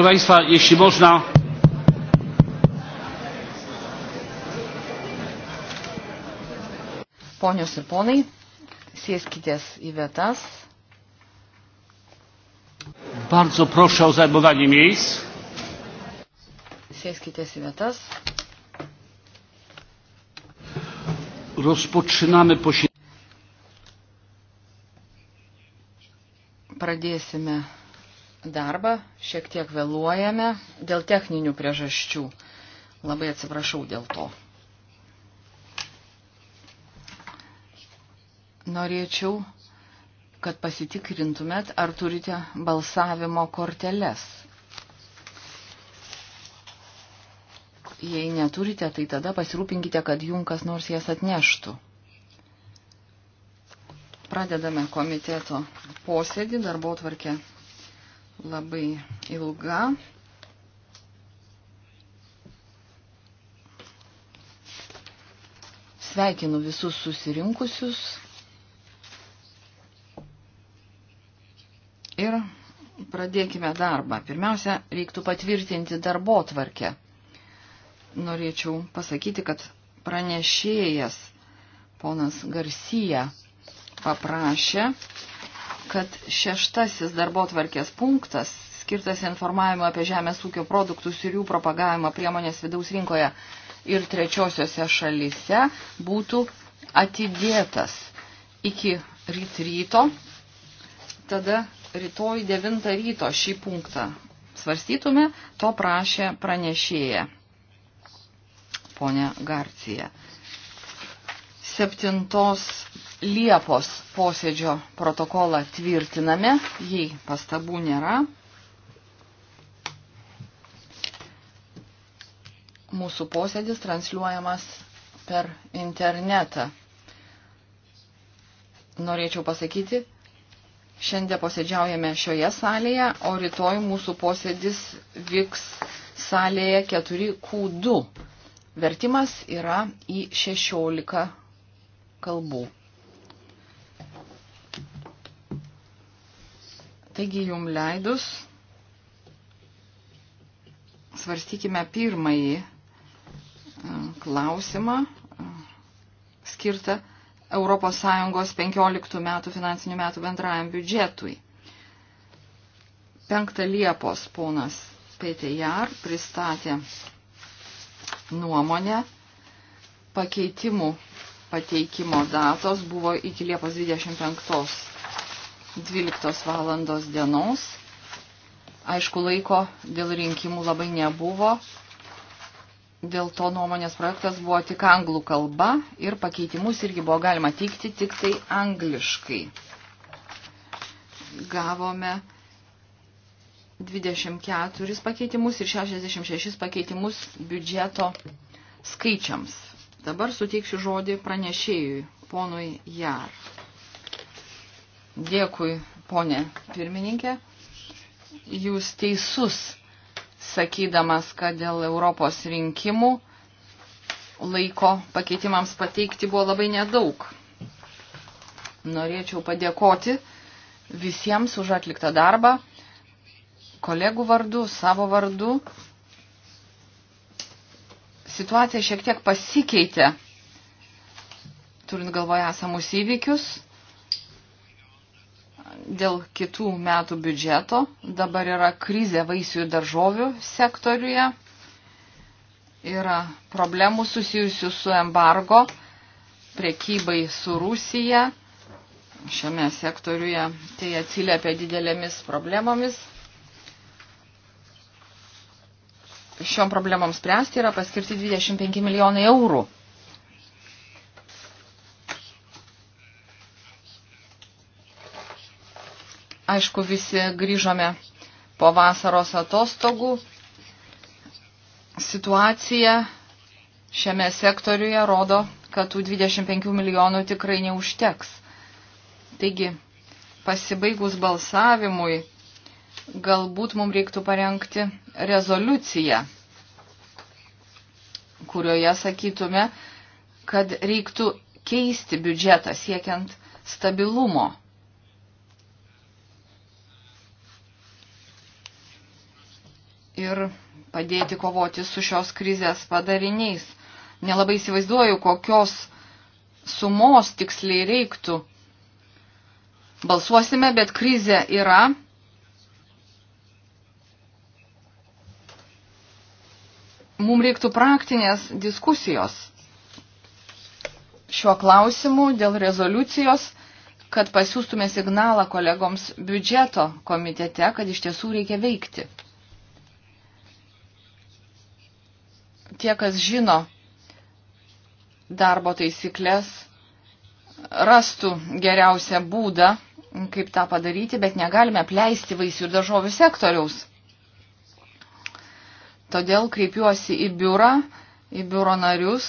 Proszę Państwa, jeśli można. Ponios ir ponai, sėskitės į vietas. Bardzo proszę o zajmowanie miejsc. Sėskitės į vietas. Rozpoczynamy posiedzenie. Pradėsime darbą, šiek tiek vėluojame dėl techninių priežasčių. Labai atsiprašau dėl to. Norėčiau, kad pasitikrintumėt, ar turite balsavimo korteles. Jei neturite, tai tada pasirūpinkite, kad jum kas nors jas atneštų. Pradedame komiteto posėdį, darbo tvarkę labai ilga. Sveikinu visus susirinkusius ir pradėkime darbą. Pirmiausia, reiktų patvirtinti darbo tvarkę. Norėčiau pasakyti, kad pranešėjas ponas Garcija paprašė kad šeštasis darbo tvarkės punktas, skirtas informavimo apie žemės ūkio produktus ir jų propagavimą priemonės vidaus rinkoje ir trečiosiose šalise, būtų atidėtas iki ryt ryto. Tada rytoj 9 ryto šį punktą svarstytume, to prašė pranešėja, ponė Garcija. 7 Liepos posėdžio protokolą tvirtiname, jei pastabų nėra. Mūsų posėdis transliuojamas per internetą. Norėčiau pasakyti, šiandien posėdžiaujame šioje salėje, o rytoj mūsų posėdis vyks salėje 4Q2. Vertimas yra į 16 kalbų. Taigi jum leidus svarstykime pirmąjį e, klausimą e, skirtą ES 15 metų finansinių metų bendrajam biudžetui. 5 Liepos ponas PTR pristatė nuomonę pakeitimų pateikimo datos buvo iki Liepos 25 12 valandos dienos. Aišku, laiko dėl rinkimų labai nebuvo. Dėl to nuomonės projektas buvo tik anglų kalba ir pakeitimus irgi buvo galima teikti tik tai angliškai. Gavome 24 pakeitimus ir 66 pakeitimus biudžeto skaičiams. Dabar suteiksiu žodį pranešėjui, ponui Jar. Dėkui, ponė pirmininkė. Jūs teisus, sakydamas, kad dėl Europos rinkimų laiko pakeitimams pateikti buvo labai nedaug. Norėčiau padėkoti visiems už atliktą darbą, kolegų vardu, savo vardu situacija šiek tiek pasikeitė, turint galvoje esamus įvykius dėl kitų metų biudžeto. Dabar yra krizė vaisių ir daržovių sektoriuje. Yra problemų susijusių su embargo, priekybai su Rusija. Šiame sektoriuje tai atsiliepia didelėmis problemomis. šiom problemom spręsti yra paskirti 25 milijonai eurų. Aišku, visi grįžome po vasaros atostogų. Situacija šiame sektoriuje rodo, kad tų 25 milijonų tikrai neužteks. Taigi, pasibaigus balsavimui, galbūt mums reiktų parengti rezoliuciją, kurioje sakytume, kad reiktų keisti biudžetą siekiant stabilumo. Ir padėti kovoti su šios krizės padariniais. Nelabai įsivaizduoju, kokios sumos tiksliai reiktų. Balsuosime, bet krizė yra mums reiktų praktinės diskusijos šiuo klausimu dėl rezoliucijos, kad pasiūstume signalą kolegoms biudžeto komitete, kad iš tiesų reikia veikti. Tie, kas žino darbo taisyklės, rastų geriausią būdą, kaip tą padaryti, bet negalime pleisti vaisių ir daržovių sektoriaus. Todėl kreipiuosi į biurą, į biuro narius,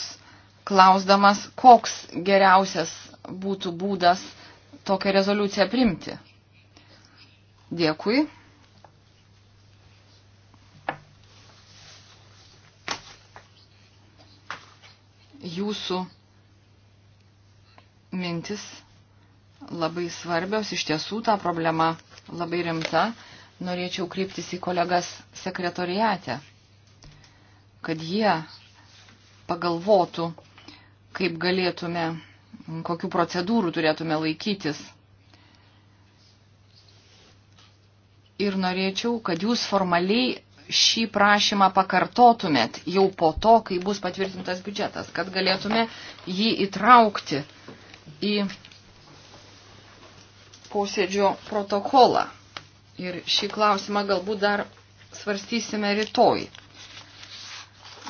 klausdamas, koks geriausias būtų būdas tokią rezoliuciją primti. Dėkui. Jūsų mintis labai svarbios, iš tiesų ta problema labai rimta. Norėčiau kryptis į kolegas sekretoriatę kad jie pagalvotų, kaip galėtume, kokių procedūrų turėtume laikytis. Ir norėčiau, kad jūs formaliai šį prašymą pakartotumėt jau po to, kai bus patvirtintas biudžetas, kad galėtume jį įtraukti į posėdžio protokolą. Ir šį klausimą galbūt dar svarstysime rytoj.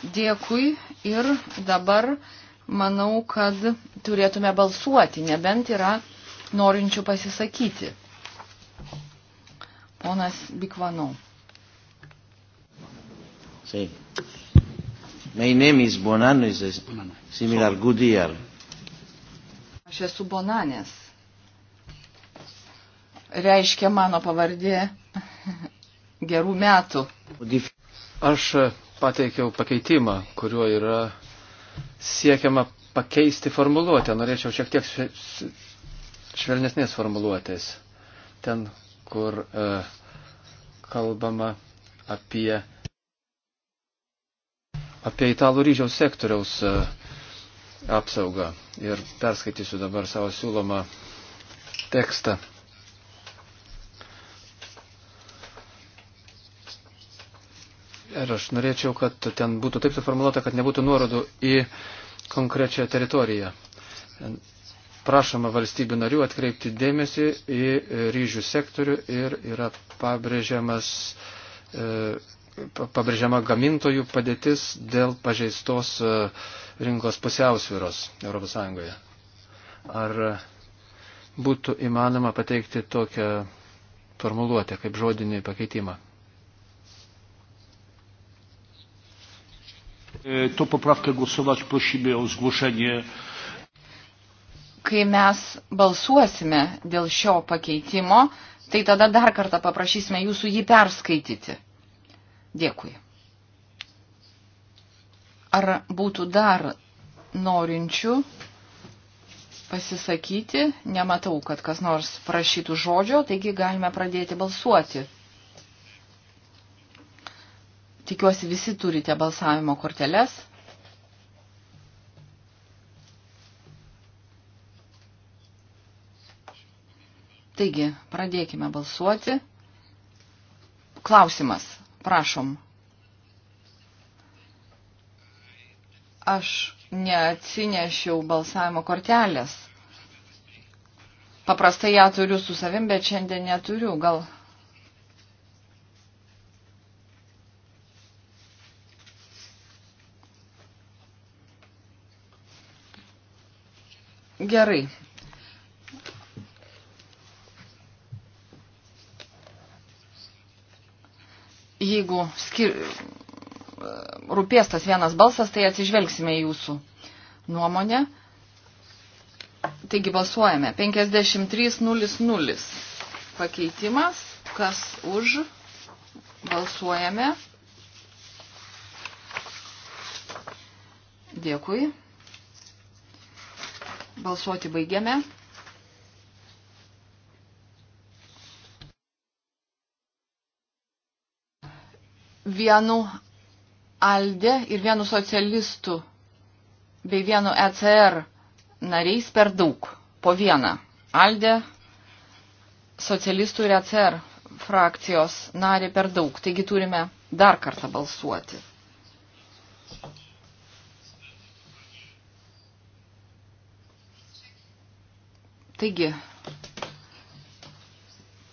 Dėkui ir dabar manau, kad turėtume balsuoti, nebent yra norinčių pasisakyti. Ponas Bikvanau. Sí. My name is Bonano, is similar good year. Aš esu Bonanės. Reiškia mano pavardė gerų metų. Aš pateikiau pakeitimą, kuriuo yra siekiama pakeisti formuluotę. Norėčiau šiek tiek švelnesnės formuluotės. Ten, kur e, kalbama apie, apie italų ryžiaus sektoriaus e, apsaugą. Ir perskaitysiu dabar savo siūlomą tekstą. Ir aš norėčiau, kad ten būtų taip suformuoluota, kad nebūtų nuorodų į konkrečią teritoriją. Prašoma valstybių narių atkreipti dėmesį į ryžių sektorių ir yra pabrėžiamas, e, pabrėžiama gamintojų padėtis dėl pažeistos e, rinkos pusiausvyros ES. Ar būtų įmanoma pateikti tokią formuluotę kaip žodinį pakeitimą? E, to poprawkę głosować prosimy o zgłoszenie. Kai mes balsuosime dėl šio pakeitimo, tai tada dar kartą paprašysime jūsų jį perskaityti. Dėkui. Ar būtų dar norinčių pasisakyti? Nematau, kad kas nors prašytų žodžio, taigi galime pradėti balsuoti. Tikiuosi visi turite balsavimo korteles. Taigi, pradėkime balsuoti. Klausimas, prašom. Aš neatsinešiau balsavimo kortelės. Paprastai ją turiu su savim, bet šiandien neturiu. Gal gerai. Jeigu skir... rūpės tas vienas balsas, tai atsižvelgsime į jūsų nuomonę. Taigi balsuojame. 53.00 pakeitimas. Kas už? Balsuojame. Dėkui. Balsuoti baigiame. Vienu Alde ir vienu socialistu bei vienu ECR nariais per daug. Po vieną. Alde, socialistų ir ECR frakcijos narį per daug. Taigi turime dar kartą balsuoti. Taigi,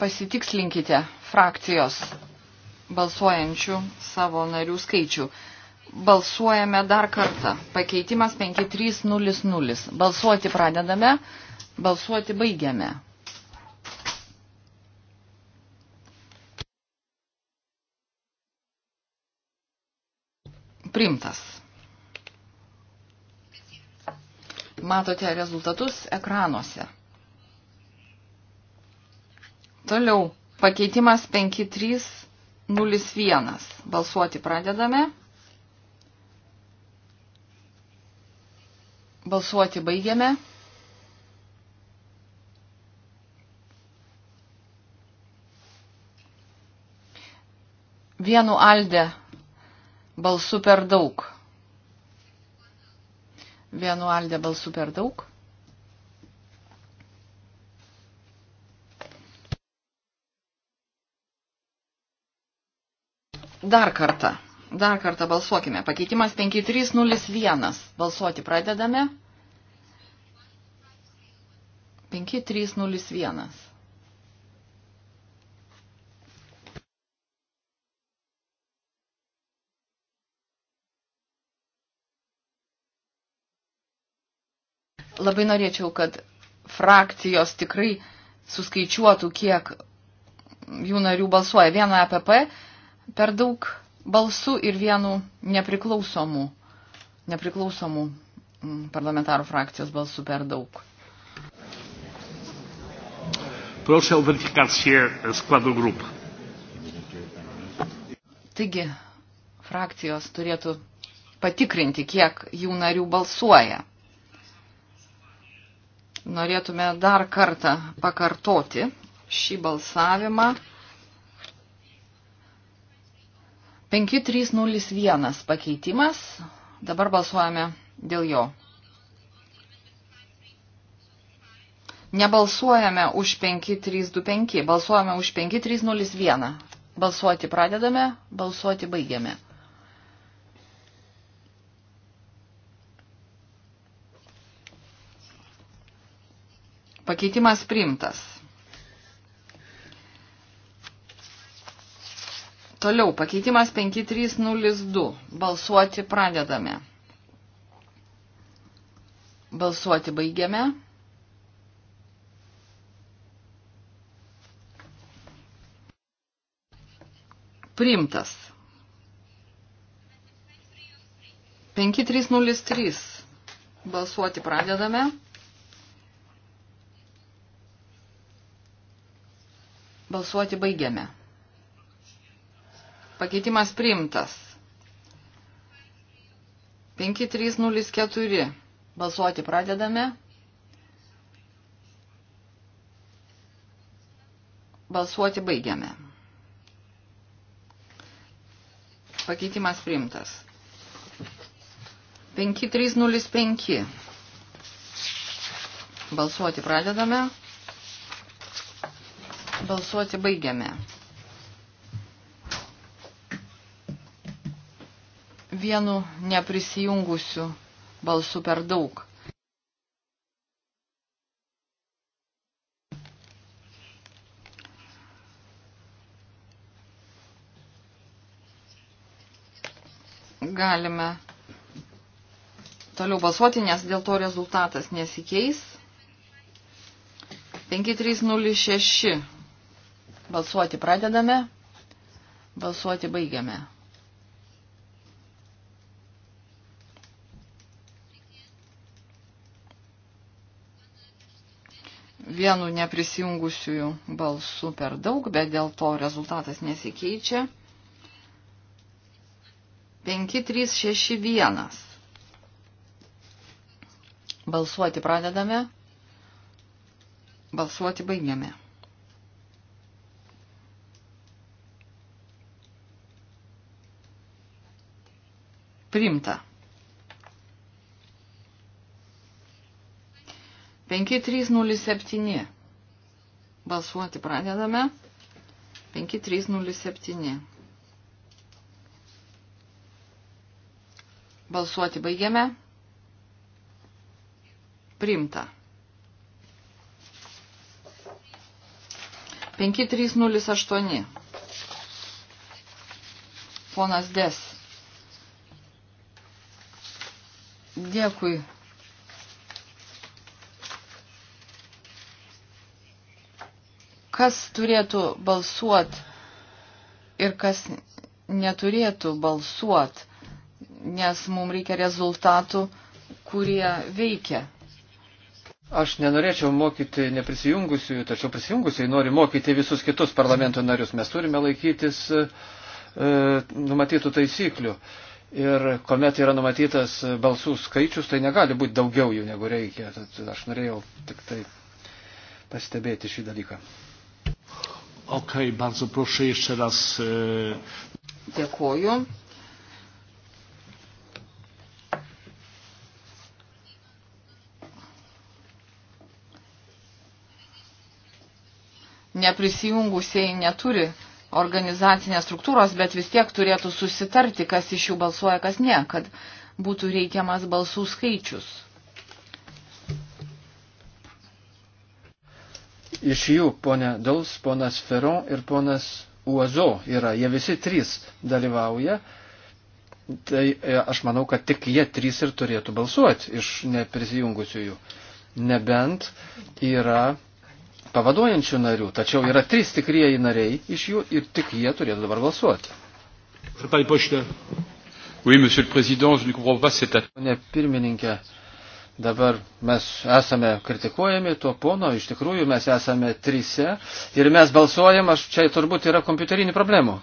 pasitikslinkite frakcijos balsuojančių savo narių skaičių. Balsuojame dar kartą. Pakeitimas 5300. Balsuoti pradedame, balsuoti baigiame. Primtas. Matote rezultatus ekranuose. Toliau, pakeitimas 5301. Balsuoti pradedame. Balsuoti baigiame. Vienu alde balsu per daug. Vienu alde balsu per daug. Dar kartą. Dar kartą balsuokime. Pakeitimas 5301. Balsuoti pradedame. 5301. Labai norėčiau, kad frakcijos tikrai suskaičiuotų, kiek jų narių balsuoja. Vieno EPP per daug balsų ir vienų nepriklausomų, nepriklausomų mm, parlamentarų frakcijos balsų per daug. Proszę o weryfikację składu grup. Taigi, frakcijos turėtų patikrinti, kiek jų narių balsuoja. Norėtume dar kartą pakartoti šį balsavimą. 5301 pakeitimas. Dabar balsuojame dėl jo. Nebalsuojame už 5325, balsuojame už 5301. Balsuoti pradedame, balsuoti baigiame. Pakeitimas priimtas. Toliau, pakeitimas 5302. Balsuoti pradedame. Balsuoti baigiame. Primtas. 5303. Balsuoti pradedame. Balsuoti baigiame. Pakeitimas priimtas. 5304. Balsuoti pradedame. Balsuoti baigiame. Pakeitimas priimtas. 5305. Balsuoti pradedame. Balsuoti baigiame. vienu neprisijungusiu balsu per daug. Galime toliau balsuoti, nes dėl to rezultatas nesikeis. 5306. Balsuoti pradedame, balsuoti baigiame. vienu neprisijungusiųjų balsu per daug, bet dėl to rezultatas nesikeičia. 5361. Balsuoti pradedame. Balsuoti baigiame. Primta. 5307. Balsuoti pradedame. 5307. Balsuoti baigiame. Primta. 5308. Ponas Des. Dėkui kas turėtų balsuot ir kas neturėtų balsuot, nes mums reikia rezultatų, kurie veikia. Aš nenorėčiau mokyti neprisijungusiųjų, tačiau prisijungusiai nori mokyti visus kitus parlamento narius. Mes turime laikytis e, e, numatytų taisyklių. Ir kuomet yra numatytas balsų skaičius, tai negali būti daugiau jų negu reikia. Tad aš norėjau tik tai pastebėti šį dalyką. Okej, okay, bardzo proszę jeszcze raz. E, Dziękuję. Neprisijungusieji neturi organizacinės struktūros, bet vis tiek turėtų susitarti, kas iš jų balsuoja, kas ne, kad būtų reikiamas balsų skaičius. Iš jų ponė Daus, ponas Feron ir ponas Uozo yra. Jie visi trys dalyvauja. Tai e, aš manau, kad tik jie trys ir turėtų balsuoti iš neprisijungusiųjų. Nebent yra pavaduojančių narių, tačiau yra trys tikrieji nariai iš jų ir tik jie turėtų dabar balsuoti. Oui, monsieur le président, je ne comprends pas cette attaque dabar mes esame kritikuojami tuo pono, iš tikrųjų mes esame trise ir mes balsuojam, aš čia turbūt yra kompiuterinių problemų.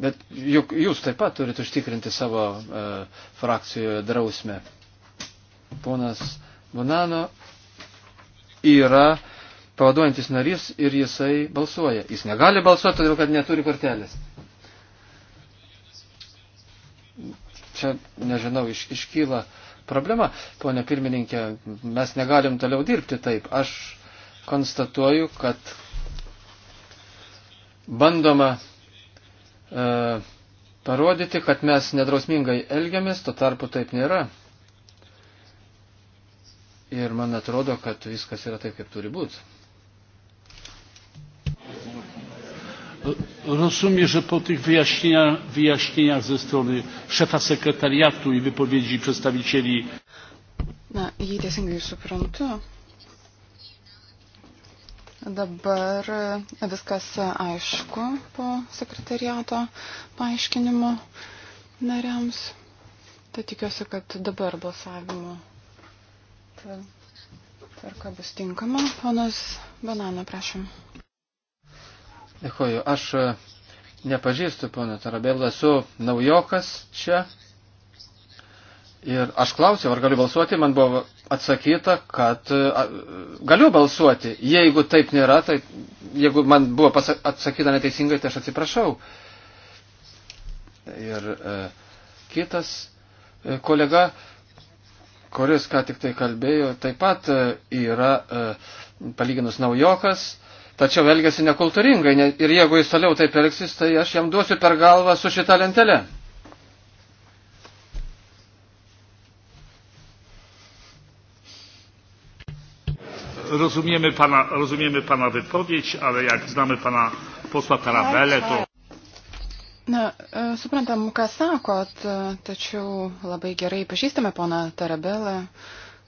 Bet juk jūs taip pat turite užtikrinti savo e, frakcijoje drausmę. Ponas Bonano yra pavaduojantis narys ir jisai balsuoja. Jis negali balsuoti, todėl kad neturi kortelės. čia, nežinau, iš, iškyla problema. Pone pirmininkė, mes negalim toliau dirbti taip. Aš konstatuoju, kad bandoma e, parodyti, kad mes nedrausmingai elgiamės, to tarpu taip nėra. Ir man atrodo, kad viskas yra taip, kaip turi būti. Rozumiem, że po tych wyjaśnieniach, wyjaśnieniach ze strony szefa sekretariatu i wypowiedzi przedstawicieli. Na, jei teisingai suprantu, dabar e, viskas aišku po sekretariato paaiškinimo nariams. Tai tikiuosi, kad dabar balsavimo tvarka bus tinkama. Ponas Banana, prašom. Dėkuoju. Aš e, nepažįstu pono Tarabelą, esu naujokas čia. Ir aš klausiau, ar galiu balsuoti, man buvo atsakyta, kad e, a, galiu balsuoti. Jeigu taip nėra, tai jeigu man buvo atsakyta neteisingai, tai aš atsiprašau. Ir e, kitas e, kolega, kuris ką tik tai kalbėjo, taip pat e, yra e, palyginus naujokas, e, tačiau elgesi nekultūringai ne, ir jeigu jis toliau taip elgsis, tai aš jam duosiu per galvą su šita lentelė. Rozumiemy pana, rozumiemy pana wypowiedź, ale jak znamy pana posła Tarabelę, to... Na, e, suprantam, ką sakot, e, tačiau labai gerai pažįstame poną Tarabelę,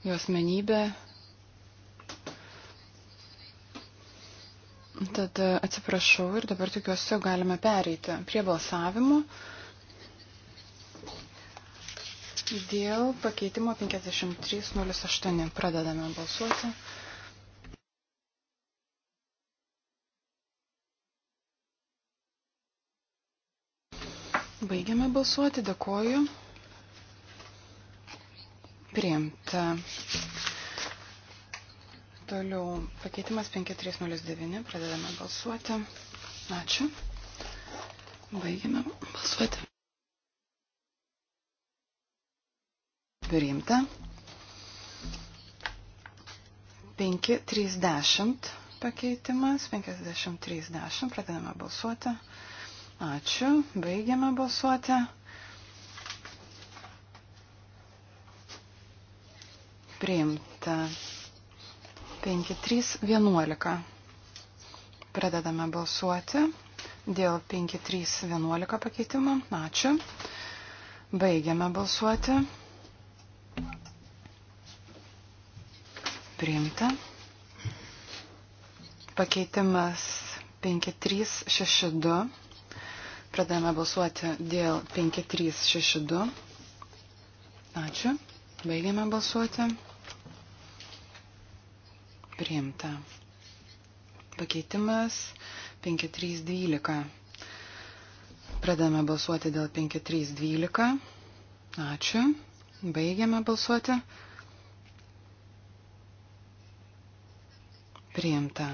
jos menybę, Tad e, atsiprašau ir dabar tikiuosi, galime pereiti prie balsavimo dėl pakeitimo 5308. Pradedame balsuoti. Baigiame balsuoti, dėkoju. Priimta. Toliau pakeitimas 5309. Pradedame balsuoti. Ačiū. Baigime balsuoti. Priimta. 5310 pakeitimas. 5310. Pradedame balsuoti. Ačiū. Baigiame balsuoti. Priimta. 5, 3, 11. Pradedame balsuoti dėl 5, 3, 11 pakeitimo. Ačiū. Baigiame balsuoti. Priimta. Pakeitimas 5362. Pradėjome balsuoti dėl 5362. Ačiū. Baigėme balsuoti priimta. Pakeitimas 5312. Pradame balsuoti dėl 5312. Ačiū. Baigiame balsuoti. Priimta.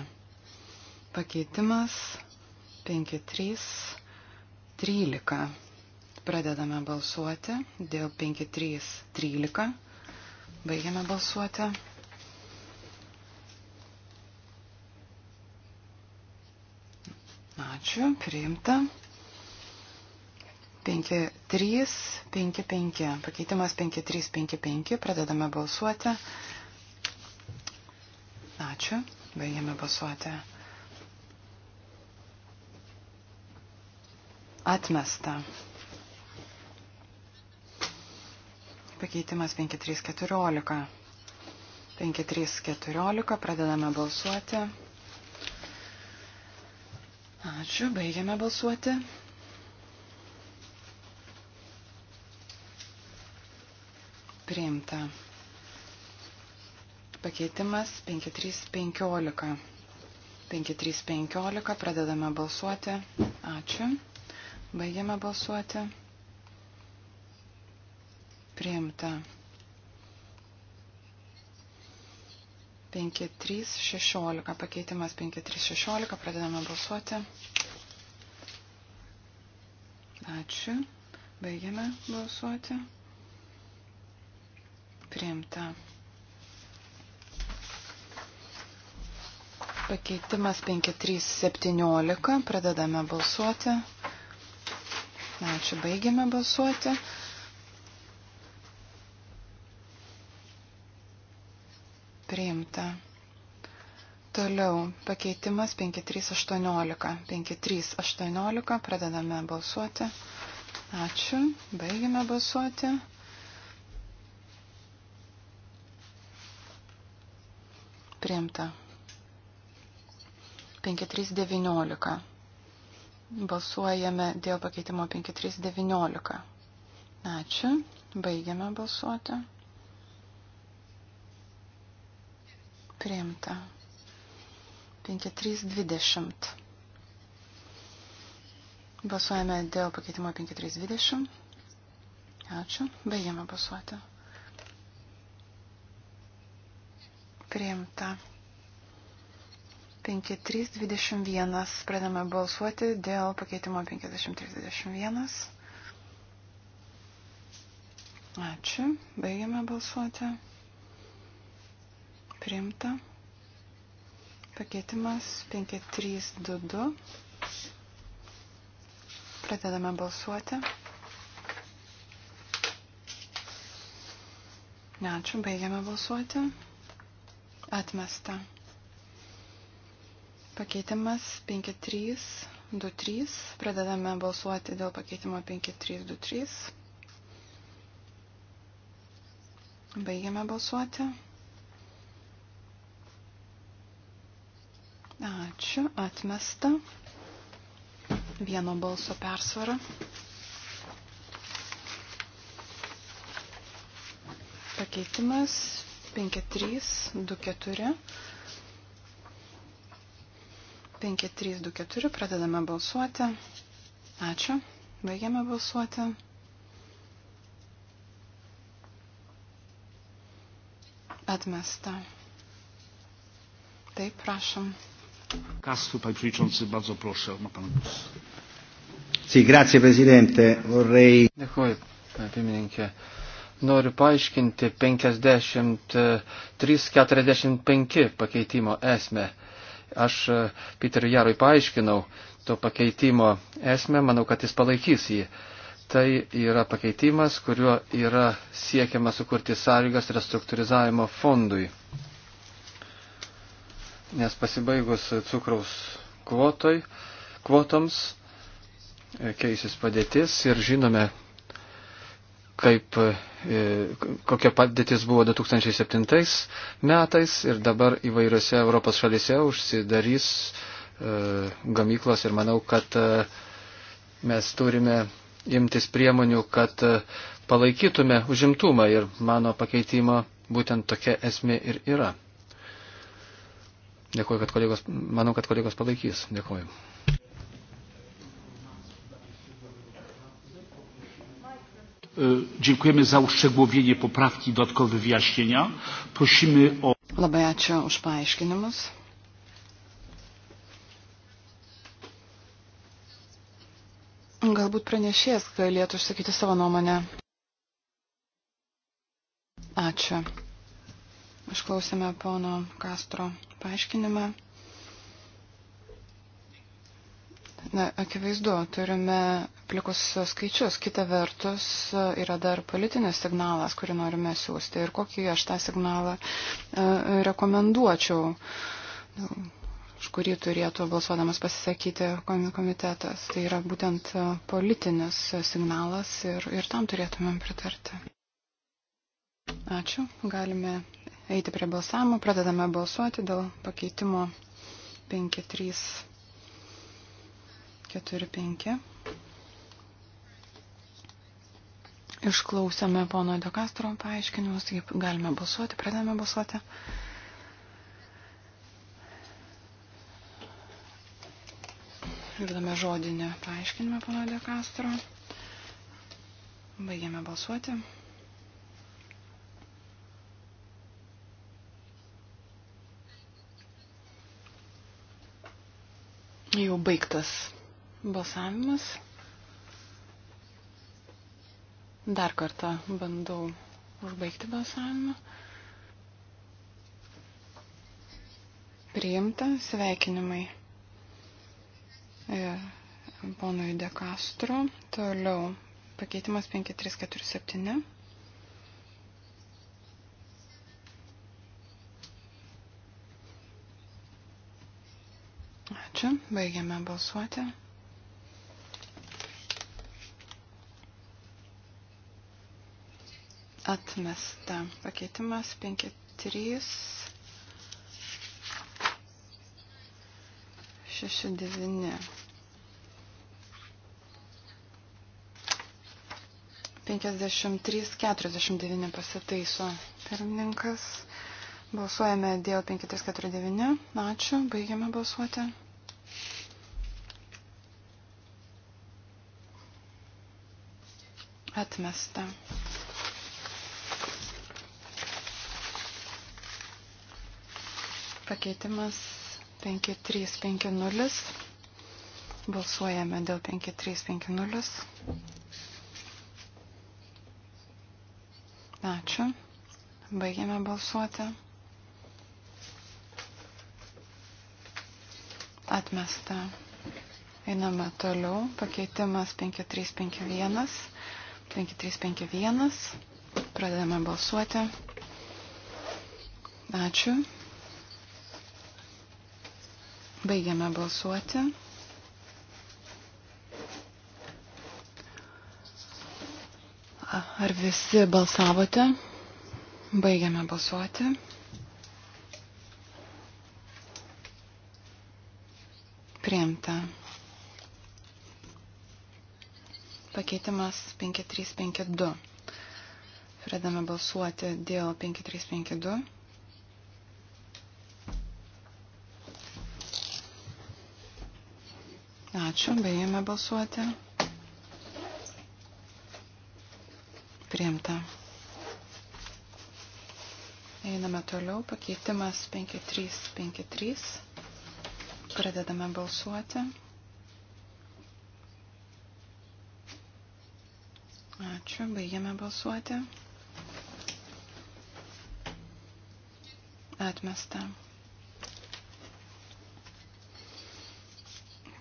Pakeitimas 5313. Pradedame balsuoti dėl 5313. Baigiame balsuoti. Ačiū, priimta. 5355. Pakeitimas 5355. Pradedame balsuoti. Ačiū. Baigiame balsuoti. Atmesta. Pakeitimas 5314. 5314. Pradedame balsuoti. Ačiū, baigiame balsuoti. Priimta. Pakeitimas 5315. 5315, pradedame balsuoti. Ačiū. Baigiame balsuoti. Priimta. 5316. Pakeitimas 5316. Pradedame balsuoti. Ačiū. Baigiame balsuoti. Priimta. Pakeitimas 5317. Pradedame balsuoti. Ačiū. Baigiame balsuoti. priimta. Toliau pakeitimas 5318. 5318 pradedame balsuoti. Ačiū. Baigime balsuoti. Priimta. 5319. Balsuojame dėl pakeitimo 5319. Ačiū. Baigiame balsuoti. priimta. 5320. Balsuojame dėl pakeitimo 5320. Ačiū. Baigiame balsuoti. Priimta. 5321. Pradame balsuoti dėl pakeitimo 5321. Ačiū. Baigiame balsuoti. Priimta. Pakeitimas 5322. Pradedame balsuoti. Ačiū, baigiame balsuoti. Atmesta. Pakeitimas 5323. Pradedame balsuoti dėl pakeitimo 5323. Baigiame balsuoti. Ačiū, atmesta. Vieno balso persvara. Pakeitimas 5324. 5324 pradedame balsuoti. Ačiū. Baigiame balsuoti. Atmesta. Taip, prašom. Kastu, panie przewodniczący, bardzo proszę, ma pan głos. Sì, grazie Presidente, vorrei... Dėkuoju, pirmininkė. Noriu paaiškinti 53-45 e, pakeitimo esmę. Aš e, Peteriu Jarui paaiškinau to pakeitimo esmę, manau, kad jis palaikys jį. Tai yra pakeitimas, kuriuo yra siekiama sukurti sąlygas restruktūrizavimo fondui nes pasibaigus cukraus kvotoj, kvotoms e, keisis padėtis ir žinome, kaip, e, kokia padėtis buvo 2007 metais ir dabar įvairiose Europos šalise užsidarys e, gamyklos ir manau, kad mes turime imtis priemonių, kad palaikytume užimtumą ir mano pakeitimo būtent tokia esmė ir yra. Dėkuoju, kad kolegos, manau, kad kolegos palaikys. Dėkuoju. E, dziękujemy za uszczegółowienie poprawki, dodatkowe wyjaśnienia. Prosimy o. Labai ačiū už paaiškinimus. Galbūt pranešėjas galėtų išsakyti savo nuomonę. Ačiū. Išklausėme pono Kastro paaiškinimą. Na, akivaizdu, turime plikus skaičius. Kita vertus yra dar politinis signalas, kurį norime siūsti. Ir kokį aš tą signalą e, rekomenduočiau, už kurį turėtų balsuodamas pasisakyti komitetas. Tai yra būtent politinis signalas ir, ir tam turėtumėm pritarti. Ačiū. Galime eiti prie balsavimo. Pradedame balsuoti dėl pakeitimo 5, 3, 4, 5. Išklausėme pono De Castro paaiškinimus, taip galime balsuoti, pradame balsuoti. Girdame žodinę paaiškinimą pono De Castro. Baigėme balsuoti. Jau baigtas balsavimas. Dar kartą bandau užbaigti balsavimą. Priimta sveikinimai e, ponui De Castro. Toliau pakeitimas 5347. Ačiū. Baigiame balsuoti. Atmesta pakeitimas 5-3. 6-9. 53-49 pasitaiso pirmininkas. Balsuojame dėl 5349. Ačiū. Baigiame balsuoti. Atmesta. Pakeitimas 5350. Balsuojame dėl 5350. Ačiū. Baigiame balsuoti. atmesta. Einame toliau. Pakeitimas 5351. 5351. Pradedame balsuoti. Ačiū. Baigiame balsuoti. Ar visi balsavote? Baigiame balsuoti. Priimta. pakeitimas 5352. Pradame balsuoti dėl 5352. Ačiū, beėjame balsuoti. Priimta. Einame toliau, pakeitimas 5353. Pradedame balsuoti. Ačiū, baigiame balsuoti. Atmesta.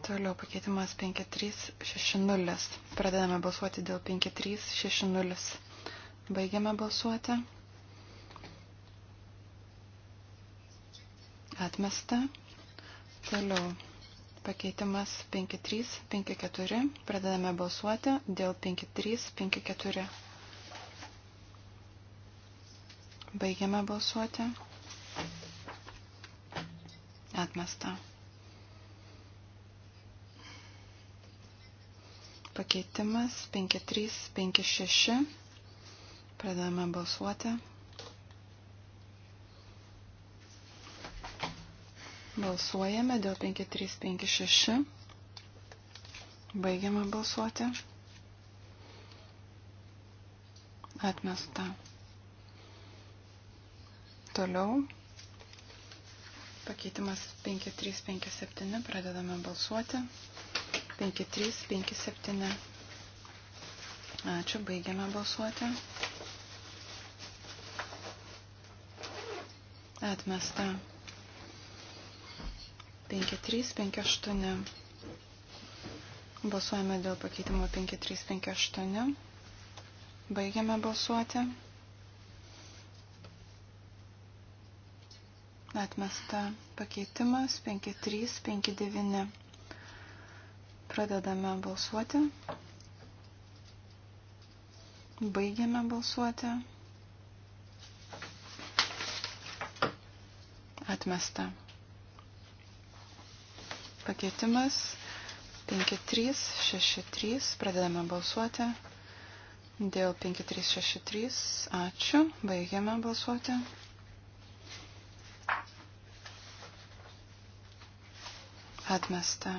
Toliau pakeitimas 5360. Pradedame balsuoti dėl 5360. Baigiame balsuoti. Atmesta. Toliau Pakeitimas 5354. Pradedame balsuoti dėl 5354. Baigiame balsuoti. Atmesta. Pakeitimas 5356. Pradedame balsuoti. Balsuojame dėl 5356. Baigiame balsuoti. Atmesta. Toliau. Pakeitimas 5357. Pradedame balsuoti. 5357. Ačiū. Baigiame balsuoti. Atmesta. 5358. Balsuojame dėl pakeitimo 5358. Baigiame balsuoti. Atmesta pakeitimas 5359. Pradedame balsuoti. Baigiame balsuoti. Atmesta pakeitimas 5363. Pradedame balsuoti. Dėl 5363. Ačiū. Baigiame balsuoti. Atmesta.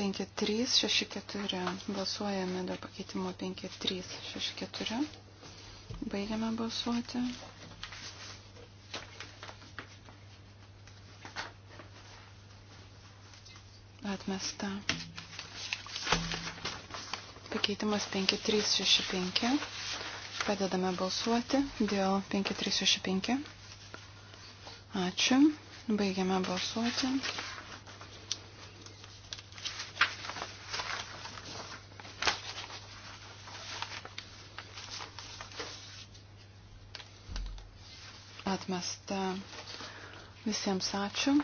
5364. Balsuojame dėl pakeitimo 5364. Baigiame balsuoti. Atmesta. Pakeitimas 5365. Padedame balsuoti dėl 5365. Ačiū. Baigiame balsuoti. Atmesta. Visiems ačiū.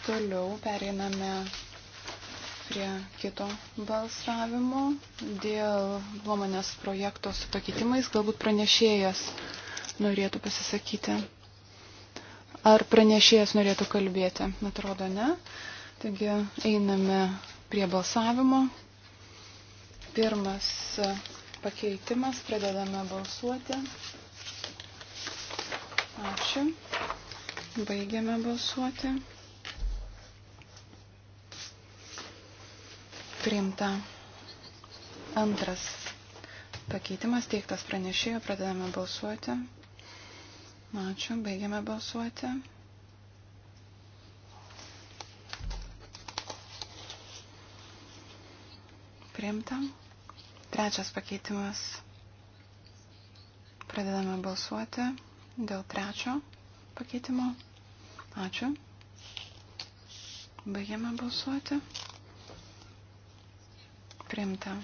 Toliau pereiname prie kito balsavimo dėl nuomonės projekto su pakeitimais. Galbūt pranešėjas norėtų pasisakyti. Ar pranešėjas norėtų kalbėti? Atrodo, ne. Taigi einame prie balsavimo. Pirmas pakeitimas, pradedame balsuoti. Ačiū. Baigiame balsuoti. Priimta. Antras pakeitimas teiktas pranešėjo. Pradedame balsuoti. Ačiū. Baigiame balsuoti. Priimta. Trečias pakeitimas. Pradedame balsuoti dėl trečio pakeitimo. Ačiū. Baigiame balsuoti. Primta.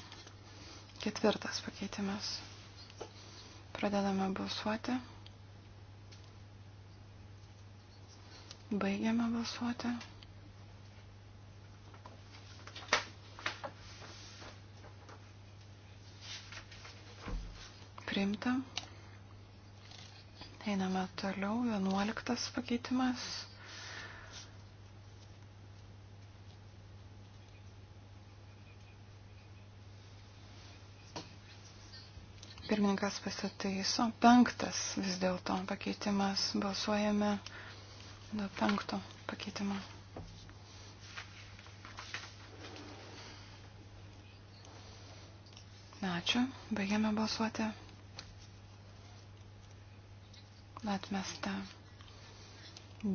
Ketvirtas pakeitimas. Pradedame balsuoti. Baigiame balsuoti. Priimta. Einame toliau. Vienuoliktas pakeitimas. Pirmininkas pasitaiso. Penktas vis dėlto pakeitimas. Balsuojame dėl penkto pakeitimo. Ačiū. Baigiame balsuoti. Atmesta.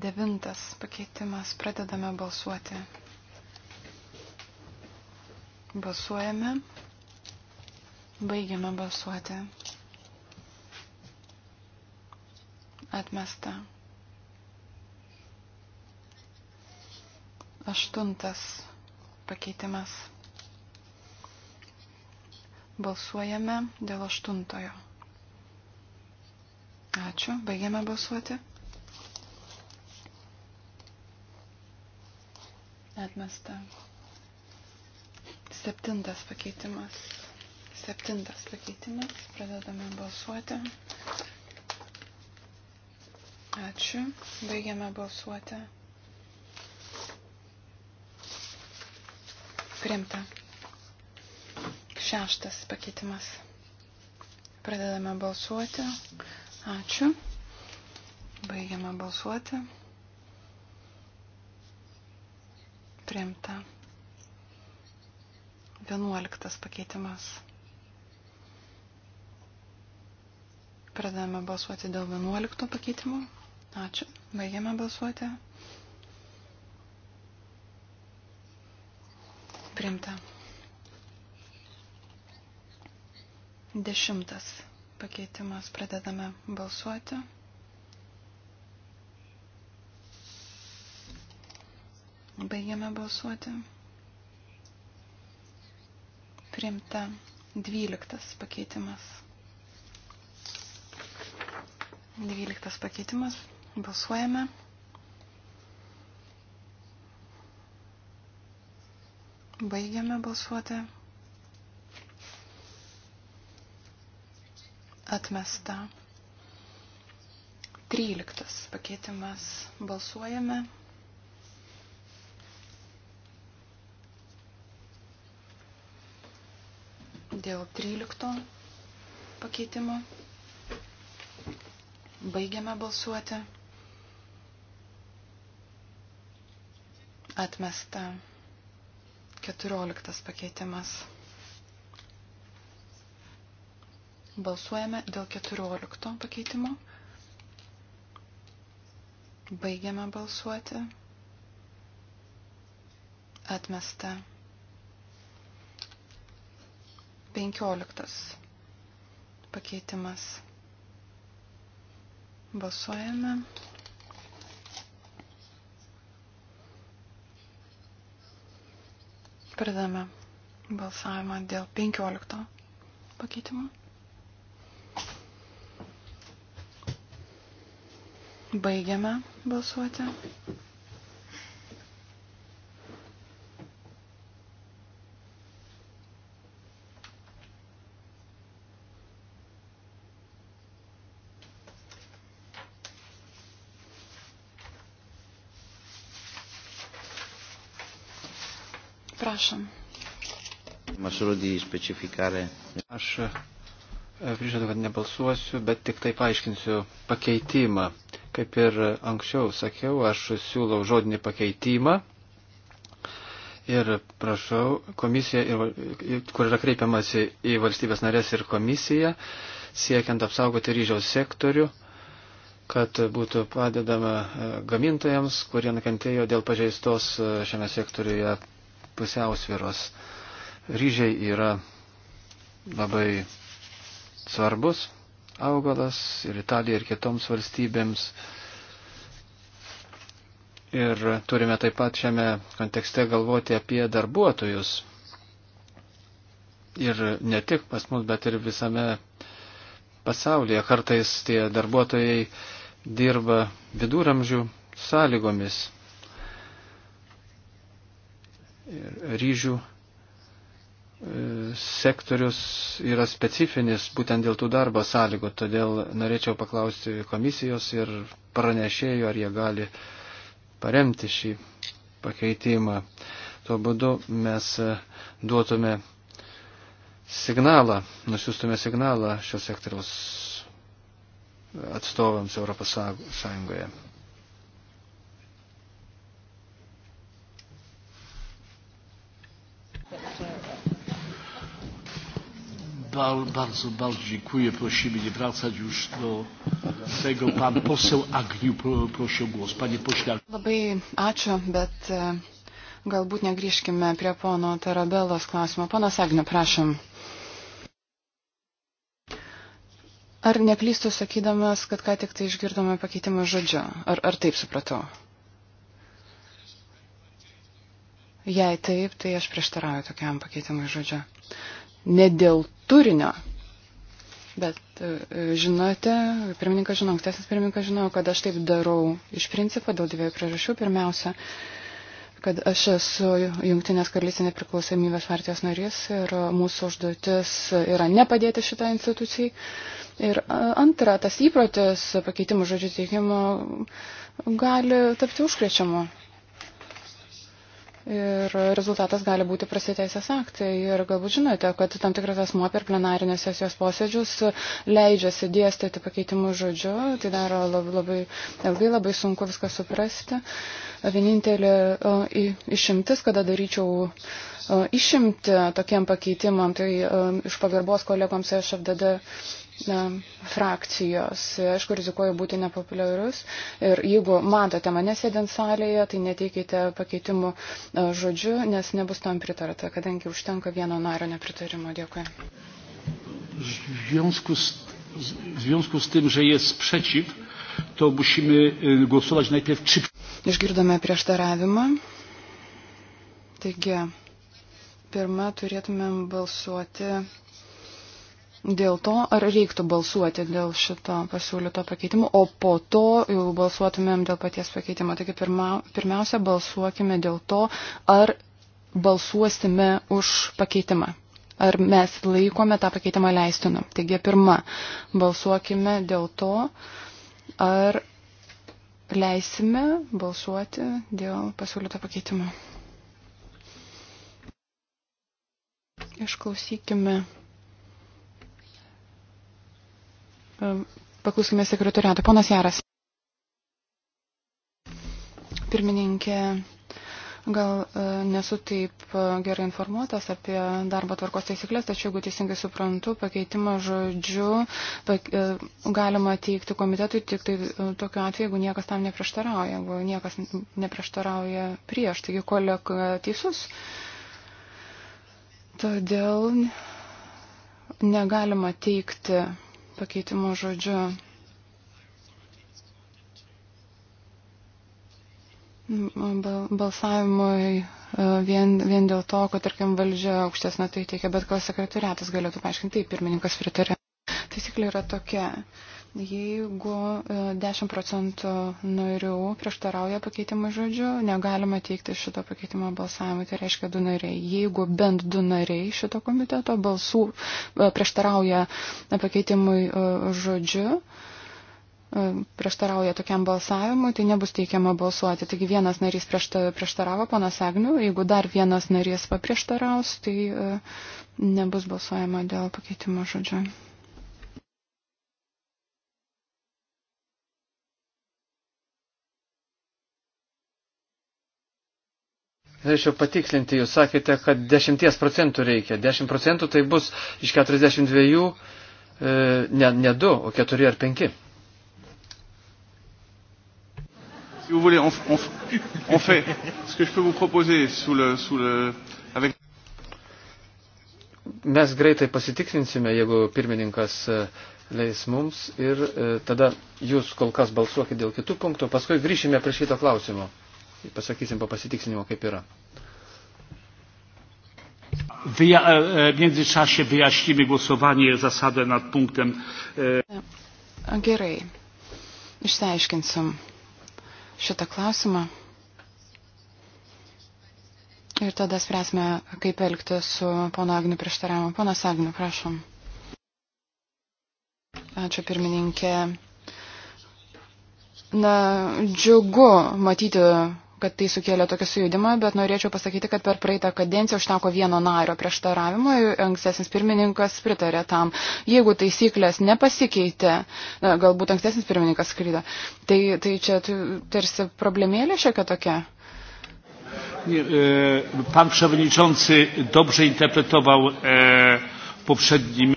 Devintas pakeitimas. Pradedame balsuoti. Balsuojame. Baigiame balsuoti. Atmesta. Aštuntas pakeitimas. Balsuojame dėl aštuntojo. Ačiū. Baigiame balsuoti. Atmesta. Septintas pakeitimas. Septintas pakeitimas. Pradedame balsuoti. Ačiū. Baigiame balsuoti. Primta. Šeštas pakeitimas. Pradedame balsuoti. Ačiū. Baigiame balsuoti. Primta. Vienuoliktas pakeitimas. Pradame balsuoti dėl 11 pakeitimo. Ačiū. Baigiame balsuoti. Primta. Dešimtas pakeitimas. Pradedame balsuoti. Baigiame balsuoti. Primta. Dvyliktas pakeitimas. 12 pakeitimas. Balsuojame. Baigiame balsuoti. Atmesta. 13 pakeitimas. Balsuojame. Dėl 13 pakeitimo. Baigiame balsuoti. Atmesta. Keturioliktas pakeitimas. Balsuojame dėl keturiolikto pakeitimo. Baigiame balsuoti. Atmesta. Penkioliktas pakeitimas. Balsuojame. Pradame balsavimą dėl 15 pakeitimo. Baigiame balsuoti. prašom. Aš prižadu, e, kad nebalsuosiu, bet tik tai paaiškinsiu pakeitimą. Kaip ir anksčiau sakiau, aš siūlau žodinį pakeitimą ir prašau komisiją, kur yra kreipiamasi į valstybės narės ir komisiją, siekiant apsaugoti ryžiaus sektorių, kad būtų padedama e, gamintojams, kurie nukentėjo dėl pažeistos e, šiame sektoriuje pusiausviros. Ryžiai yra labai svarbus augalas ir Italija ir kitoms valstybėms. Ir turime taip pat šiame kontekste galvoti apie darbuotojus. Ir ne tik pas mus, bet ir visame pasaulyje. Kartais tie darbuotojai dirba viduramžių sąlygomis ryžių e, sektorius yra specifinis būtent dėl tų darbo sąlygų, todėl norėčiau paklausti komisijos ir pranešėjų, ar jie gali paremti šį pakeitimą. Tuo būdu mes e, duotume signalą, nusiustume signalą šios sektoriaus atstovams Europos Sąjungoje. bardzo, bardzo dziękuję. Prosimy nie wracać już do tego. Pan poseł Agniu prosił głos. Panie pośle. Labai ačiū, bet e, galbūt negrįžkime prie pono Tarabelos klausimo. Ponas Agniu, prašom. Ar neklystu sakydamas, kad ką tik tai išgirdome pakeitimą žodžiu? Ar, ar taip supratau? Jei taip, tai aš prieštarauju tokiam pakeitimui žodžiu ne dėl turinio. Bet e, žinote, pirmininkas žino, ankstesnis pirmininkas žino, kad aš taip darau iš principo dėl dviejų priežasčių. Pirmiausia, kad aš esu Junktinės karalystės nepriklausomybės partijos narys ir mūsų užduotis yra nepadėti šitą institucijai. Ir antra, tas įprotis pakeitimų žodžių teikimo gali tapti užkrečiamu. Ir rezultatas gali būti prasiteisės aktai. Ir galbūt žinote, kad tam tikras asmo per plenarinės sesijos posėdžius leidžiasi dėstyti pakeitimų žodžiu. Tai daro labai ilgai, labai sunku viską suprasti. Vienintelė išimtis, kada daryčiau išimti tokiem pakeitimam, tai iš pagarbos kolegoms iš FDD na, frakcijos. Aišku, rizikuoju būti nepopuliarus. Ir jeigu matote mane sėdint salėje, tai neteikite pakeitimų žodžiu, nes nebus tam pritarta, kadangi užtenka vieno nario nepritarimo. Dėkui. W związku z tym, że jest sprzeciw, to musimy głosować najpierw trzy. Išgirdome prieštaravimą. Taigi, pirmą turėtumėm balsuoti dėl to, ar reiktų balsuoti dėl šito pasiūlyto pakeitimo, o po to jau balsuotumėm dėl paties pakeitimo. Taigi pirma, pirmiausia, balsuokime dėl to, ar balsuosime už pakeitimą. Ar mes laikome tą pakeitimą leistinu. Taigi pirma, balsuokime dėl to, ar leisime balsuoti dėl pasiūlyto pakeitimo. Išklausykime Paklauskime sekretoriato. Ponas Jaras. Pirmininkė, gal e, nesu taip e, gerai informuotas apie darbo tvarkos taisyklės, tačiau jeigu teisingai suprantu, pakeitimą žodžiu pak, e, galima teikti komitetui tik tai tokiu atveju, jeigu niekas tam neprieštarauja, jeigu niekas neprieštarauja prieš, taigi kolega teisus. Todėl negalima teikti pakeitimu žodžiu. Balsavimui e, vien, vien dėl to, kad, tarkim, valdžia aukštesnė tai teikia, bet gal sekretariatas galėtų paaiškinti, taip, pirmininkas pritarė. Taisyklė yra tokia. Uh, Jeigu 10 e, procentų narių prieštarauja pakeitimui žodžiu, negalima teikti šito pakeitimo balsavimui, tai reiškia du nariai. Jeigu bent du nariai šito komiteto balsų e, prieštarauja pakeitimui e, žodžiu, prieštarauja tokiam balsavimui, tai nebus teikiama balsuoti. Taigi vienas narys prieštaravo ponas Agnių, jeigu dar vienas narys paprieštaraus, tai nebus balsuojama dėl pakeitimo žodžio. Norėčiau patikslinti, jūs sakėte, kad 10 procentų reikia. 10 procentų tai bus iš 42, e, ne, ne 2, o 4 ar 5. Si vous voulez, on, on, on fait ce que je peux vous proposer sous le, sous le, avec... Mes greitai pasitikslinsime, jeigu pirmininkas e, leis mums ir e, tada jūs kol kas balsuokit dėl kitų punktų, paskui grįšime prie šito klausimo pasakysim po pasitiksinimo, kaip yra. E, e, w międzyczasie wyjaśnimy głosowanie zasadę nad punktem. E. Gerai. Išsiaiškinsim šitą klausimą. Ir tada spręsime, kaip elgti su pono Agniu prieštaravimu. Ponas Agniu, prašom. Ačiū pirmininkė. Na, džiugu matyti kad tai sukėlė tokį sujudimą, bet norėčiau pasakyti, kad per praeitą kadenciją užteko vieno nario prieštaravimo ir ankstesnis pirmininkas pritarė tam. Jeigu taisyklės nepasikeitė, na, galbūt ankstesnis pirmininkas skrydo, tai, tai čia tarsi problemėlė šiokia tokia. E, pan przewodniczący dobrze interpretował e, poprzednim.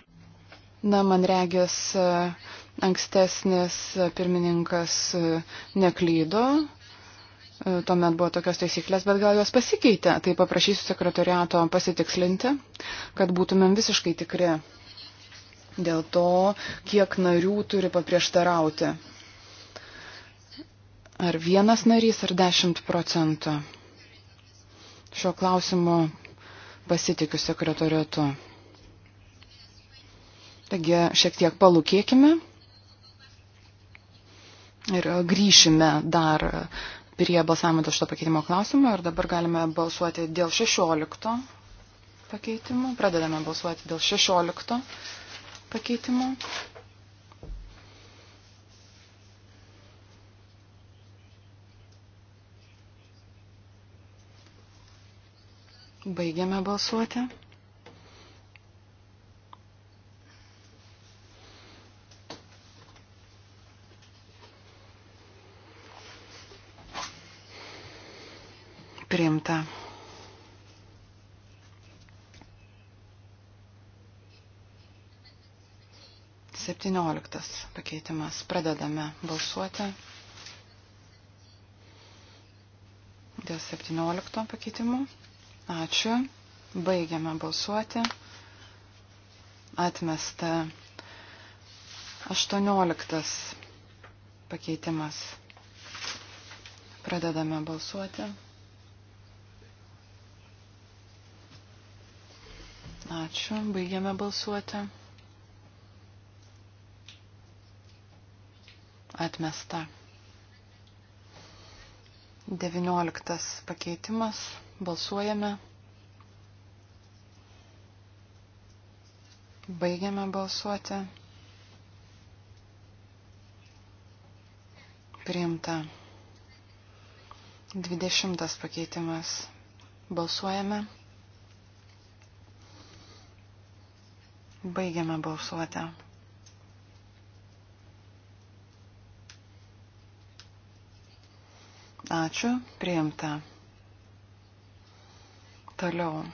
Na, man regis, e, ankstesnis pirmininkas neklydo tuomet buvo tokios taisyklės, bet gal jos pasikeitė. Tai paprašysiu sekretoriato pasitikslinti, kad būtumėm visiškai tikri dėl to, kiek narių turi paprieštarauti. Ar vienas narys, ar dešimt procentų. Šio klausimo pasitikiu sekretoriatu. Taigi šiek tiek palūkėkime ir grįšime dar prie balsavimo dėl šito pakeitimo klausimo ir dabar galime balsuoti dėl 16 pakeitimo. Pradedame balsuoti dėl 16 pakeitimo. Baigiame balsuoti. Priimta. Septynioliktas pakeitimas. Pradedame balsuoti. Dėl septyniolikto pakeitimų. Ačiū. Baigiame balsuoti. Atmesta aštuonioliktas pakeitimas. Pradedame balsuoti. Ačiū. Baigiame balsuoti. Atmesta. 19 pakeitimas. Balsuojame. Baigiame balsuoti. Priimta. 20 pakeitimas. Balsuojame. Baigiame balsuoti. Ačiū, priimta. Toliau.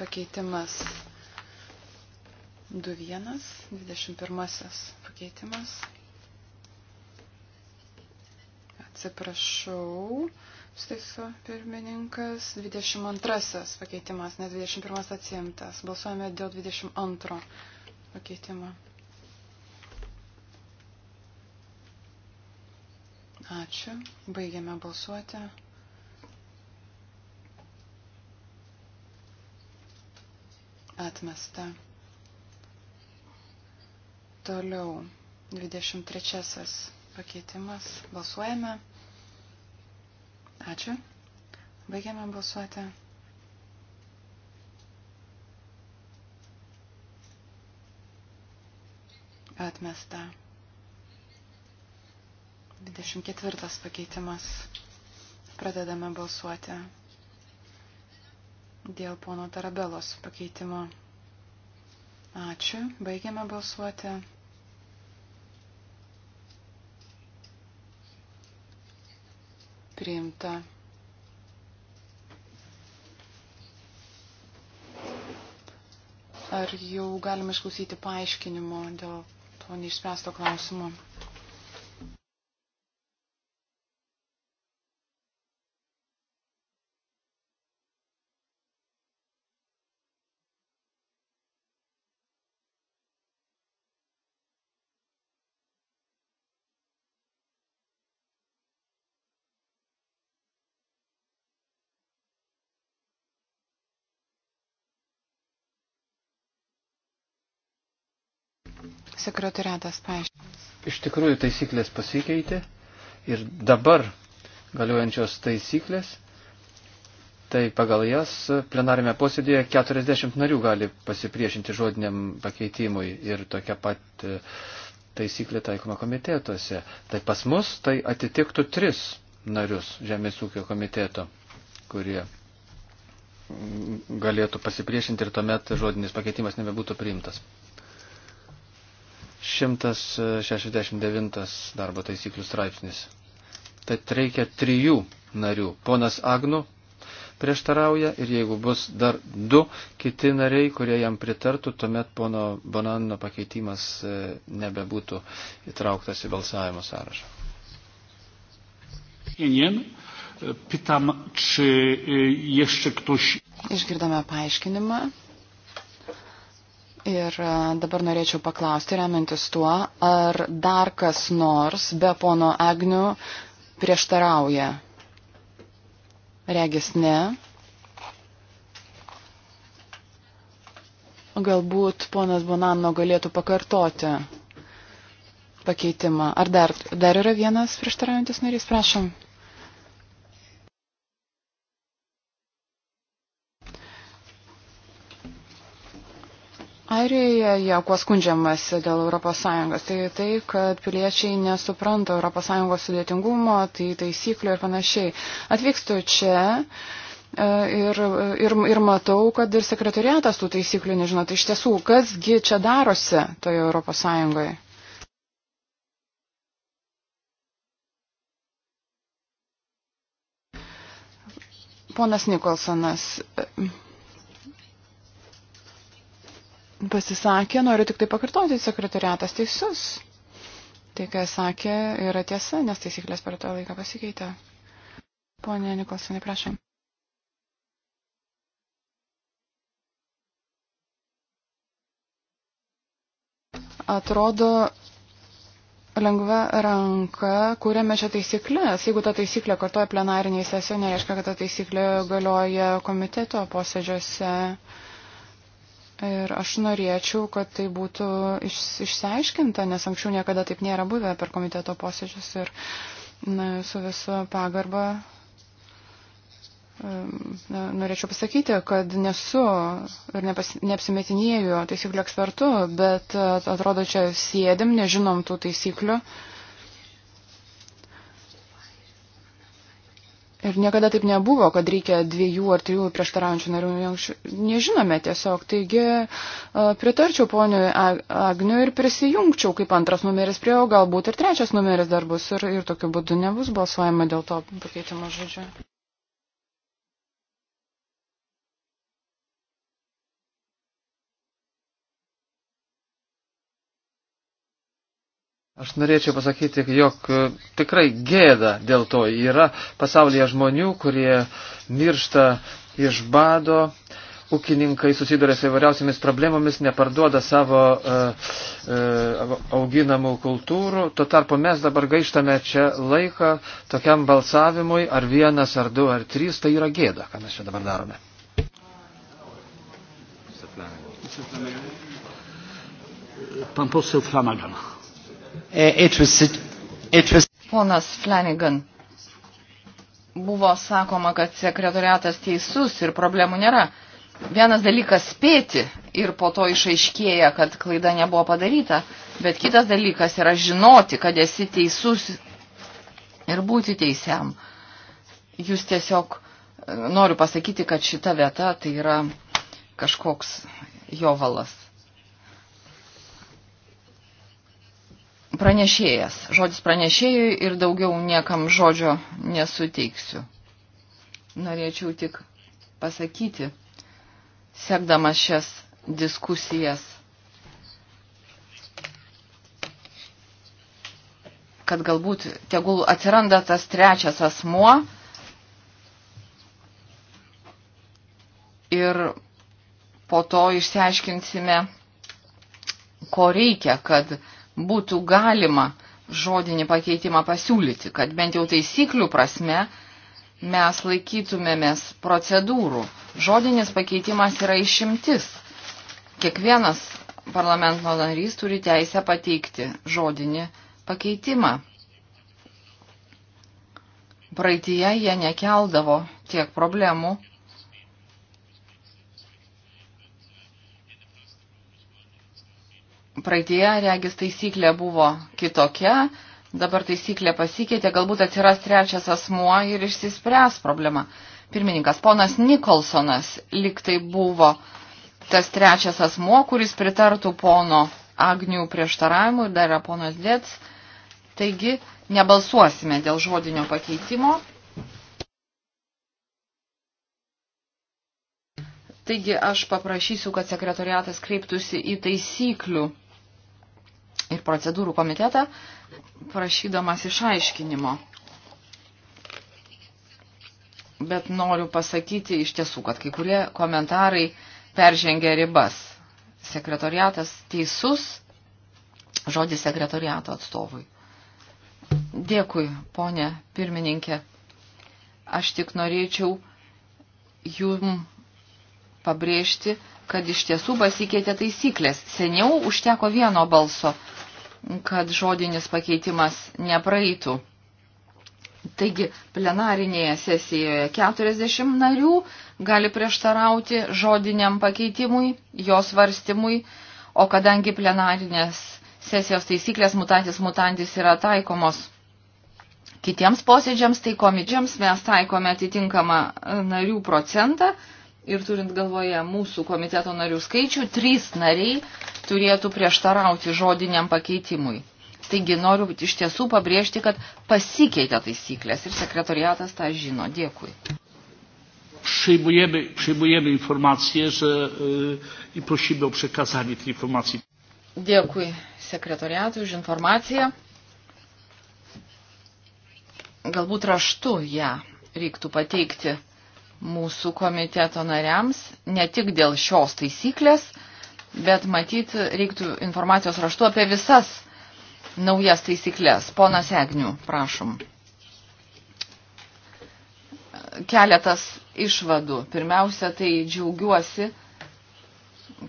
Pakeitimas 2.1, 21 pakeitimas. Atsiprašau. Staiso pirmininkas 22 pakeitimas, ne 21 atsiimtas. Balsuojame dėl 22 pakeitimo. Ačiū. Baigiame balsuoti. Atmesta. Toliau 23 pakeitimas. Balsuojame. Ačiū. Baigiame balsuoti. Atmesta. 24 pakeitimas. Pradedame balsuoti dėl pono Tarabelos pakeitimo. Ačiū. Baigiame balsuoti. priimta. Ar jau galime išklausyti paaiškinimo dėl to neišspręsto klausimo? Sekretariatas paaiškins. Iš tikrųjų taisyklės pasikeitė ir dabar galiuojančios taisyklės, tai pagal jas plenarime posėdėje 40 narių gali pasipriešinti žodiniam pakeitimui ir tokia pat e, taisyklė taikoma komitetuose. Tai pas mus tai atitiktų tris narius Žemės ūkio komiteto, kurie galėtų pasipriešinti ir tuomet žodinis pakeitimas nebebūtų priimtas. 169 darbo taisyklių straipsnis. Tad reikia trijų narių. Ponas Agnu prieštarauja ir jeigu bus dar du kiti nariai, kurie jam pritartų, tuomet pono Bonanno pakeitimas e, nebebūtų įtrauktas į balsavimo sąrašą. E, e, Išgirdome paaiškinimą Ir e, dabar norėčiau paklausti, remiantis tuo, ar dar kas nors be pono Agnių prieštarauja. Regis ne. Galbūt ponas Bonanno galėtų pakartoti pakeitimą. Ar dar, dar yra vienas prieštaraujantis narys? Prašom. Airijoje, kuo skundžiamas dėl ES, tai tai, kad piliečiai nesupranta ES sudėtingumo, tai taisyklių ir panašiai. Atvykstu čia. E, ir, ir, ir matau, kad ir sekretariatas tų taisyklių nežino. Tai iš tiesų, kasgi čia darosi toje Europos Sąjungoje? Ponas Nikolsonas, pasisakė, noriu tik tai pakartoti, sekretariatas teisus. Tai, ką sakė, yra tiesa, nes taisyklės per tą laiką pasikeitė. Pone Nikolsonai, prašom. Atrodo, lengva ranka kūrėme šią taisyklę. Jeigu ta taisyklė kartoja plenariniai sesijoje, nereiškia, kad ta taisyklė galioja komiteto posėdžiuose. Uh, Ir aš norėčiau, kad tai būtų iš, išsiaiškinta, nes anksčiau niekada taip nėra buvę per komiteto posėdžius ir na, su visu pagarba na, norėčiau pasakyti, kad nesu ir nepas, neapsimetinėjau taisyklių ekspertų, bet atrodo, čia sėdim, nežinom tų taisyklių. Uh, Ir niekada taip nebuvo, kad reikia dviejų ar trijų prieštaraujančių narių. Nežinome tiesiog. Taigi pritarčiau poniui Agniu ir prisijungčiau kaip antras numeris prie jo, galbūt ir trečias numeris dar bus. Ir, ir tokiu būdu nebus balsuojama dėl to pakeitimo žodžio. Aš norėčiau pasakyti, jog e, tikrai gėda dėl to. Yra pasaulyje žmonių, kurie miršta iš bado, ūkininkai susiduria su įvairiausiamis problemomis, neparduoda savo uh, uh, auginamų kultūrų. Tuo tarpu mes dabar gaištame čia laiką tokiam balsavimui, ar vienas, ar du, ar trys, tai yra gėda, ką mes čia dabar darome. Pan poseł Flanagan. Eh, it was, it was... Ponas Flanagan, buvo sakoma, kad sekretoriatas teisus ir problemų nėra. Vienas dalykas spėti ir po to išaiškėja, kad klaida nebuvo padaryta, bet kitas dalykas yra žinoti, kad esi teisus ir būti teisiam. Jūs tiesiog eh, noriu pasakyti, kad šita vieta tai yra kažkoks jovalas. pranešėjas. Žodis pranešėjui ir daugiau niekam žodžio nesuteiksiu. Norėčiau tik pasakyti, sekdamas šias diskusijas, kad galbūt tegul atsiranda tas trečias asmuo ir po to išsiaiškinsime, ko reikia, kad būtų galima žodinį pakeitimą pasiūlyti, kad bent jau taisyklių prasme mes laikytumėmės procedūrų. Žodinis pakeitimas yra išimtis. Kiekvienas parlamento narys turi teisę pateikti žodinį pakeitimą. Praeitie jie nekeldavo tiek problemų praeitie, regis, taisyklė buvo kitokia, dabar taisyklė pasikeitė, galbūt atsiras trečias asmuo ir išsispręs problema. Pirmininkas, ponas Nikolsonas liktai buvo tas trečias asmuo, kuris pritartų pono Agnių prieštaravimų ir dar yra ponas Dėts. Taigi, nebalsuosime dėl žodinio pakeitimo. Taigi aš paprašysiu, kad sekretoriatas kreiptųsi į taisyklių ir procedūrų komitetą, prašydamas išaiškinimo. Bet noriu pasakyti iš tiesų, kad kai kurie komentarai peržengia ribas. Sekretoriatas teisus, žodis sekretoriato atstovui. Dėkui, ponė pirmininkė. Aš tik norėčiau jum pabrėžti, kad iš tiesų pasikeitė taisyklės. Seniau užteko vieno balso kad žodinis pakeitimas nepraeitų. Taigi plenarinėje sesijoje 40 narių gali prieštarauti žodiniam pakeitimui, jos varstymui, o kadangi plenarinės sesijos taisyklės mutantis mutantis yra taikomos kitiems posėdžiams, tai komidžiams mes taikome atitinkamą e, narių procentą ir turint galvoje mūsų komiteto narių skaičių, trys nariai turėtų prieštarauti žodiniam pakeitimui. Taigi noriu iš tiesų pabrėžti, kad pasikeitė taisyklės ir sekretoriatas tą žino. Dėkui. Przyjmujemy, przyjmujemy informację że, i prosimy o przekazanie tej informacji. Dėkui sekretoriatui už informaciją. Galbūt raštu ją reiktų pateikti mūsų komiteto nariams, ne tik dėl šios taisyklės, bet matyt, reiktų informacijos raštu apie visas naujas taisyklės. Ponas Egnių, prašom. Keletas išvadų. Pirmiausia, tai džiaugiuosi,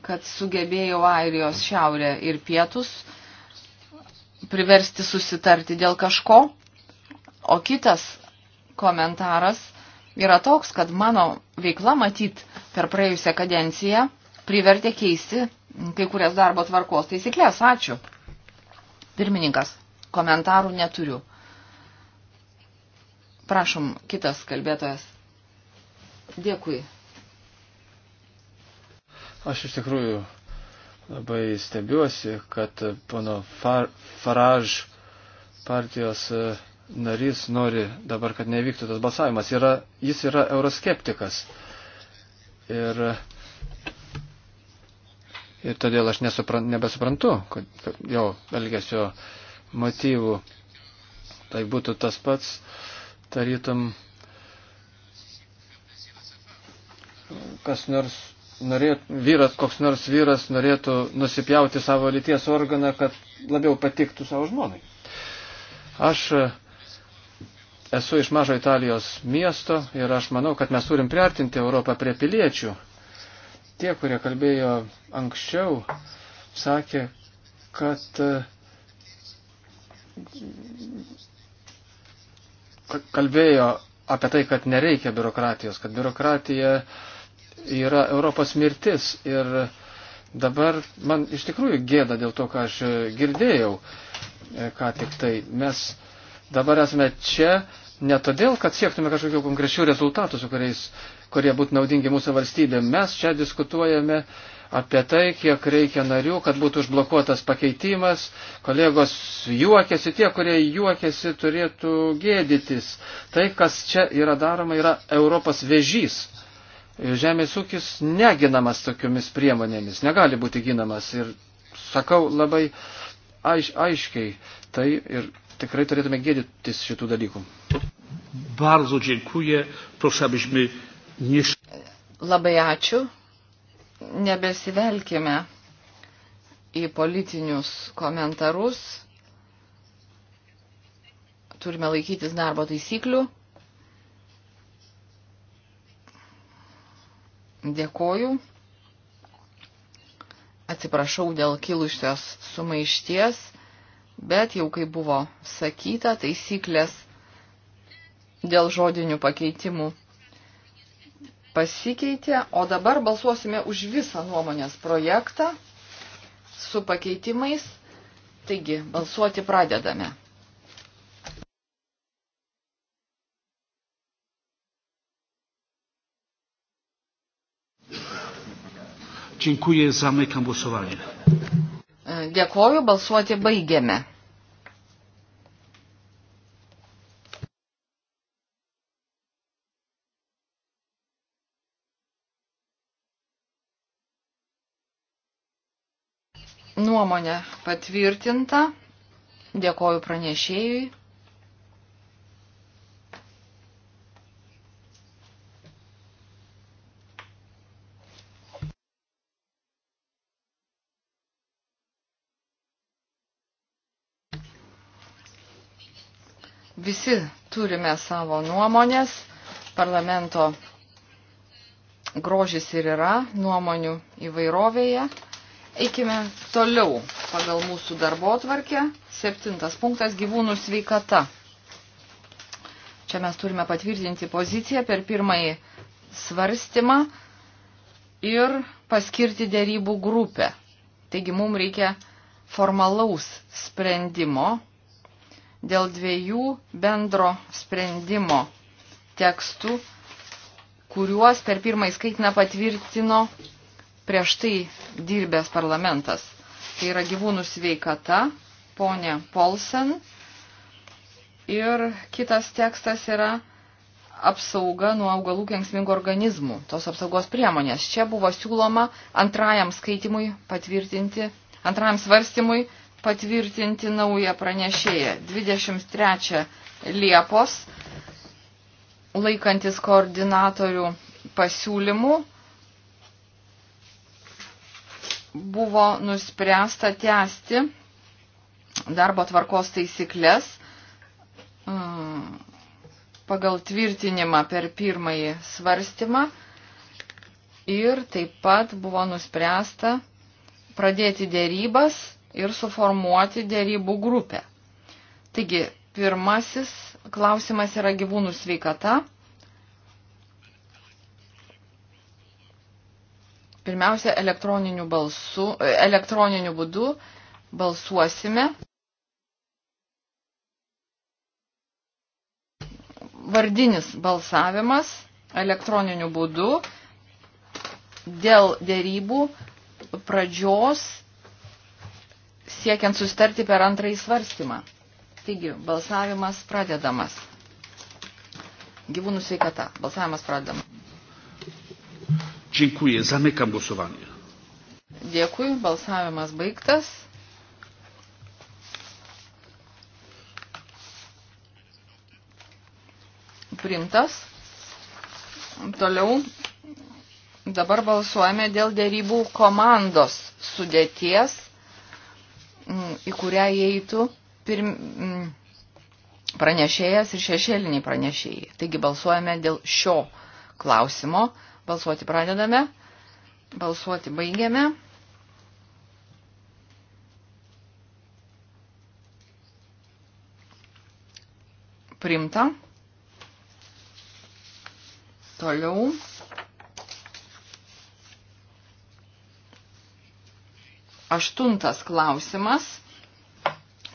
kad sugebėjau Airijos šiaurę ir pietus priversti susitarti dėl kažko. O kitas komentaras yra toks, kad mano veikla matyt per praėjusią kadenciją privertė keisti kai kurias darbo tvarkos taisyklės. Ačiū. Pirmininkas, komentarų neturiu. Prašom, kitas kalbėtojas. Dėkui. Aš iš tikrųjų labai stebiuosi, kad pono Far Faraž partijos e, narys nori dabar, kad nevyktų tas balsavimas. Yra, jis yra euroskeptikas. Ir ir todėl aš nesupran, nebesuprantu, kad jo elgesio motyvų tai būtų tas pats, tarytum, kas nors norėt, vyras, koks nors vyras norėtų nusipjauti savo lyties organą, kad labiau patiktų savo žmonai. Aš e, esu iš mažo Italijos miesto ir aš manau, kad mes turim priartinti Europą prie piliečių. Tie, kurie kalbėjo anksčiau, sakė, kad kalbėjo apie tai, kad nereikia biurokratijos, kad biurokratija yra Europos mirtis. Ir dabar man iš tikrųjų gėda dėl to, ką aš girdėjau, e, ką tik tai mes dabar esame čia ne todėl, kad siektume kažkokių konkrečių rezultatų, su kuriais kurie būtų naudingi mūsų valstybė. Mes čia diskutuojame apie tai, kiek reikia narių, kad būtų užblokuotas pakeitimas. Kolegos juokiasi, tie, kurie juokiasi, turėtų gėdytis. Tai, kas čia yra daroma, yra Europos vežys. Žemės ūkis neginamas tokiomis priemonėmis, negali būti ginamas. Ir sakau labai aiš, aiškiai, tai ir tikrai turėtume gėdytis šitų dalykų. Bardzo dziękuję. Proszę, abyśmy niż. Labai ačiū. Nebesivelkime į politinius komentarus. Turime laikytis darbo taisyklių. Dėkoju. Atsiprašau dėl kilusios sumaišties, bet jau kaip buvo sakyta, taisyklės dėl žodinių pakeitimų pasikeitė, o dabar balsuosime už visą nuomonės projektą su pakeitimais. Taigi, balsuoti pradedame. Dziękuję, zamykam głosowanie. Dėkoju, balsuoti baigiame. Nuomonė patvirtinta. Dėkoju pranešėjui. Visi turime savo nuomonės. Parlamento grožis ir yra nuomonių įvairovėje. Eikime toliau pagal mūsų darbo tvarkę. Septintas punktas – gyvūnų sveikata. Čia mes turime patvirtinti poziciją per pirmąjį svarstymą ir paskirti dėrybų grupę. Taigi mums reikia formalaus sprendimo dėl dviejų bendro sprendimo tekstų, kuriuos per pirmąjį skaitiną patvirtino prieš tai dirbęs parlamentas. Tai yra gyvūnų sveikata, ponė Polsen. Ir kitas tekstas yra apsauga nuo augalų kenksmingų organizmų, tos apsaugos priemonės. Čia buvo siūloma antrajam skaitimui patvirtinti, antrajam svarstymui patvirtinti naują pranešėją. 23 Liepos, laikantis koordinatorių pasiūlymų, buvo nuspręsta tęsti darbo tvarkos taisyklės mm, pagal tvirtinimą per pirmąjį svarstymą ir taip pat buvo nuspręsta pradėti dėrybas ir suformuoti dėrybų grupę. Taigi, pirmasis klausimas yra gyvūnų sveikata. Pirmiausia, elektroniniu, balsu, e, elektroniniu būdu balsuosime. Vardinis balsavimas elektroniniu būdu dėl dėrybų pradžios siekiant sustarti per antrąjį svarstymą. Taigi, balsavimas pradedamas. Gyvūnų sveikata. Balsavimas pradedamas. Dziękuję. Zamykam głosowanie. Dėkui, balsavimas baigtas. Primtas. Toliau dabar balsuojame dėl dėrybų komandos sudėties, mm, į kurią įeitų pirm... Mm, pranešėjas ir šešėliniai pranešėjai. Taigi balsuojame dėl šio klausimo. Balsuoti pradedame. Balsuoti baigiame. Primta. Toliau. Aštuntas klausimas.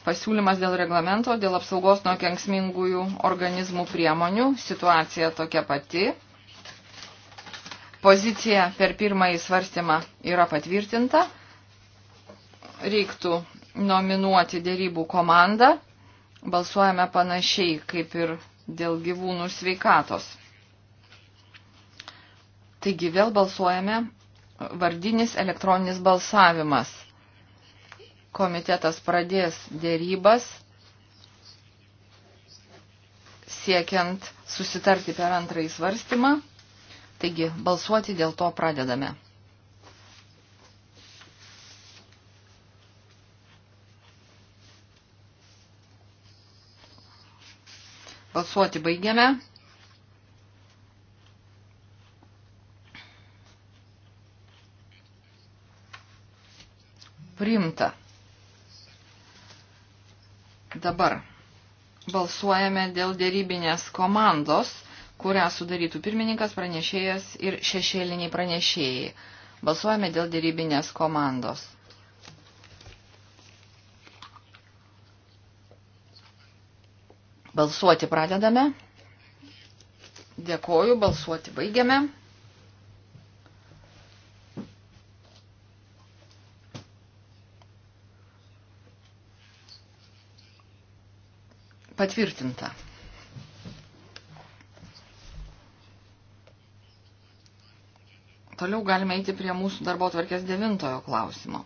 Pasiūlymas dėl reglamento, dėl apsaugos nuo kenksmingųjų organizmų priemonių. Situacija tokia pati pozicija per pirmąjį svarstymą yra patvirtinta. Reiktų nominuoti dėrybų komandą. Balsuojame panašiai kaip ir dėl gyvūnų sveikatos. Taigi vėl balsuojame vardinis elektroninis balsavimas. Komitetas pradės dėrybas siekiant susitarti per antrąjį svarstymą. Taigi balsuoti dėl to pradedame. Balsuoti baigiame. Primta. Dabar balsuojame dėl dėrybinės komandos kurią sudarytų pirmininkas, pranešėjas ir šešėliniai pranešėjai. Balsuojame dėl dėrybinės komandos. Balsuoti pradedame. Dėkoju, balsuoti baigiame. Patvirtinta. Toliau galime eiti prie mūsų darbo tvarkės devintojo klausimo.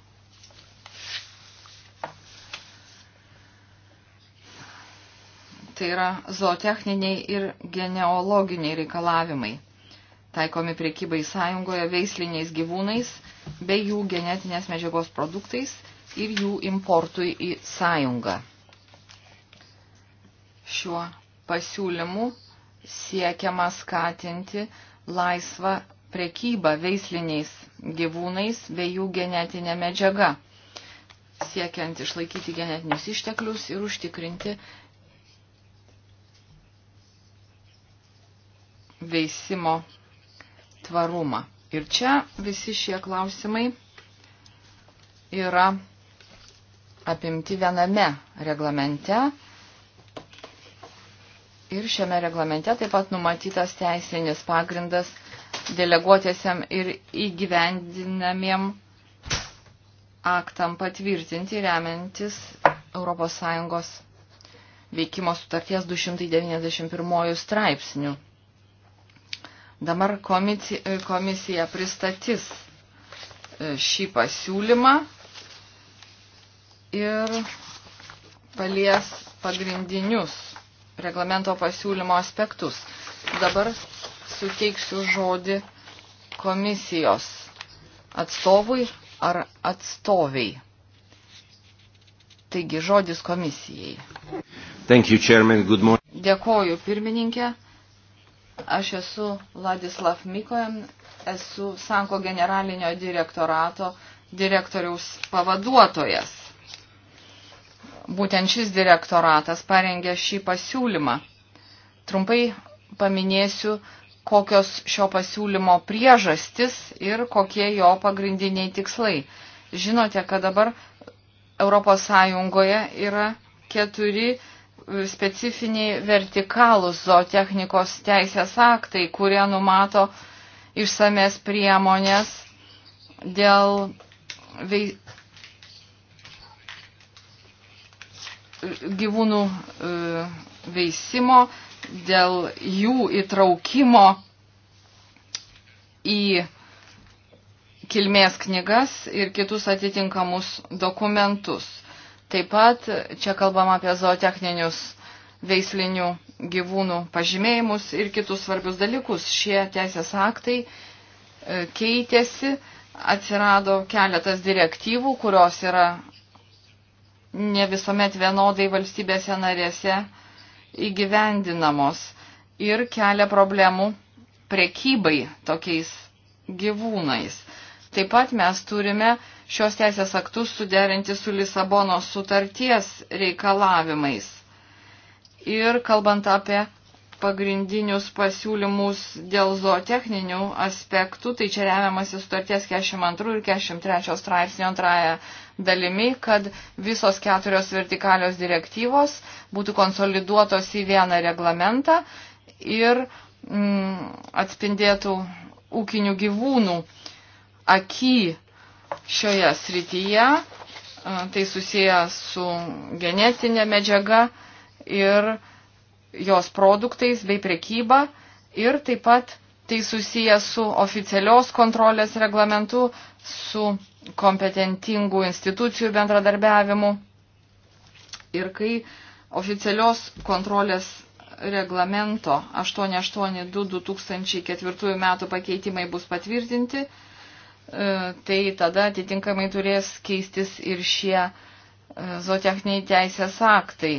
Tai yra zootechniniai ir genealoginiai reikalavimai, taikomi priekybai sąjungoje veisliniais gyvūnais bei jų genetinės medžiagos produktais ir jų importui į sąjungą. Šiuo pasiūlymu siekiama skatinti laisvą prekyba veisliniais gyvūnais bei jų genetinė medžiaga, siekiant išlaikyti genetinius išteklius ir užtikrinti veisimo tvarumą. Ir čia visi šie klausimai yra apimti viename reglamente. Ir šiame reglamente taip pat numatytas teisinis pagrindas – deleguotėsiam ir įgyvendinamiem aktam patvirtinti remiantis ES veikimo sutarties 291 straipsnių. Dabar komisija, komisija pristatys e, šį pasiūlymą ir palies pagrindinius reglamento pasiūlymo aspektus. Dabar suteiksiu žodį komisijos atstovui ar atstoviai. Taigi žodis komisijai. Thank you, chairman. Good morning. Dėkoju, pirmininkė. Aš esu Ladislav Mikojan, esu Sanko generalinio direktorato direktoriaus pavaduotojas būtent šis direktoratas parengė šį pasiūlymą. Trumpai paminėsiu, kokios šio pasiūlymo priežastis ir kokie jo pagrindiniai tikslai. Žinote, kad dabar ES yra keturi specifiniai vertikalūs zootechnikos teisės aktai, kurie numato išsames priemonės dėl gyvūnų e, veisimo, dėl jų įtraukimo į kilmės knygas ir kitus atitinkamus dokumentus. Taip pat čia kalbam apie zootechninius veislinių gyvūnų pažymėjimus ir kitus svarbius dalykus. Šie teisės aktai e, keitėsi, atsirado keletas direktyvų, kurios yra ne visuomet vienodai valstybėse narėse įgyvendinamos ir kelia problemų prekybai tokiais gyvūnais. Taip pat mes turime šios teisės aktus suderinti su Lisabono sutarties reikalavimais. Ir kalbant apie pagrindinius pasiūlymus dėl zootechninių aspektų, tai čia remiamasi sutarties 42 ir 43 straipsnio antraja dalimi, kad visos keturios vertikalios direktyvos būtų konsoliduotos į vieną reglamentą ir mm, atspindėtų ūkinių gyvūnų aky šioje srityje, tai susiję su genetinė medžiaga ir mm, jos produktais bei prekyba ir taip pat tai susiję su oficialios kontrolės reglamentu, su kompetentingų institucijų bendradarbiavimu. Ir kai oficialios kontrolės reglamento 882-2004 metų pakeitimai bus patvirtinti, e, tai tada atitinkamai turės keistis ir šie e, zootechniniai teisės aktai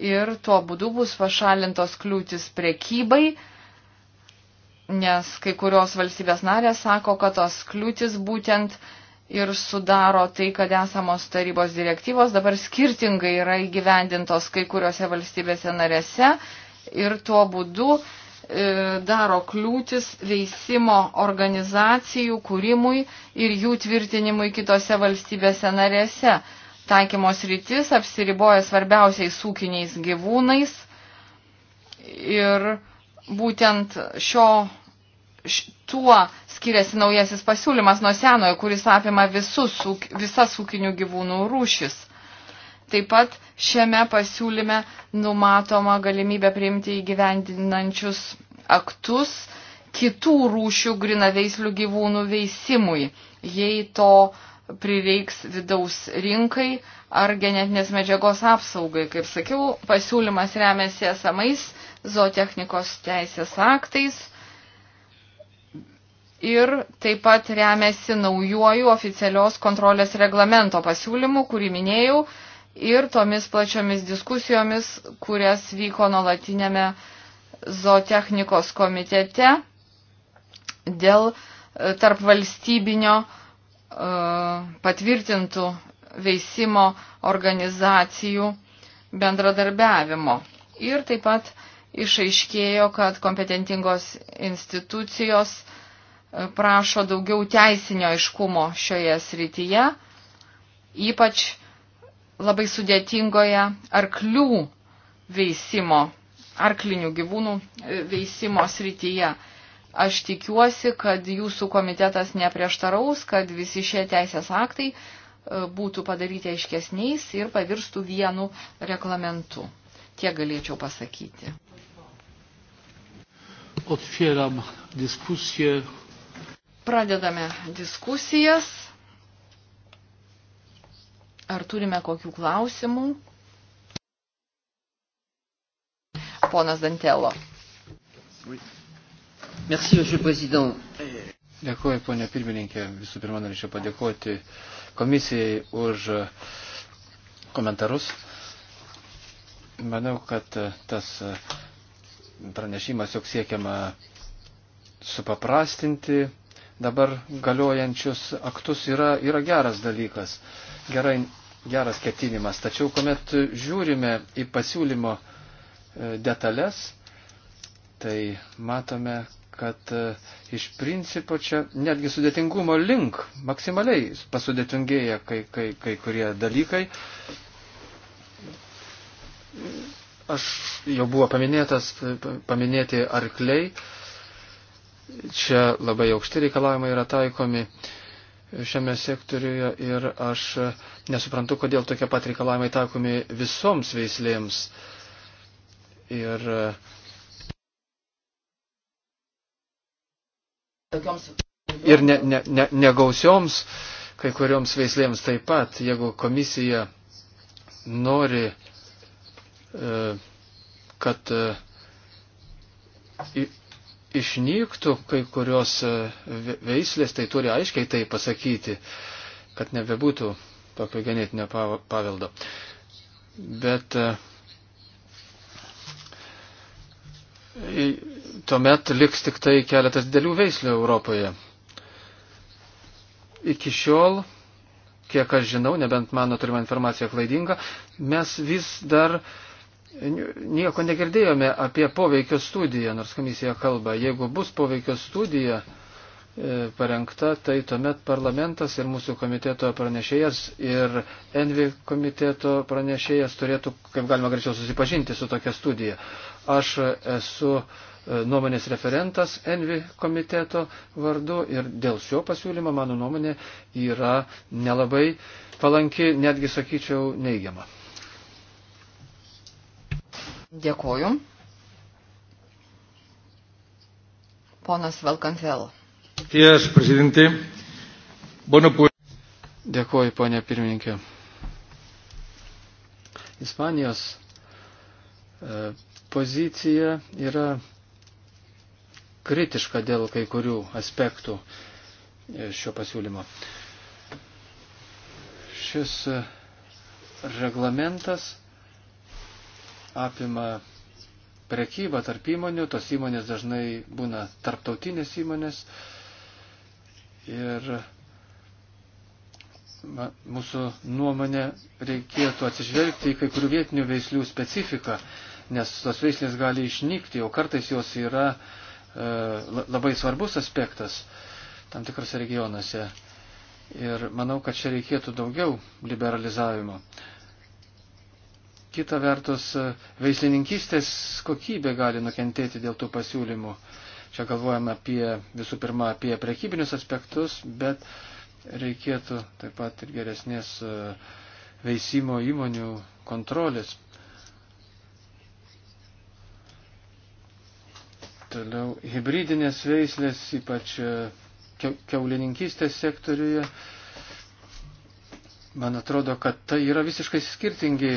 ir tuo būdu bus pašalintos kliūtis prekybai, nes kai kurios valstybės narės sako, kad tos kliūtis būtent ir sudaro tai, kad esamos tarybos direktyvos dabar skirtingai yra įgyvendintos kai kuriuose valstybėse narėse ir tuo būdu e, daro kliūtis veisimo organizacijų kūrimui ir jų tvirtinimui kitose valstybėse narėse taikymos rytis apsiriboja svarbiausiais ūkiniais gyvūnais ir būtent šio, š, tuo skiriasi naujasis pasiūlymas nuo senojo, kuris apima visus, visas ūkinių gyvūnų rūšis. Taip pat šiame pasiūlyme numatoma galimybė priimti įgyvendinančius aktus kitų rūšių grinaveislių gyvūnų veisimui, jei to uh, prireiks vidaus rinkai ar genetinės medžiagos apsaugai. Kaip sakiau, pasiūlymas remiasi esamais zootechnikos teisės aktais ir taip pat remiasi naujuoju oficialios kontrolės reglamento pasiūlymu, kurį minėjau, ir tomis plačiomis diskusijomis, kurias vyko nuolatinėme zootechnikos komitete dėl e, tarp valstybinio uh, patvirtintų veisimo organizacijų bendradarbiavimo. Ir taip pat išaiškėjo, kad kompetentingos institucijos e, prašo daugiau teisinio aiškumo šioje srityje, ypač labai sudėtingoje arklių veisimo, arklinių gyvūnų e, veisimo srityje. Aš tikiuosi, kad jūsų komitetas neprieštaraus, kad visi šie teisės aktai e, būtų padaryti aiškesniais ir pavirstų vienu reglamentu. Tiek galėčiau pasakyti. Otvieram diskusiją. Pradedame diskusijas. Ar turime kokių klausimų? Ponas Dantelo. Oui. Merci, monsieur président. Dėkuoju, ponia pirmininkė. Visų pirma, norėčiau padėkoti komisijai už komentarus. Manau, kad tas pranešimas, jog siekiama supaprastinti dabar galiojančius aktus, yra, yra geras dalykas, gerai, geras ketinimas. Tačiau, kuomet žiūrime į pasiūlymo e, detalės, tai matome, kad e, iš principo čia netgi sudėtingumo link maksimaliai pasudėtingėja kai, kai, kai kurie dalykai. Aš jau buvo paminėtas, e, paminėti arkliai. Čia labai aukšti reikalavimai yra taikomi šiame sektoriuje ir aš nesuprantu, kodėl tokie pat reikalavimai taikomi visoms veislėms. Ir uh, tokioms. Ir ne, ne, ne, negausioms, kai kurioms veislėms taip pat, jeigu komisija nori, e, kad e, išnyktų kai kurios e, veislės, tai turi aiškiai tai pasakyti, kad nebebūtų tokio genetinio paveldo. Bet tuomet liks tik tai keletas didelių veislių Europoje. Iki šiol, kiek aš žinau, nebent mano turima informacija klaidinga, mes vis dar nieko negirdėjome apie poveikio studiją, nors komisija kalba. Jeigu bus poveikio studija e, parengta, tai tuomet parlamentas ir mūsų komiteto pranešėjas ir Envi komiteto pranešėjas turėtų, kaip galima greičiau, susipažinti su tokia studija. Aš esu uh, E, nuomonės referentas Envi komiteto vardu ir dėl šio pasiūlymo mano nuomonė yra nelabai palanki, netgi sakyčiau neigiama. Dėkoju. Ponas Valkantvėl. Ties, prezidentė. Bueno, pues... Dėkoju, ponė pirmininkė. Ispanijos e, pozicija yra kritiška dėl kai kurių aspektų šio pasiūlymo. Šis reglamentas apima prekybą tarp įmonių, tos įmonės dažnai būna tarptautinės įmonės ir mūsų nuomonė reikėtų atsižvelgti į kai kurių vietinių veislių specifiką, nes tos veislės gali išnykti, o kartais jos yra uh, E, labai svarbus aspektas tam tikrose regionuose. Ir manau, kad čia reikėtų daugiau liberalizavimo. Kita vertus, e, veislininkystės kokybė gali nukentėti dėl tų pasiūlymų. Čia galvojame apie, visų pirma, apie prekybinius aspektus, bet reikėtų taip pat ir geresnės e, veisimo įmonių kontrolės Toliau hybridinės veislės, ypač e, keulininkystės sektoriuje. Man atrodo, kad tai yra visiškai skirtingi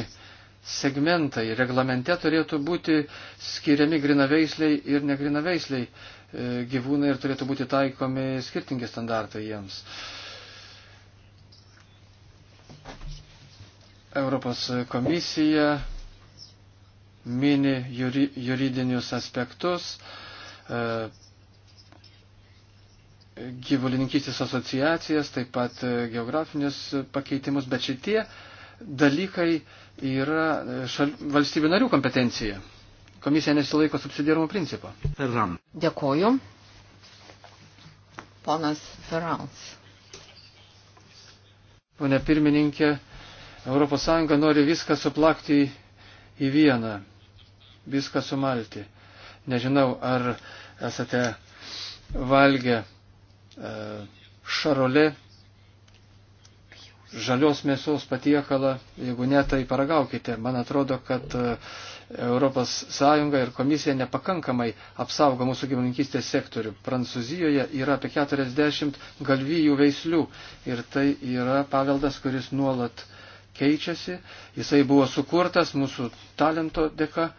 segmentai. Reglamente turėtų būti skiriami grinaveisliai ir negrinaveisliai e, gyvūnai ir turėtų būti taikomi skirtingi standartai jiems. Europos komisija mini juri, juridinius aspektus. E, gyvulininkystės asociacijas, taip pat e, geografinius pakeitimus, bet šitie dalykai yra e, šal, valstybių narių kompetencija. Komisija nesilaiko subsidiarumo principo. Ferran. Dėkoju. Ponas Ferrans. Pone pirmininkė, ES nori viską suplakti į vieną viską sumalti. Nežinau, ar esate valgę e, šarolė žalios mėsos patiekalą, jeigu ne, tai paragaukite. Man atrodo, kad ES ir komisija nepakankamai apsaugo mūsų gyvulininkystės sektorių. Prancūzijoje yra apie 40 galvijų veislių ir tai yra paveldas, kuris nuolat keičiasi. Jisai buvo sukurtas mūsų talento dėka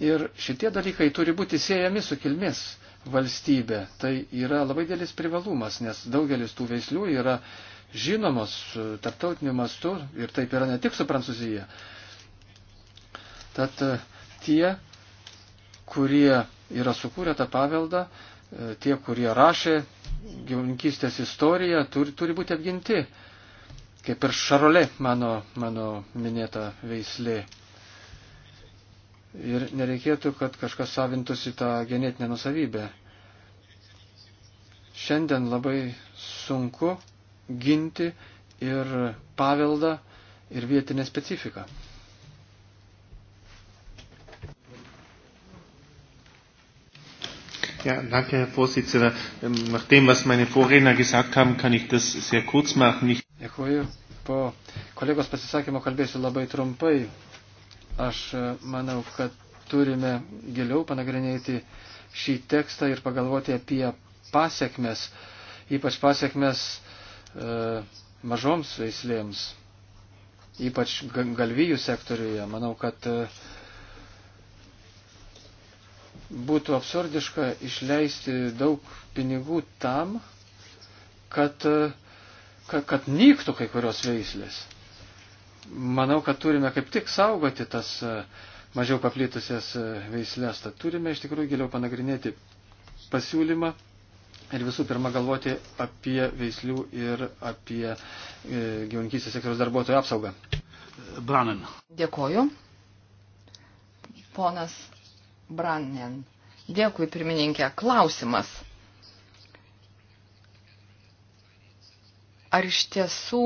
Ir šitie dalykai turi būti siejami su kilmės valstybė. Tai yra labai dėlis privalumas, nes daugelis tų veislių yra žinomos tarptautiniu mastu ir taip yra ne tik su Prancūzija. Tad e, tie, kurie yra sukūrę tą paveldą, e, tie, kurie rašė gyvūninkystės istoriją, turi, turi būti apginti, kaip ir Šarolė, mano, mano minėta veislė ir nereikėtų, kad kažkas savintųsi tą genetinę nusavybę. Šiandien labai sunku ginti ir paveldą, ir vietinę specifiką. Ja, danke, Herr Vorsitzender. Ähm, nach dem, was meine Vorredner gesagt haben, kann ich das sehr kurz machen. Ich Dėkuoju. Po kolegos pasisakymo kalbėsiu labai trumpai. Aš e, manau, kad turime giliau panagrinėti šį tekstą ir pagalvoti apie pasiekmes, ypač pasiekmes e, mažoms veislėms, ypač galvijų sektoriuje. Manau, kad e, būtų absurdiška išleisti daug pinigų tam, kad, e, kad, kad nyktų kai kurios veislės manau, kad turime kaip tik saugoti tas e, mažiau paplitusias e, veislės. Tad turime iš tikrųjų giliau panagrinėti pasiūlymą ir visų pirma galvoti apie veislių ir apie e, gyvankysės sektoriaus darbuotojų apsaugą. Branen. Dėkoju. Ponas Branen. Dėkui, pirmininkė. Klausimas. Ar iš tiesų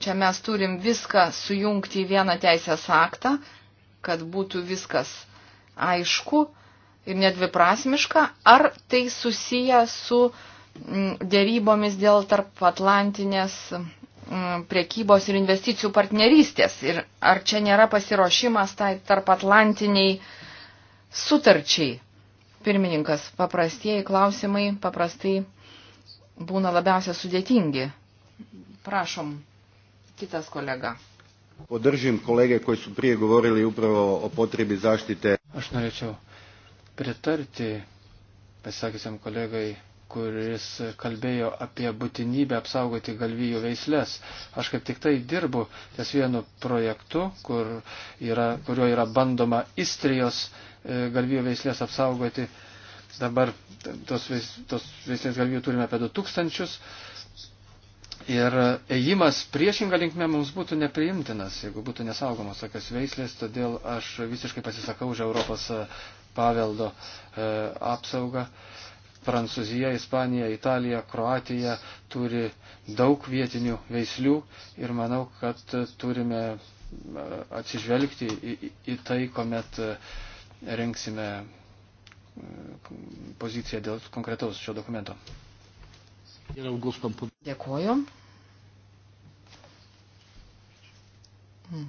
Čia mes turim viską sujungti į vieną teisės aktą, kad būtų viskas aišku ir nedviprasmiška, ar tai susiję su mm, dėrybomis dėl tarp Atlantinės mm, priekybos ir investicijų partnerystės ir ar čia nėra pasiruošimas tai tarp Atlantiniai sutarčiai. Pirmininkas, paprastieji klausimai paprastai būna labiausia sudėtingi. Prašom. Kitas kolega. Podržim kolege koji su prije govorili upravo o potrebi zaštite. Aš norėčiau pritarti pasakysiam kolegai, kuris kalbėjo apie būtinybę apsaugoti galvijų veislės. Aš kaip tik tai dirbu ties vienu projektu, kur yra, kurio yra bandoma istrijos e, galvijų veislės apsaugoti. Dabar tos, tos veislės galvijų turime apie 2000. Ir ėjimas priešinga linkme mums būtų nepriimtinas, jeigu būtų nesaugomas tokios veislės, todėl aš visiškai pasisakau už Europos e, paveldo e, apsaugą. Prancūzija, Ispanija, Italija, Kroatija turi daug vietinių veislių ir manau, kad turime e, atsižvelgti į, į, į tai, kuomet e, renksime poziciją dėl konkretaus šio dokumento. Yra głos pan Dėkuoju. Mm.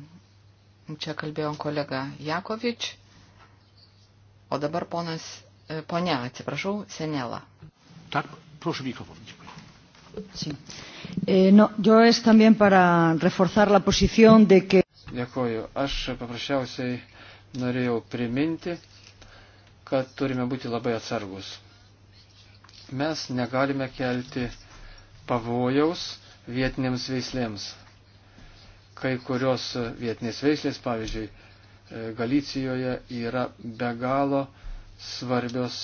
Čia kalbėjo kolega Jakovič, o dabar ponas, e, ponia, atsiprašau, Senela. Tak, prošu mikrofon. Sí. Eh, no, yo es también para reforzar la posición de que. Dėkuoju. Aš paprasčiausiai norėjau priminti, kad turime būti labai atsargus. Mes negalime kelti pavojaus vietiniams veislėms. Kai kurios vietinės veislės, pavyzdžiui, e, Galicijoje yra be galo svarbios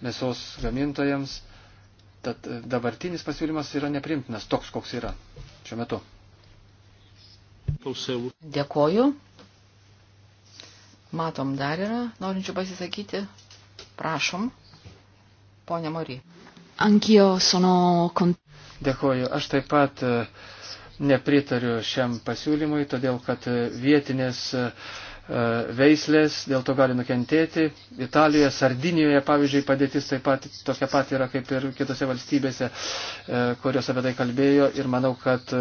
mėsos gamintojams, tad dabartinis pasiūlymas yra neprimtinas, toks koks yra šiuo metu. Dėkoju. Matom, dar yra norinčių pasisakyti. Prašom, ponė Mori. Anch'io sono contenta. Dėkoju. Aš taip pat e, nepritariu šiam pasiūlymui, todėl kad e, vietinės e, veislės dėl to gali nukentėti. Italijoje, Sardinijoje, pavyzdžiui, padėtis taip pat tokia pat yra kaip ir kitose valstybėse, kurios apie tai kalbėjo. Ir manau, kad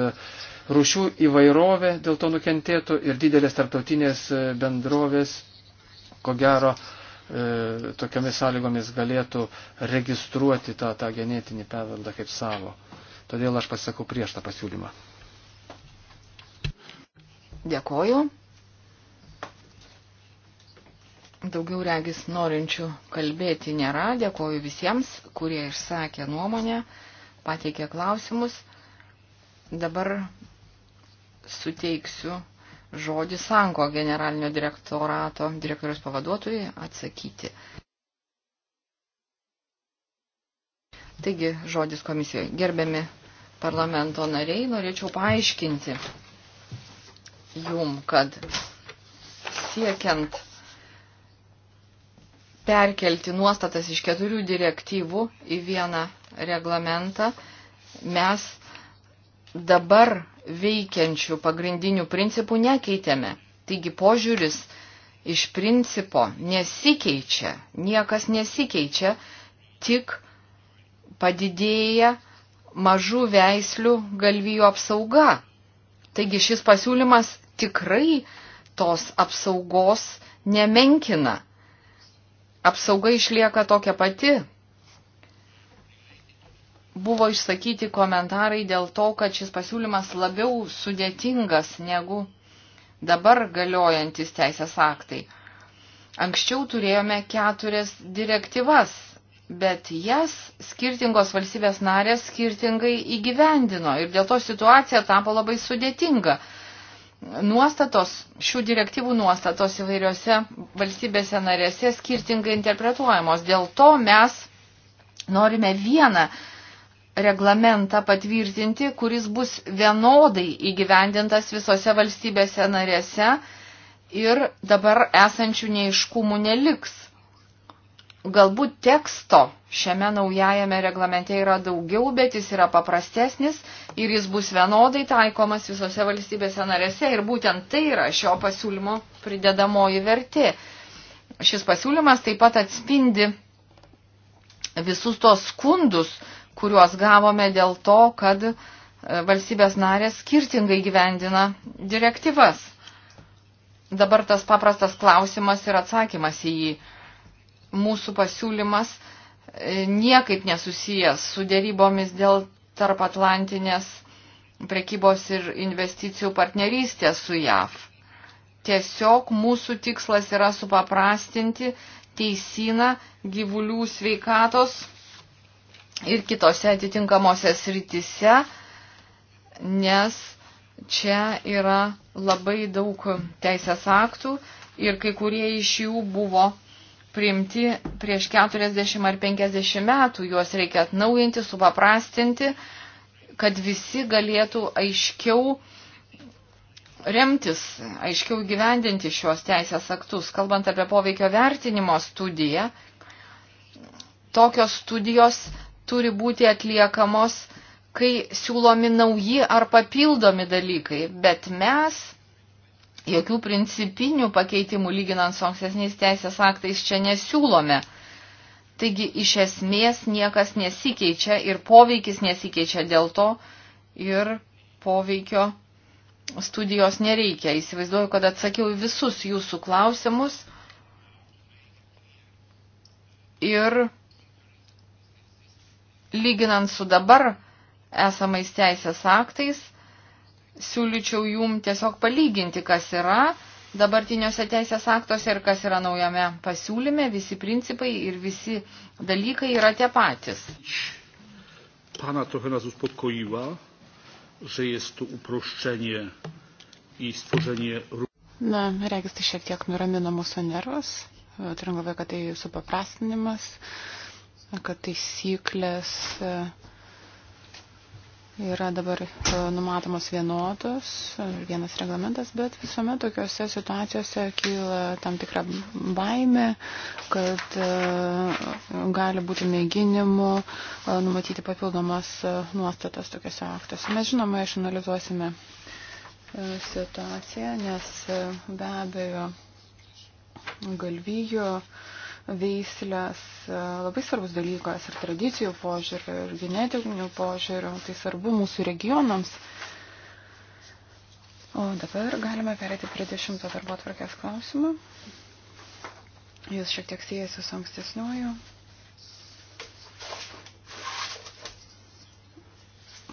rūšių įvairovė dėl to nukentėtų ir didelės tarptautinės bendrovės, ko gero, tokiamis sąlygomis galėtų registruoti tą, tą genetinį paveldą kaip savo. Todėl aš pasisakau prieš tą pasiūlymą. Dėkoju. Daugiau regis norinčių kalbėti nėra. Dėkoju visiems, kurie išsakė nuomonę, pateikė klausimus. Dabar suteiksiu žodį Sanko generalinio direktorato direktorius pavaduotojai atsakyti. Taigi, žodis komisijoje. Gerbiami parlamento nariai, norėčiau paaiškinti jum, kad siekiant perkelti nuostatas iš keturių direktyvų į vieną reglamentą, mes dabar veikiančių pagrindinių principų nekeitėme. Taigi požiūris iš principo nesikeičia, niekas nesikeičia, tik padidėja mažų veislių galvijų apsauga. Taigi šis pasiūlymas tikrai tos apsaugos nemenkina. Apsauga išlieka tokia pati. Buvo išsakyti komentarai dėl to, kad šis pasiūlymas labiau sudėtingas negu dabar galiojantis teisės aktai. Anksčiau turėjome keturias direktyvas bet jas skirtingos valstybės narės skirtingai įgyvendino ir dėl to situacija tapo labai sudėtinga. Nuostatos, šių direktyvų nuostatos įvairiose valstybėse narėse skirtingai interpretuojamos. Dėl to mes norime vieną reglamentą patvirtinti, kuris bus vienodai įgyvendintas visose valstybėse narėse ir dabar esančių neiškumų neliks Galbūt teksto šiame naujajame reglamente yra daugiau, bet jis yra paprastesnis ir jis bus vienodai taikomas visose valstybėse narėse ir būtent tai yra šio pasiūlymo pridedamoji vertė. Šis pasiūlymas taip pat atspindi visus tos skundus, kuriuos gavome dėl to, kad e, valstybės narės skirtingai gyvendina direktyvas. Dabar tas paprastas klausimas ir atsakymas į jį mūsų pasiūlymas e, niekaip nesusijęs su dėrybomis dėl tarp Atlantinės prekybos ir investicijų partnerystės su JAV. Tiesiog mūsų tikslas yra supaprastinti teisiną gyvulių sveikatos ir kitose atitinkamose sritise, nes čia yra labai daug teisės aktų ir kai kurie iš jų buvo priimti prieš 40 ar 50 metų, juos reikia atnaujinti, supaprastinti, kad visi galėtų aiškiau remtis, aiškiau gyvendinti šios teisės aktus. Kalbant apie poveikio vertinimo studiją, tokios studijos turi būti atliekamos, kai siūlomi nauji ar papildomi dalykai, bet mes jokių principinių pakeitimų lyginant su ankstesniais teisės aktais čia nesiūlome. Taigi iš esmės niekas nesikeičia ir poveikis nesikeičia dėl to ir poveikio studijos nereikia. Įsivaizduoju, kad atsakiau visus jūsų klausimus ir lyginant su dabar esamais teisės aktais – siūlyčiau jum tiesiog palyginti, kas yra dabartiniuose teisės aktuose ir kas yra naujame pasiūlyme. Visi principai ir visi dalykai yra tie patys. Pana trochę nas uspokoiła, że jest to uproszczenie i stworzenie. Na, regis tai šiek tiek nuramina mūsų nervus, turim galvoje, kad tai supaprastinimas, kad taisyklės. Uh, yra dabar e, numatomos vienodos, vienas reglamentas, bet visuomet tokiuose situacijose kyla tam tikra baime, kad e, gali būti mėginimų e, numatyti papildomas nuostatas tokiuose aktuose. Mes žinoma išanalizuosime situaciją, nes be abejo galvijo veislės e, labai svarbus dalykas ir tradicijų požiūrių, ir genetinių požiūrių, tai svarbu mūsų regionams. O dabar galime perėti prie dešimto darbo atvarkės klausimą. Jūs šiek tiek siejasi su ankstesniuoju.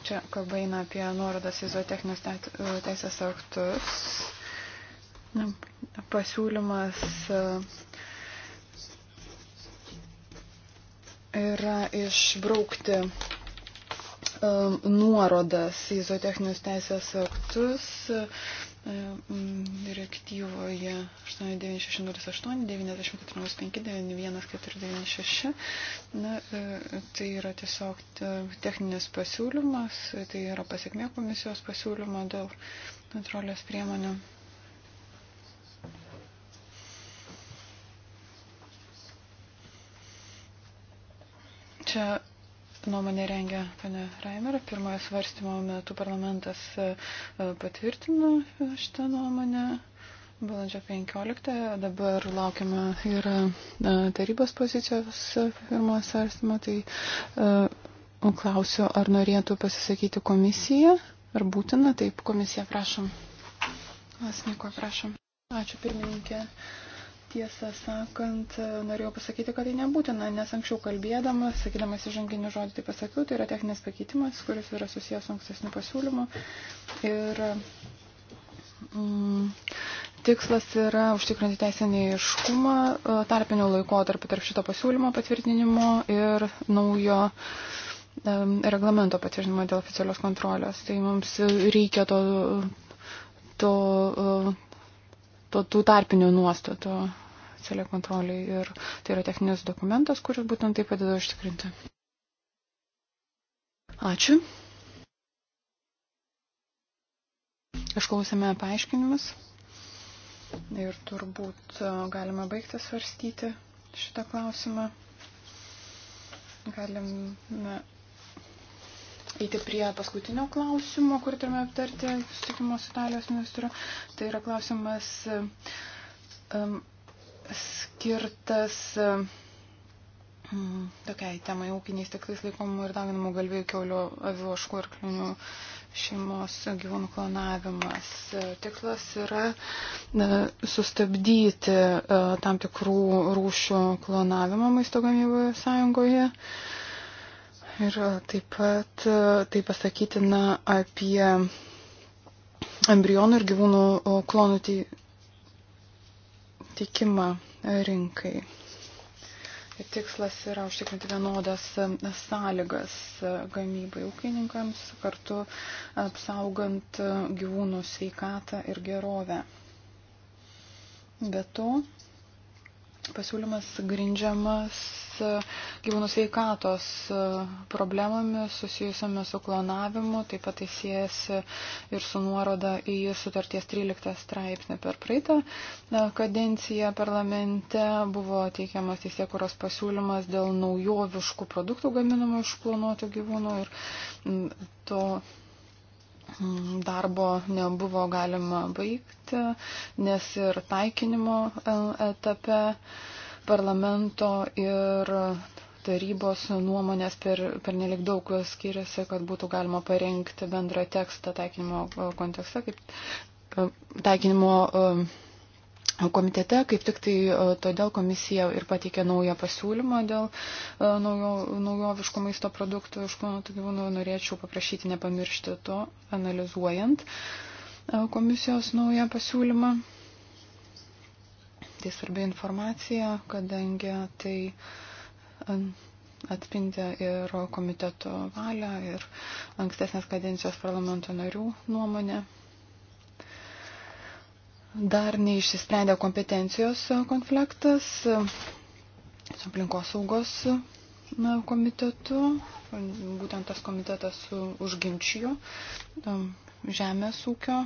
Čia kalba eina apie nuorodas į zootechninius teisės aktus. Pasiūlymas e, yra išbraukti um, nuorodas į zootechninius teisės aktus um, direktyvoje 89608-9405-9496. Na, e, tai yra tiesiog e, techninis pasiūlymas, tai yra pasiekmė komisijos pasiūlymo dėl kontrolės priemonių. Čia nuomonė rengia pane Reimer. Pirmojo svarstymo metu parlamentas e, e, patvirtino šitą nuomonę. Balandžio 15 dabar laukiama yra e, tarybos pozicijos pirmojo svarstymo. Tai klausiu, ar norėtų pasisakyti komisija, ar būtina. Taip, komisija, prašom. Asniko, prašom. Ačiū pirmininkė. Uh, Tiesą sakant, norėjau pasakyti, kad tai nebūtina, nes anksčiau kalbėdamas, sakydamas įžanginį žodį, tai pasakiau, tai yra techninis pakeitimas, kuris yra susijęs su ankstesniu pasiūlymu. Ir mm, tikslas yra užtikrinti teisinį iškumą e, tarpinio laiko tarp, tarp šito pasiūlymo patvirtinimo ir naujo um, reglamento patvirtinimo dėl oficialios kontrolės. Tai mums reikia to, to, e, to tų tarpinių nuostatų oficialiai kontroliai ir tai yra techninis dokumentas, kuris būtent tai padeda užtikrinti. Ačiū. Išklausėme paaiškinimus ir turbūt e, galima baigti svarstyti šitą klausimą. Galime eiti prie paskutinio klausimo, kurį turime aptarti susitikimo su Italijos ministru. Tai yra klausimas um, skirtas mm, tokiai temai ūkiniais tiklais laikomų ir dauginamų galvėjų keulio avių oškų ir kliūnių šeimos gyvūnų klonavimas. E, tikslas yra e, sustabdyti tam tikrų rūšių klonavimą maisto gamyboje sąjungoje. Ir taip pat tai pasakytina apie embrionų ir gyvūnų klonų tikimą rinkai. Tikslas yra užtikrinti vienodas sąlygas gamybai ūkininkams, kartu apsaugant gyvūnų sveikatą ir gerovę. Be to, pasiūlymas grindžiamas e, gyvūnų sveikatos e, problemomis susijusiamis su klonavimu, taip pat tai siejasi ir su nuoroda į sutarties 13 straipsnį per praeitą e, kadenciją parlamente buvo teikiamas teisėkuros pasiūlymas dėl naujoviškų produktų gaminamų iš klonuotų gyvūnų ir to darbo nebuvo galima baigti, nes ir taikinimo e, etape parlamento ir tarybos nuomonės per, per nelik daug skiriasi, kad būtų galima parengti bendrą tekstą taikinimo kontekste, kaip e, taikinimo e, komitete, kaip tik tai e, todėl komisija ir pateikė naują pasiūlymą dėl e, naujo, naujoviško maisto produktų iš klonotų gyvūnų. Norėčiau paprašyti nepamiršti to, analizuojant e, komisijos naują pasiūlymą. Tai svarbi informacija, kadangi tai atspindi ir komiteto valią, ir ankstesnės kadencijos parlamento narių nuomonę dar neišsisprendė kompetencijos konfliktas su aplinkosaugos komitetu. Būtent tas komitetas užginčijo um, žemės ūkio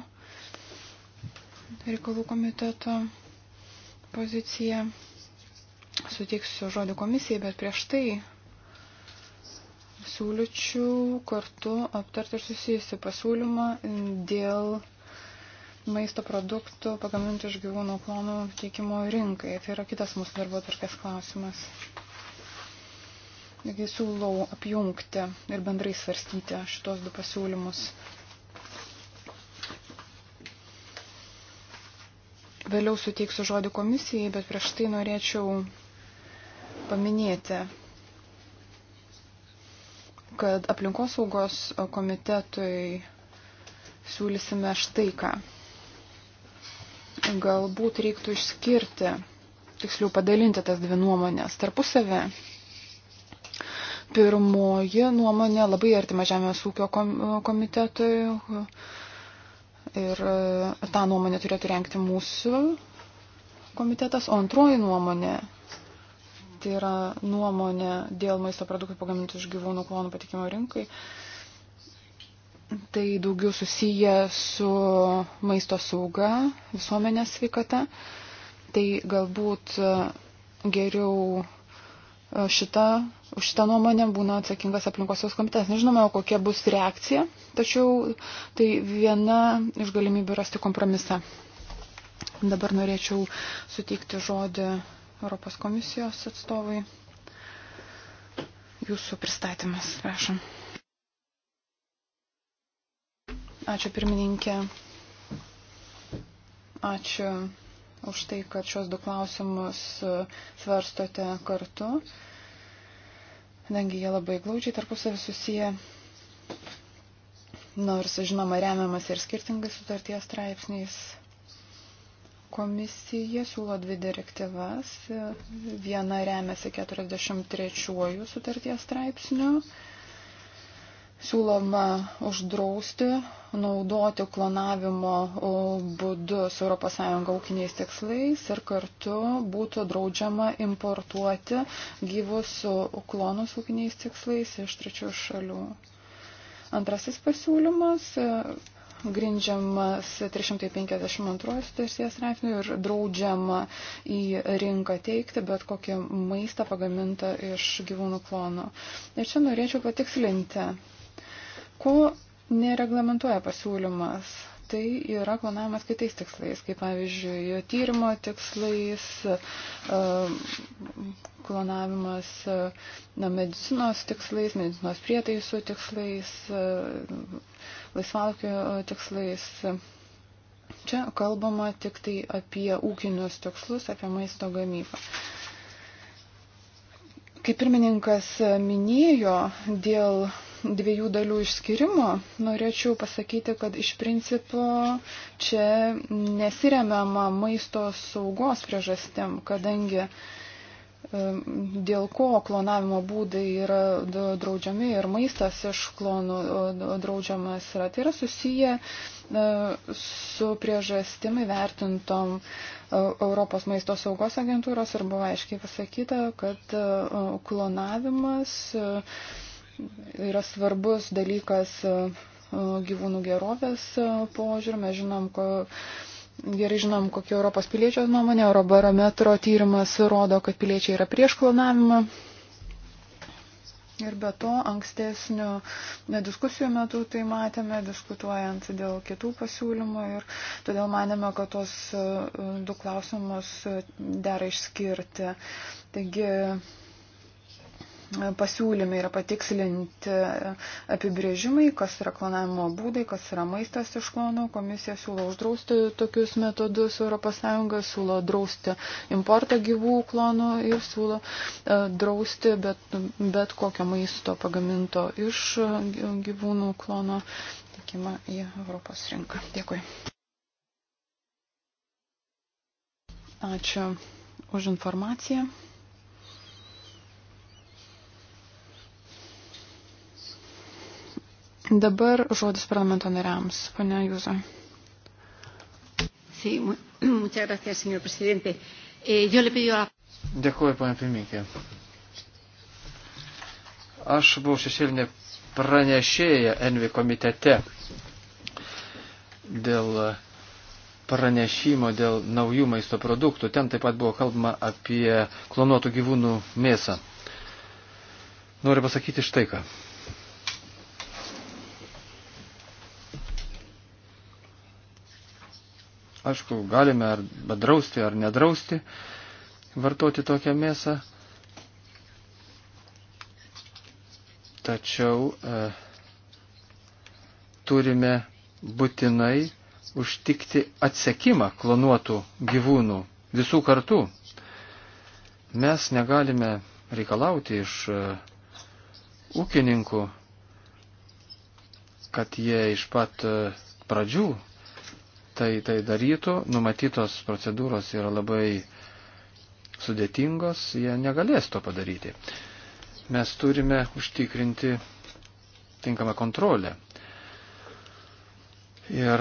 reikalų komiteto poziciją. Suteiksiu žodį komisijai, bet prieš tai siūlyčiau kartu aptarti ir susijusi pasiūlymą dėl maisto produktų pagamintų iš gyvūnų klonų teikimo rinkai. Tai yra kitas mūsų darbo tarkės klausimas. Taigi siūlau apjungti ir bendrai svarstyti šitos du pasiūlymus. Vėliau suteiksiu žodį komisijai, bet prieš tai norėčiau paminėti kad aplinkosaugos komitetui siūlysime štai ką galbūt reiktų išskirti, tiksliau padalinti tas dvi nuomonės tarpusavę. Pirmoji nuomonė labai artima Žemės ūkio komitetui ir e, tą nuomonę turėtų renkti mūsų komitetas, o antroji nuomonė tai yra nuomonė dėl maisto produktų pagamintų iš gyvūnų klonų patikimo rinkai. Uh, Tai daugiau susiję su maisto sauga, visuomenės sveikata. Tai galbūt e, geriau e, šita, už šitą nuomonę būna atsakingas aplinkosios komitetas. Nežinome, kokia bus reakcija, tačiau tai viena iš galimybių rasti kompromisą. Dabar norėčiau suteikti žodį Europos komisijos atstovui. Jūsų pristatymas, prašom. Ačiū pirmininkė. Ačiū už tai, kad šios du klausimus e, svarstote kartu, kadangi jie labai glaudžiai tarpusavį susiję. Nors, žinoma, remiamas ir skirtingai sutarties straipsniais. Komisija siūlo dvi direktyvas. Viena remiasi 43 sutarties straipsniu, siūloma uždrausti naudoti klonavimo būdus ES ūkiniais tikslais ir kartu būtų draudžiama importuoti gyvus klonus ūkiniais tikslais iš trečiųjų šalių. Antrasis pasiūlymas grindžiamas 352 sutarties straipsnių ir draudžiama į rinką teikti bet kokį maistą pagamintą iš gyvūnų klonų. Ir čia norėčiau patikslinti Ko nereglamentuoja pasiūlymas? Tai yra planavimas kitais tikslais, kaip pavyzdžiui, tyrimo tikslais, um, klonavimas na, medicinos tikslais, medicinos prietaisų tikslais, um, laisvalkio tikslais. Čia kalbama tik tai apie ūkinius tikslus, apie maisto gamybą. Kaip pirmininkas minėjo, dėl dviejų dalių išskirimo, norėčiau pasakyti, kad iš principo čia nesiremiama maisto saugos priežastim, kadangi dėl ko klonavimo būdai yra draudžiami ir maistas iš klonų draudžiamas yra. Tai yra susiję e, su priežastimi vertintom e, Europos maisto saugos agentūros ir buvo aiškiai pasakyta, kad e, klonavimas yra svarbus dalykas e, e, gyvūnų gerovės e, požiūrį. Mes žinom, ko, gerai žinom, kokia Europos piliečio nuomonė. Eurobarometro tyrimas rodo, kad piliečiai yra prieš klonavimą. Ir be to, ankstesnių diskusijų metu tai matėme, diskutuojant dėl kitų pasiūlymų ir todėl manėme, kad tos du klausimus dera išskirti. Taigi, pasiūlyme yra patikslinti apibrėžimai, kas yra klonavimo būdai, kas yra maistas iš klonų. Komisija siūlo uždrausti tokius metodus, ES siūlo drausti importą gyvų klonų ir siūlo e, drausti bet, bet kokio maisto pagaminto iš gyvūnų klono tikimą į Europos rinką. Dėkui. Ačiū už informaciją. Dabar žodis parlamento nariams, ponia Jūza. Eh, Dėkuoju, ponia pirmininkė. Aš buvau šešėlinė pranešėja Envi komitete dėl pranešimo dėl naujų maisto produktų. Ten taip pat buvo kalbama apie klonuotų gyvūnų mėsą. Noriu pasakyti štai ką. Aišku, galime ar drausti ar nedrausti vartoti tokią mėsą. Tačiau e, turime būtinai užtikti atsekimą klonuotų gyvūnų visų kartų. Mes negalime reikalauti iš e, ūkininkų, kad jie iš pat e, pradžių tai, tai darytų. Numatytos procedūros yra labai sudėtingos, jie negalės to padaryti. Mes turime užtikrinti tinkamą kontrolę. Ir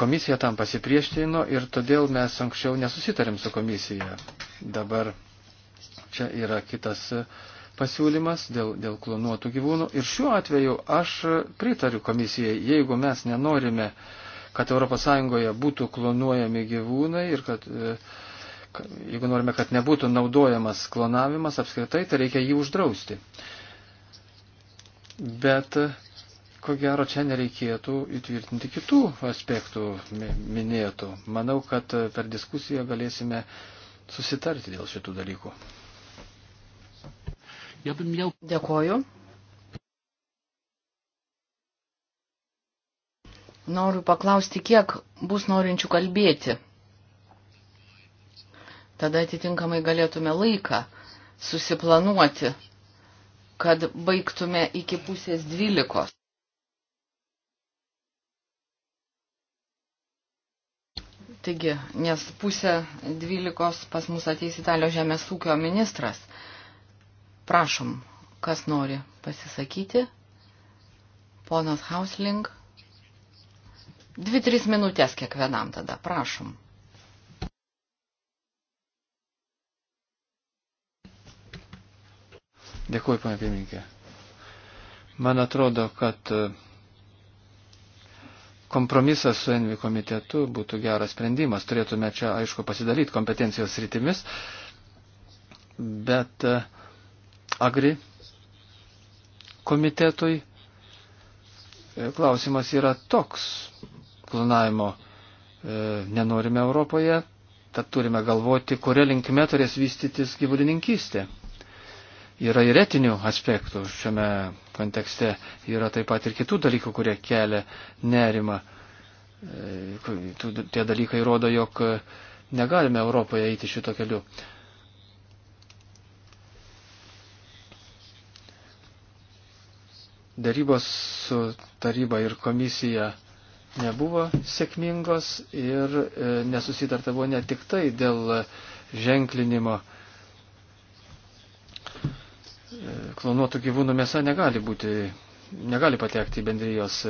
komisija tam pasipriešino ir todėl mes anksčiau nesusitarėm su komisija. Dabar čia yra kitas pasiūlymas dėl, dėl klonuotų gyvūnų. Ir šiuo atveju aš pritariu komisijai, jeigu mes nenorime uh, kad ES būtų klonuojami gyvūnai ir kad, e, jeigu norime, kad nebūtų naudojamas klonavimas apskritai, tai reikia jį uždrausti. Bet e, ko gero čia nereikėtų įtvirtinti kitų aspektų minėtų. Manau, kad e, per diskusiją galėsime susitarti dėl šitų dalykų. Dėkoju. Noriu paklausti, kiek bus norinčių kalbėti. Tada atitinkamai galėtume laiką susiplanuoti, kad baigtume iki pusės dvylikos. Taigi, nes pusę dvylikos pas mus ateis Italijos žemės ūkio ministras. Prašom, kas nori pasisakyti. Ponas Hausling. Dvi, trys minutės kiekvienam tada, prašom. Dėkuoju, pana pirmininkė. Man atrodo, kad e, kompromisas su Envi komitetu būtų geras sprendimas. Turėtume čia, aišku, pasidalyti kompetencijos rytimis, bet e, agri komitetui e, klausimas yra toks klonavimo e, nenorime Europoje, tad turime galvoti, kuria linkme turės vystytis gyvulininkystė. Yra ir etinių aspektų šiame kontekste, yra taip pat ir kitų dalykų, kurie kelia nerimą. E, tie dalykai rodo, jog negalime Europoje eiti šito keliu. Darybos su taryba ir komisija nebuvo sėkmingos ir e, nesusitarta buvo ne tik tai dėl ženklinimo. E, klonuotų gyvūnų mėsa negali būti, negali patekti į bendrijos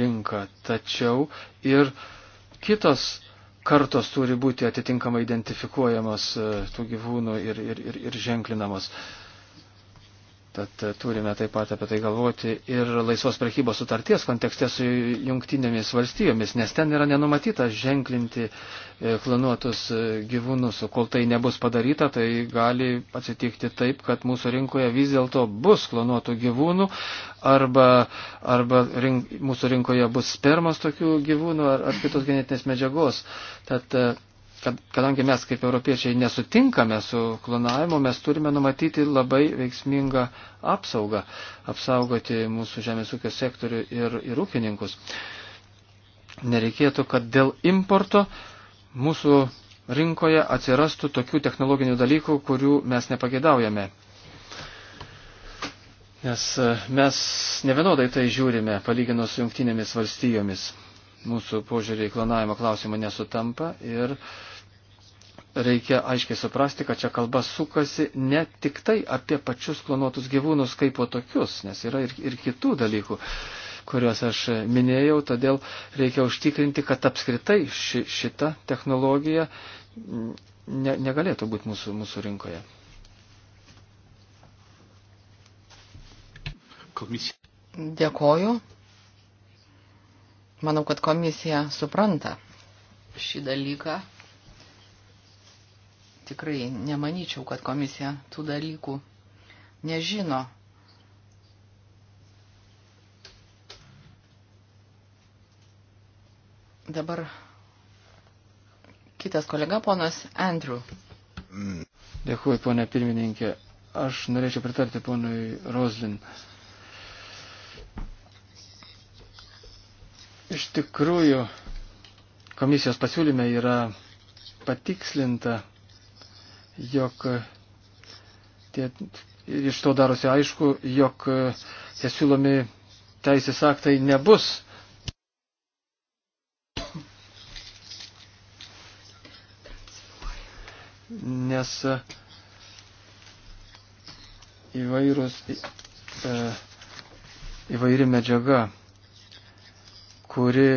rinką, tačiau ir kitos kartos turi būti atitinkamai identifikuojamos e, tų gyvūnų ir, ir, ir, ir ženklinamos. Uh, Tad turime taip pat apie tai galvoti ir laisvos prekybos sutarties kontekste su jungtinėmis valstijomis, nes ten yra nenumatyta ženklinti e, klonuotus e, gyvūnus. Kol tai nebus padaryta, tai gali atsitikti taip, kad mūsų rinkoje vis dėlto bus klonuotų gyvūnų arba, arba rink, mūsų rinkoje bus spermos tokių gyvūnų ar, ar kitos genetinės medžiagos. Tad e, kad, kadangi mes kaip europiečiai nesutinkame su klonavimu, mes turime numatyti labai veiksmingą apsaugą, apsaugoti mūsų žemės ūkio sektorių ir, ir ūkininkus. Nereikėtų, kad dėl importo mūsų rinkoje atsirastų tokių technologinių dalykų, kurių mes nepagėdaujame. Nes e, mes nevienodai tai žiūrime, palyginus su jungtinėmis valstijomis mūsų požiūriai klonavimo klausimą nesutampa ir reikia aiškiai suprasti, kad čia kalba sukasi ne tik tai apie pačius klonuotus gyvūnus kaip po tokius, nes yra ir, ir kitų dalykų, kuriuos aš minėjau, todėl reikia užtikrinti, kad apskritai ši, šita technologija ne, negalėtų būti mūsų, mūsų rinkoje. Komisija. Dėkoju. Manau, kad komisija supranta šį dalyką. Tikrai nemanyčiau, kad komisija tų dalykų nežino. Dabar kitas kolega, ponas Andrew. Dėkui, ponė pirmininkė. Aš norėčiau pritarti ponui Roslin. Uh, Iš tikrųjų, komisijos pasiūlyme yra patikslinta, jog tie, iš to darosi aišku, jog tie siūlomi teisės aktai nebus nes įvairūs, e, įvairi medžiaga kuri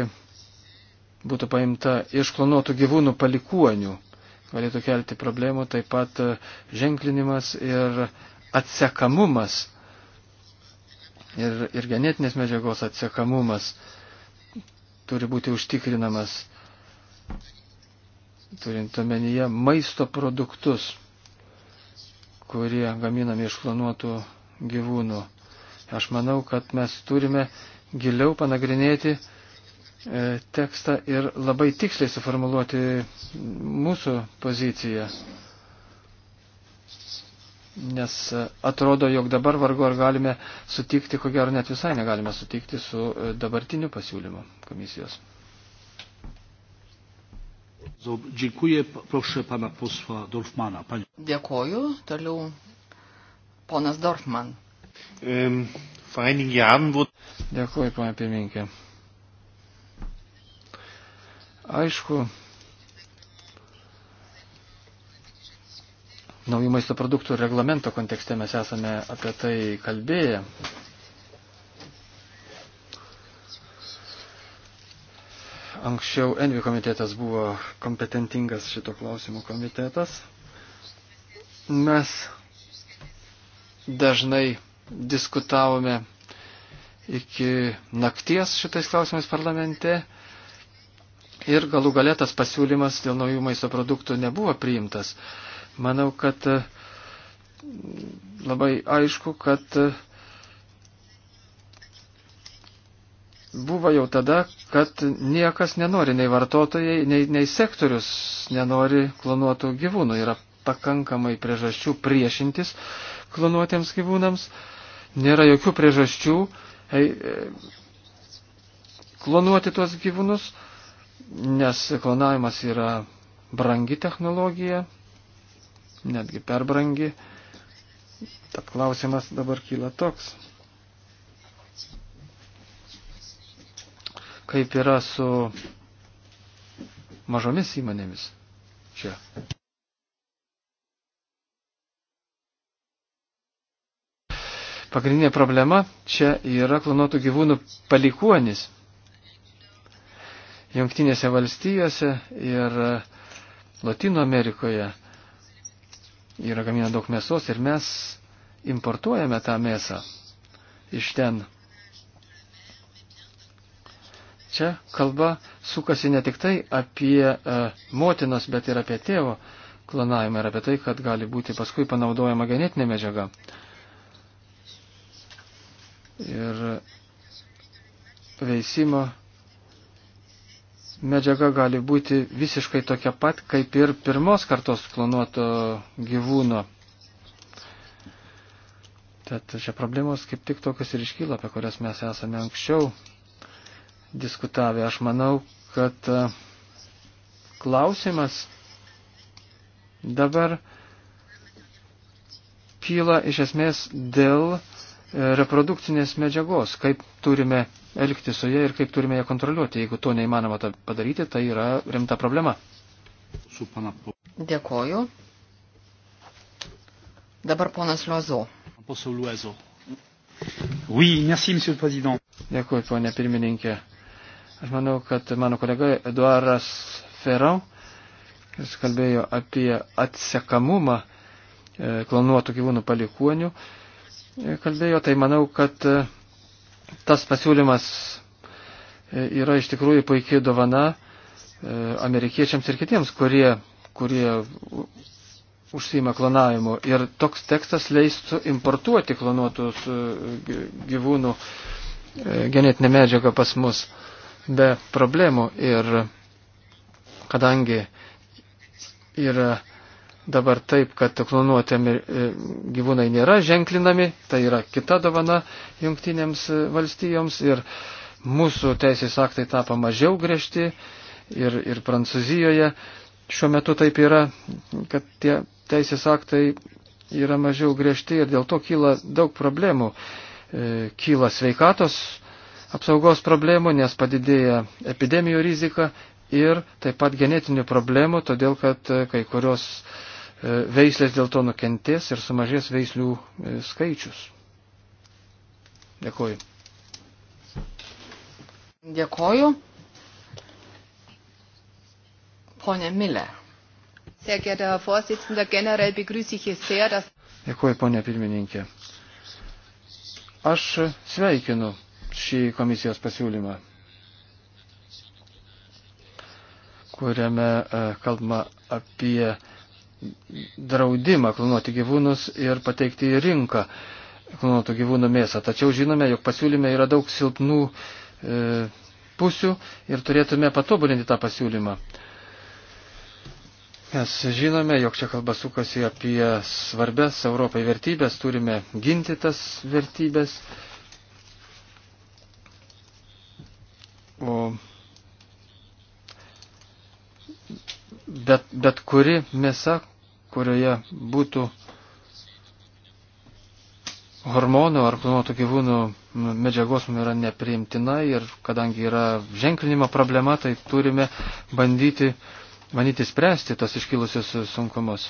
būtų paimta iš klonuotų gyvūnų palikuonių, galėtų kelti problemų, taip pat e, ženklinimas ir atsekamumas ir, ir genetinės medžiagos atsekamumas turi būti užtikrinamas, turint omenyje maisto produktus, kurie gaminami iš klonuotų gyvūnų. Aš manau, kad mes turime giliau panagrinėti E, tekstą ir labai tiksliai suformuluoti mūsų poziciją. Nes atrodo, jog dabar vargu ar galime sutikti, ko gero net visai negalime sutikti su e, dabartiniu pasiūlymu komisijos. Dziękuję, proszę pana posła Dorfmana. Pani... Dėkoju, toliau ponas Dorfman. Um, Dėkoju, pana pirmininkė. Aišku, naujų maisto produktų reglamento kontekste mes esame apie tai kalbėję. Anksčiau Envi komitetas buvo kompetentingas šito klausimų komitetas. Mes dažnai diskutavome iki nakties šitais klausimais parlamente Ir galų galėtas pasiūlymas dėl naujų maisto produktų nebuvo priimtas. Manau, kad e, labai aišku, kad e, buvo jau tada, kad niekas nenori, nei vartotojai, nei, nei sektorius nenori klonuotų gyvūnų. Yra pakankamai priežasčių priešintis klonuotiems gyvūnams. Nėra jokių priežasčių ei, e, klonuoti tuos gyvūnus nes klonavimas yra brangi technologija, netgi perbrangi. Tad klausimas dabar kyla toks. Kaip yra su mažomis įmonėmis čia? Pagrindinė problema čia yra klonotų gyvūnų palikuonis. Junktinėse valstijose ir e, Latino Amerikoje yra gamina daug mėsos ir mes importuojame tą mėsą iš ten. Čia kalba sukasi ne tik tai apie e, motinos, bet ir apie tėvo klonavimą ir apie tai, kad gali būti paskui panaudojama genetinė medžiaga. Ir veisimo medžiaga gali būti visiškai tokia pat, kaip ir pirmos kartos klonuoto gyvūno. Tad čia problemos kaip tik tokios ir iškyla, apie kurias mes esame anksčiau diskutavę. Aš manau, kad e, klausimas dabar kyla iš esmės dėl e, reprodukcinės medžiagos, kaip turime elgti su ja ir kaip turime ją kontroliuoti. Jeigu to neįmanoma padaryti, tai yra rimta problema. Dėkoju. Dabar ponas Lozo. Oui, merci, monsieur le président. Dėkui, ponė pirmininkė. Aš manau, kad mano kolega Eduaras Ferrau, jis kalbėjo apie atsekamumą e, klonuotų gyvūnų palikuonių, e, kalbėjo, tai manau, kad e, tas pasiūlymas e, yra iš tikrųjų puikiai dovana e, amerikiečiams ir kitiems, kurie, kurie užsima klonavimu. Ir toks tekstas leistų importuoti klonuotus e, gyvūnų genetinę medžiagą pas mus be problemų. Ir kadangi yra dabar taip, kad klonuoti e, gyvūnai nėra ženklinami, tai yra kita dovana jungtinėms e, valstijoms ir mūsų teisės aktai tapo mažiau griežti ir, ir Prancūzijoje šiuo metu taip yra, kad tie teisės aktai yra mažiau griežti ir dėl to kyla daug problemų. E, kyla sveikatos apsaugos problemų, nes padidėja epidemijų rizika ir taip pat genetinių problemų, todėl kad kai kurios E, veislės dėl to nukentės ir sumažės veislių e, skaičius. Dėkuoju. Dėkuoju. Pone Miller. Sehr geehrter Herr Vorsitzender, generell begrüße ich es sehr, dass. Dėkuoju, ponė pirmininkė. Aš sveikinu šį komisijos pasiūlymą, kuriame e, kalbama apie draudimą klonuoti gyvūnus ir pateikti į rinką klonuotų gyvūnų mėsą. Tačiau žinome, jog pasiūlyme yra daug silpnų e, pusių ir turėtume patobulinti tą pasiūlymą. Mes žinome, jog čia kalba sukasi apie svarbes Europai vertybės, turime ginti tas vertybės. O bet, bet kuri mėsa, kurioje būtų hormonų ar klonuotų gyvūnų medžiagos mums yra nepriimtina ir kadangi yra ženklinimo problema, tai turime bandyti, bandyti spręsti tas iškilusius sunkumus.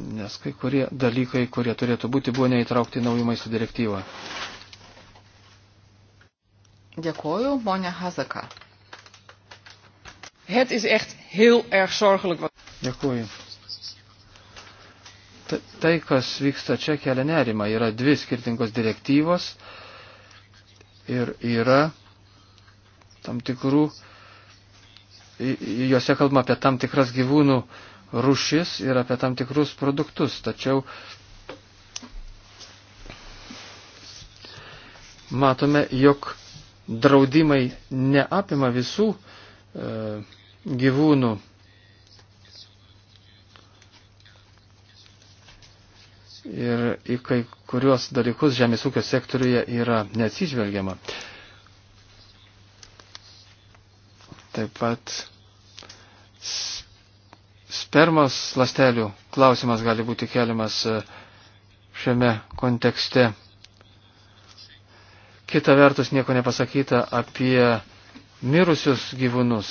Nes kai kurie dalykai, kurie turėtų būti, buvo neįtraukti naujų maisto direktyvą. Dėkuoju, ponia Hazaka. Het is echt heel erg zorgelijk. Dėkuoju. Tai, kas vyksta čia, kelia nerima. Yra dvi skirtingos direktyvos ir yra tam tikrų, juose kalbama apie tam tikras gyvūnų rušis ir apie tam tikrus produktus. Tačiau matome, jog draudimai neapima visų e, gyvūnų. Ir į kai kuriuos dalykus žemės ūkio sektoriuje yra neatsižvelgiama. Taip pat spermos lastelių klausimas gali būti keliamas e, šiame kontekste. Kita vertus nieko nepasakyta apie mirusius gyvūnus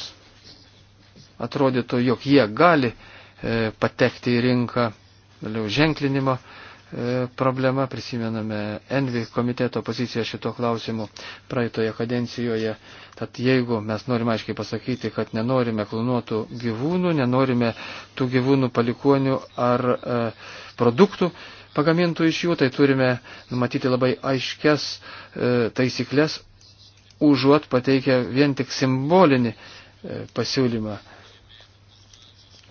atrodytų, jog jie gali e, patekti į rinką, vėliau ženklinimo e, problema, prisimename Envi komiteto poziciją šito klausimu praeitoje kadencijoje. Tad jeigu mes norime aiškiai pasakyti, kad nenorime klonuotų gyvūnų, nenorime tų gyvūnų palikonių ar e, produktų pagamintų iš jų, tai turime numatyti labai aiškias e, taisyklės, užuot pateikę vien tik simbolinį e, pasiūlymą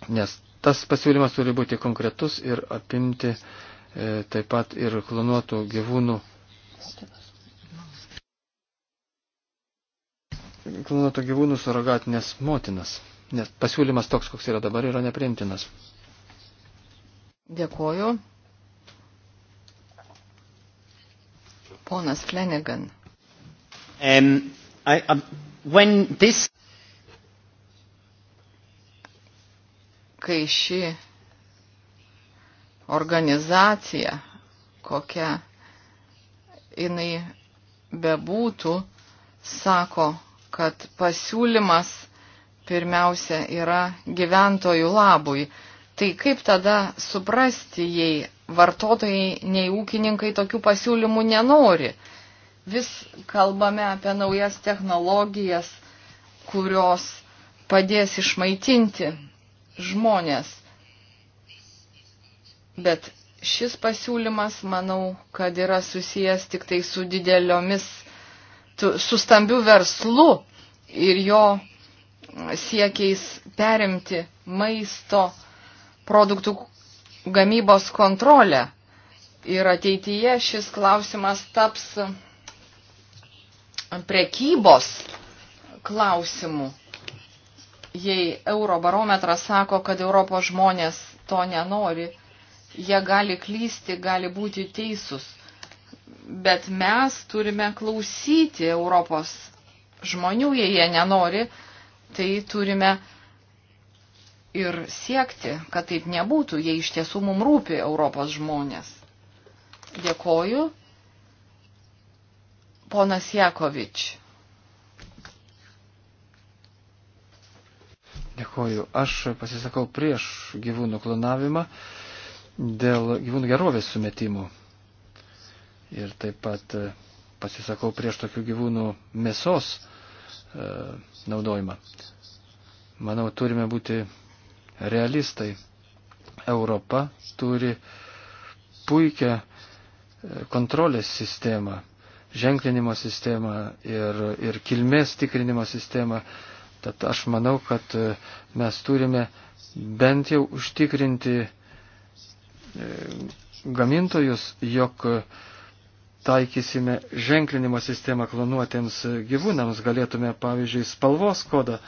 nes tas pasiūlymas turi būti konkretus ir apimti e, taip pat ir klonuotų gyvūnų. Klonuotų gyvūnų surogatinės motinas, nes pasiūlymas toks, koks yra dabar, yra neprimtinas. Dėkuoju. Ponas Flanagan. Um, I, um, this... kai ši organizacija, kokia jinai bebūtų, sako, kad pasiūlymas pirmiausia yra gyventojų labui. Tai kaip tada suprasti, jei vartotojai, nei ūkininkai tokių pasiūlymų nenori? Vis kalbame apie naujas technologijas, kurios padės išmaitinti žmonės. Bet šis pasiūlymas, manau, kad yra susijęs tik tai su dideliomis, su stambiu verslu ir jo siekiais perimti maisto produktų gamybos kontrolę. Ir ateityje šis klausimas taps prekybos klausimų jei eurobarometras sako, kad Europos žmonės to nenori, jie gali klysti, gali būti teisūs. Bet mes turime klausyti Europos žmonių, jei jie nenori, tai turime ir siekti, kad taip nebūtų, jei iš tiesų mums rūpi Europos žmonės. Dėkoju. Ponas Jakovič. Dėkuoju. Aš pasisakau prieš gyvūnų klonavimą dėl gyvūnų gerovės sumetimų. Ir taip pat e, pasisakau prieš tokių gyvūnų mėsos e, naudojimą. Manau, turime būti realistai. Europa turi puikią e, kontrolės sistemą, ženklinimo sistemą ir, ir kilmės tikrinimo sistemą. E, Tad aš manau, kad e, mes turime bent jau užtikrinti e, gamintojus, jog taikysime ženklinimo sistemą klonuotiems gyvūnams, galėtume, pavyzdžiui, spalvos kodą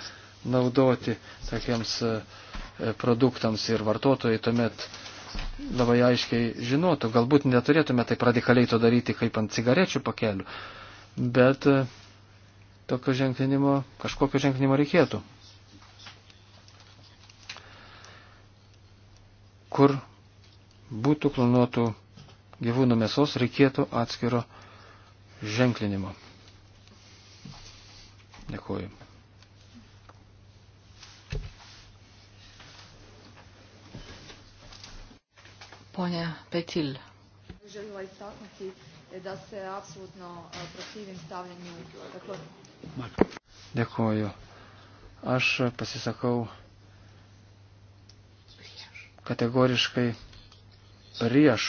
naudoti tokiems e, produktams ir vartotojai tuomet labai aiškiai žinotų. Galbūt neturėtume taip radikaliai to daryti kaip ant cigarečių pakelių, bet uh, tokio ženklinimo, kažkokio ženklinimo reikėtų. Kur būtų klonuotų gyvūnų mėsos, reikėtų atskiro ženklinimo. Dėkuoju. Pone Petil željela istaknuti da se apsolutno protivim stavljanju. Dakle... Dėkuoju. Aš pasisakau kategoriškai prieš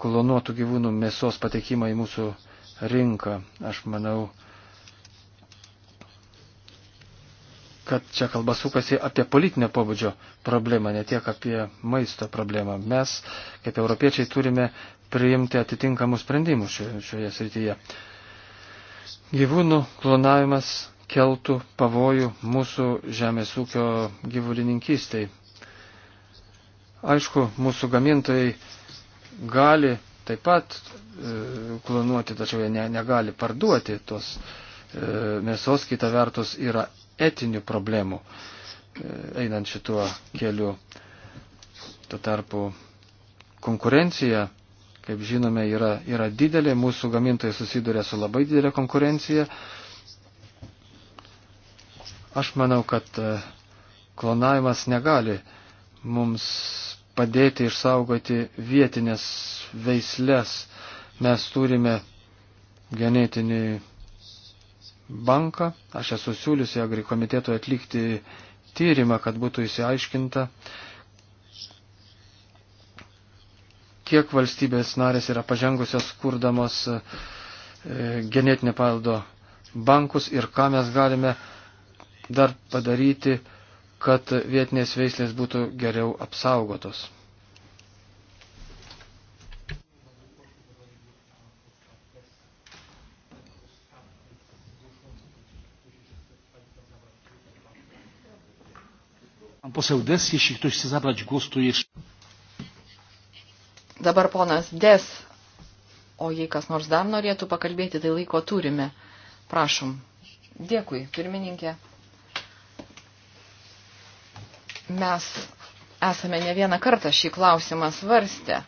klonuotų gyvūnų mėsos patekimą į mūsų rinką. Aš manau, kad čia kalba sukasi apie politinio pobūdžio problemą, ne tiek apie maisto problemą. Mes, kaip europiečiai, turime priimti atitinkamus sprendimus šioje, šioje srityje. Gyvūnų klonavimas keltų pavojų mūsų žemės ūkio gyvulininkystei. Aišku, mūsų gamintojai gali taip pat e, klonuoti, tačiau jie ne, negali parduoti tos e, mėsos, kita vertus yra etinių problemų e, einant šituo keliu. Tuo tarpu konkurencija, kaip žinome, yra, yra didelė, mūsų gamintojai susiduria su labai didelė konkurencija. Aš manau, kad e, klonavimas negali mums padėti išsaugoti vietinės veislės. Mes turime genetinį banką. Aš esu siūliusi agrikomitetui atlikti tyrimą, kad būtų įsiaiškinta, kiek valstybės narės yra pažengusios kurdamos e, genetinio paldo bankus ir ką mes galime dar padaryti, kad vietinės veislės būtų geriau apsaugotos. poseł Des, jeśli ktoś chce zabrać głos, to jeszcze... Dabar ponas Des, o jei kas nors dar norėtų pakalbėti, tai laiko turime. Prašom. Dėkui, pirmininkė. Mes esame ne vieną kartą šį klausimą svarstę.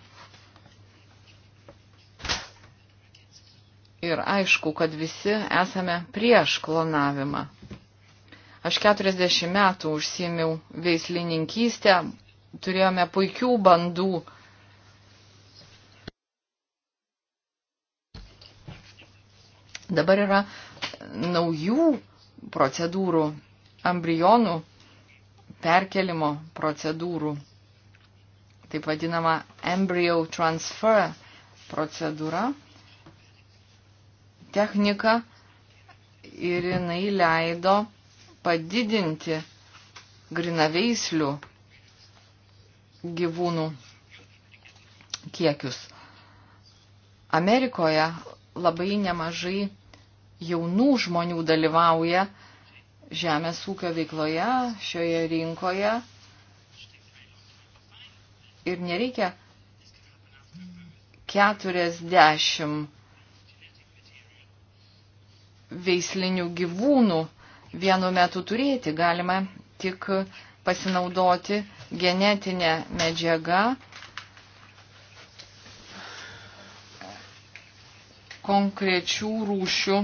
Ir aišku, kad visi esame prieš klonavimą. Aš 40 metų užsiemiau veislininkystę, turėjome puikių bandų. Dabar yra naujų procedūrų, embrionų perkelimo procedūrų, taip vadinama embryo transfer procedūra, technika ir jinai leido padidinti grinaveislių gyvūnų kiekius. Amerikoje labai nemažai jaunų žmonių dalyvauja žemės ūkio veikloje, šioje rinkoje. Ir nereikia 40 veislinių gyvūnų vienu metu turėti. Galima tik pasinaudoti genetinę medžiagą konkrečių rūšių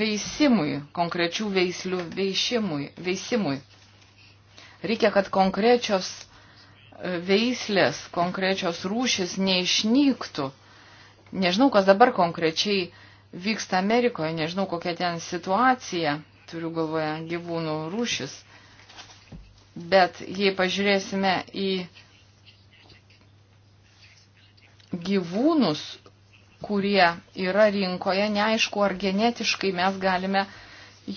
veisimui, konkrečių veislių veisimui. veisimui. Reikia, kad konkrečios e, veislės, konkrečios rūšis neišnyktų. Nežinau, kas dabar konkrečiai vyksta Amerikoje, nežinau, kokia ten situacija turiu galvoje gyvūnų rūšis. Bet jei pažiūrėsime į gyvūnus, kurie yra rinkoje, neaišku, ar genetiškai mes galime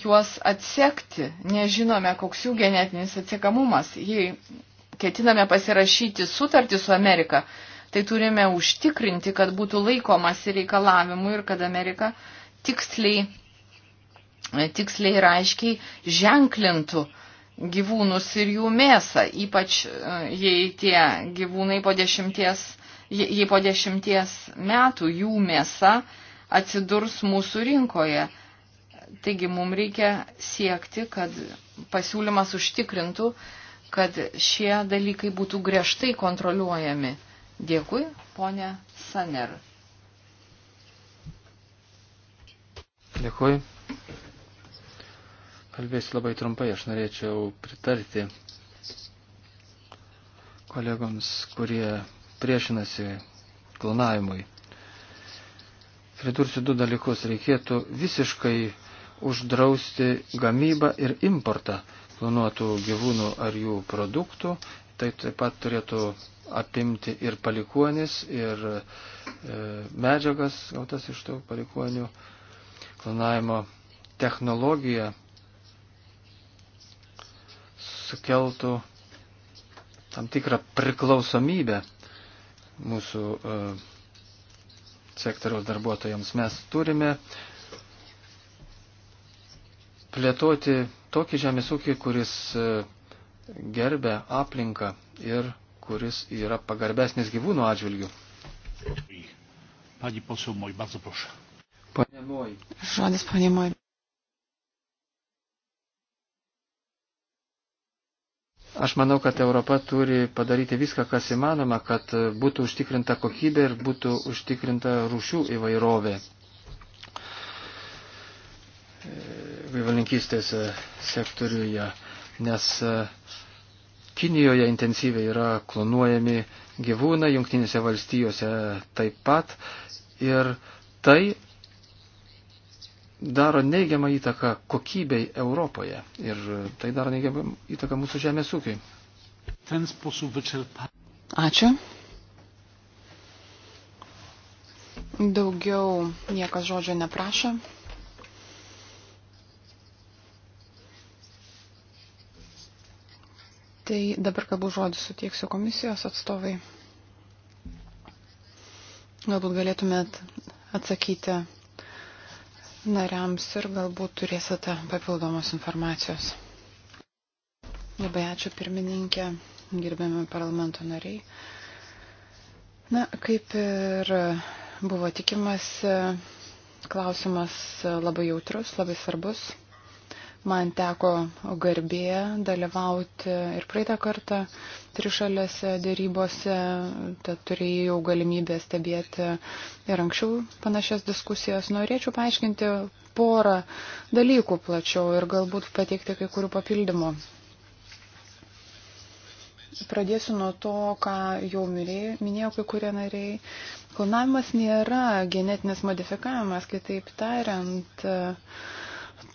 juos atsekti, nežinome, koks jų genetinis atsiekamumas. Jei ketiname pasirašyti sutartį su Amerika, tai turime užtikrinti, kad būtų laikomasi reikalavimų ir kad Amerika tiksliai tiksliai ir aiškiai ženklintų gyvūnus ir jų mėsą, ypač e, jei tie gyvūnai po dešimties, jei po dešimties metų jų mėsa atsidurs mūsų rinkoje. Taigi mums reikia siekti, kad pasiūlymas užtikrintų, kad šie dalykai būtų griežtai kontroliuojami. Dėkui, ponė Saner. Dėkui. Kalbėsiu labai trumpai, aš norėčiau pritarti kolegoms, kurie priešinasi klonavimui. Pridursiu du dalykus. Reikėtų visiškai uždrausti gamybą ir importą klonuotų gyvūnų ar jų produktų. Tai taip pat turėtų apimti ir palikuonis, ir e, medžiagas gautas iš tų palikuonių. Klonavimo technologija sukeltų tam tikrą priklausomybę mūsų e, sektoriaus darbuotojams. Mes turime plėtoti tokį žemės ūkį, kuris e, gerbia aplinką ir kuris yra pagarbesnis gyvūnų atžvilgių. Pani posūmoj, bardzo proszę. Panie Moj. Žodis, panie Moj. Aš manau, kad Europa turi padaryti viską, kas įmanoma, kad būtų užtikrinta kokybė ir būtų užtikrinta rūšių įvairovė gyvalinkystės sektoriuje, nes Kinijoje intensyviai yra klonuojami gyvūnai, jungtinėse valstijose taip pat ir tai daro neigiamą įtaką kokybei Europoje ir tai daro neigiamą įtaką mūsų žemės ūkiai. Ačiū. Daugiau niekas žodžio neprašo. Tai dabar kalbų žodį suteiksiu komisijos atstovai. Galbūt galėtumėt atsakyti nariams ir galbūt turėsite papildomos informacijos. Labai ačiū pirmininkė, gerbiami parlamento nariai. Na, kaip ir buvo tikimasi, klausimas labai jautrus, labai svarbus. Man teko garbė dalyvauti ir praeitą kartą trišalėse dėrybose, tad turėjau galimybę stebėti ir anksčiau panašias diskusijas. Norėčiau paaiškinti porą dalykų plačiau ir galbūt pateikti kai kurių papildymų. Pradėsiu nuo to, ką jau minėjo kai kurie nariai. Klonavimas nėra genetinis modifikavimas, kitaip tariant. Uh,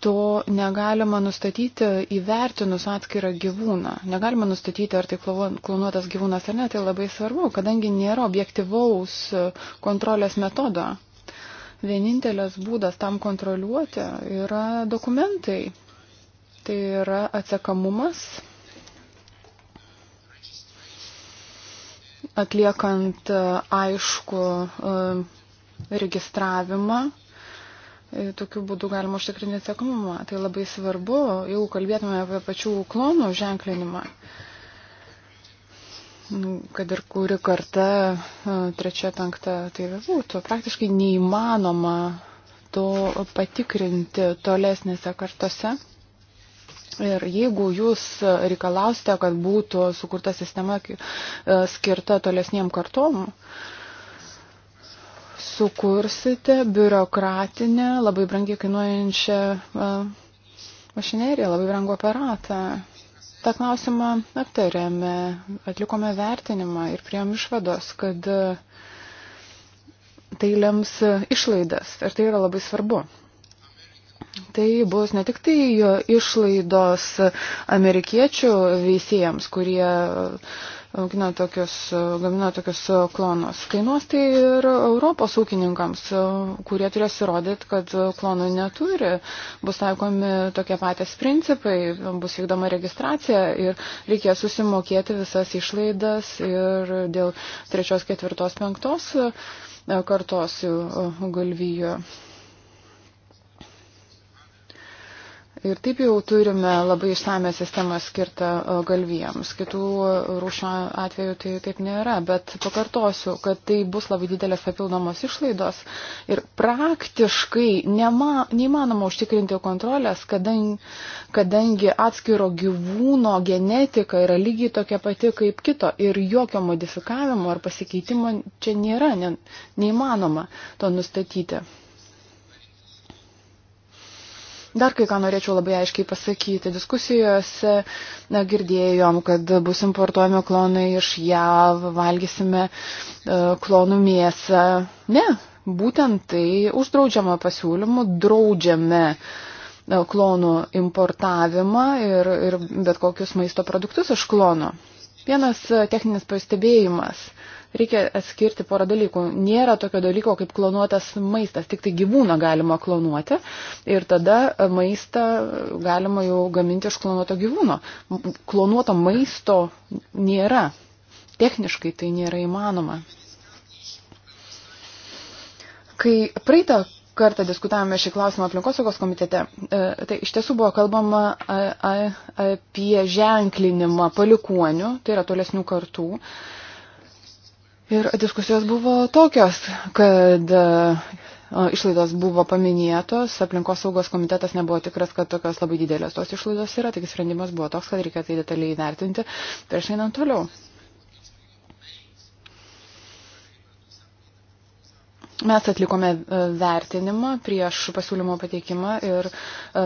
to negalima nustatyti įvertinus atskirą gyvūną. Negalima nustatyti, ar tai klonuotas gyvūnas ar ne, tai labai svarbu, kadangi nėra objektivaus e, kontrolės metodo. Vienintelis būdas tam kontroliuoti yra dokumentai. Tai yra atsekamumas, atliekant e, aišku e, registravimą E, tokiu būdu galima užtikrinti atsakomumą. Tai labai svarbu, jeigu kalbėtume apie pačių klonų ženklinimą. Nu, kad ir kuri karta, e, trečia, penkta, tai būtų praktiškai neįmanoma to patikrinti tolesnėse kartose. Ir jeigu jūs reikalausite, kad būtų sukurta sistema e, skirta tolesniem kartom, uh, sukursite biurokratinę, labai brangiai kainuojančią e, mašineriją, labai brangų aparatą. Ta klausimą aptarėme, atlikome vertinimą ir priėm išvados, kad e, tai lems išlaidas ir tai yra labai svarbu. Tai bus ne tik tai išlaidos amerikiečių veisėjams, kurie augina tokius, gamina tokius klonus. Kainuos tai ir Europos ūkininkams, kurie turės įrodyti, kad klonų neturi. Bus taikomi tokie patys principai, bus vykdoma registracija ir reikės susimokėti visas išlaidas ir dėl trečios, ketvirtos, penktos kartos galvijo. Ir taip jau turime labai išsame sistemą skirtą e, galvijams. Kitų rūšių atveju tai taip nėra, bet pakartosiu, kad tai bus labai didelės papildomos išlaidos ir praktiškai nema, neįmanoma užtikrinti kontrolės, kadangi, kadangi atskiro gyvūno genetika yra lygiai tokia pati kaip kito ir jokio modifikavimo ar pasikeitimo čia nėra, ne, neįmanoma to nustatyti. Dar kai ką norėčiau labai aiškiai pasakyti. Diskusijose na, girdėjom, kad bus importuojami klonai iš JAV, valgysime uh, klonų mėsą. Ne, būtent tai uždraudžiama pasiūlymu, draudžiame uh, klonų importavimą ir, ir bet kokius maisto produktus iš klonų. Vienas e, techninis pastebėjimas. Uh, reikia atskirti porą dalykų. Nėra tokio dalyko kaip klonuotas maistas, tik tai gyvūną galima klonuoti ir tada maistą galima jau gaminti iš klonuoto gyvūno. Klonuoto maisto nėra. Techniškai tai nėra įmanoma. Kai praeitą kartą diskutavome šį klausimą aplinkosaugos komitete, e, tai iš tiesų buvo kalbama apie ženklinimą palikuonių, tai yra tolesnių kartų. Ir diskusijos buvo tokios, kad e, išlaidos buvo paminėtos, aplinkos saugos komitetas nebuvo tikras, kad tokios labai didelės tos išlaidos yra, tik sprendimas buvo toks, kad reikia tai detaliai įvertinti prieš einant toliau. Mes atlikome e, vertinimą prieš pasiūlymo pateikimą ir e,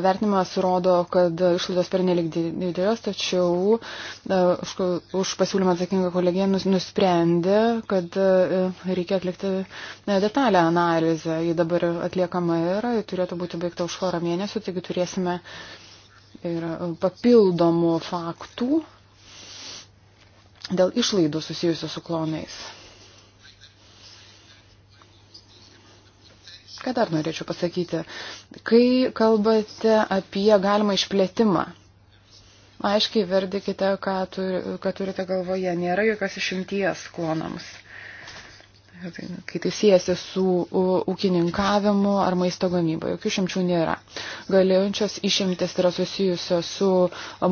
vertinimas rodo, kad išlaidos per nelik didelės, tačiau e, už pasiūlymą atsakinga kolegija nusprendė, kad reikia atlikti detalę analizę. Ji dabar atliekama yra, ji turėtų būti baigta už porą mėnesių, taigi turėsime ir papildomų faktų dėl išlaidų susijusių su klonais. Ką dar norėčiau pasakyti? Kai kalbate apie galimą išplėtimą, aiškiai verdikite, ką, turi, ką turite galvoje. Nėra jokios išimties klonams. Tai, kai tai siejasi su ūkininkavimu ar maisto gamyba. Jokių šimčių nėra. Galiojančios išimtis yra susijusios su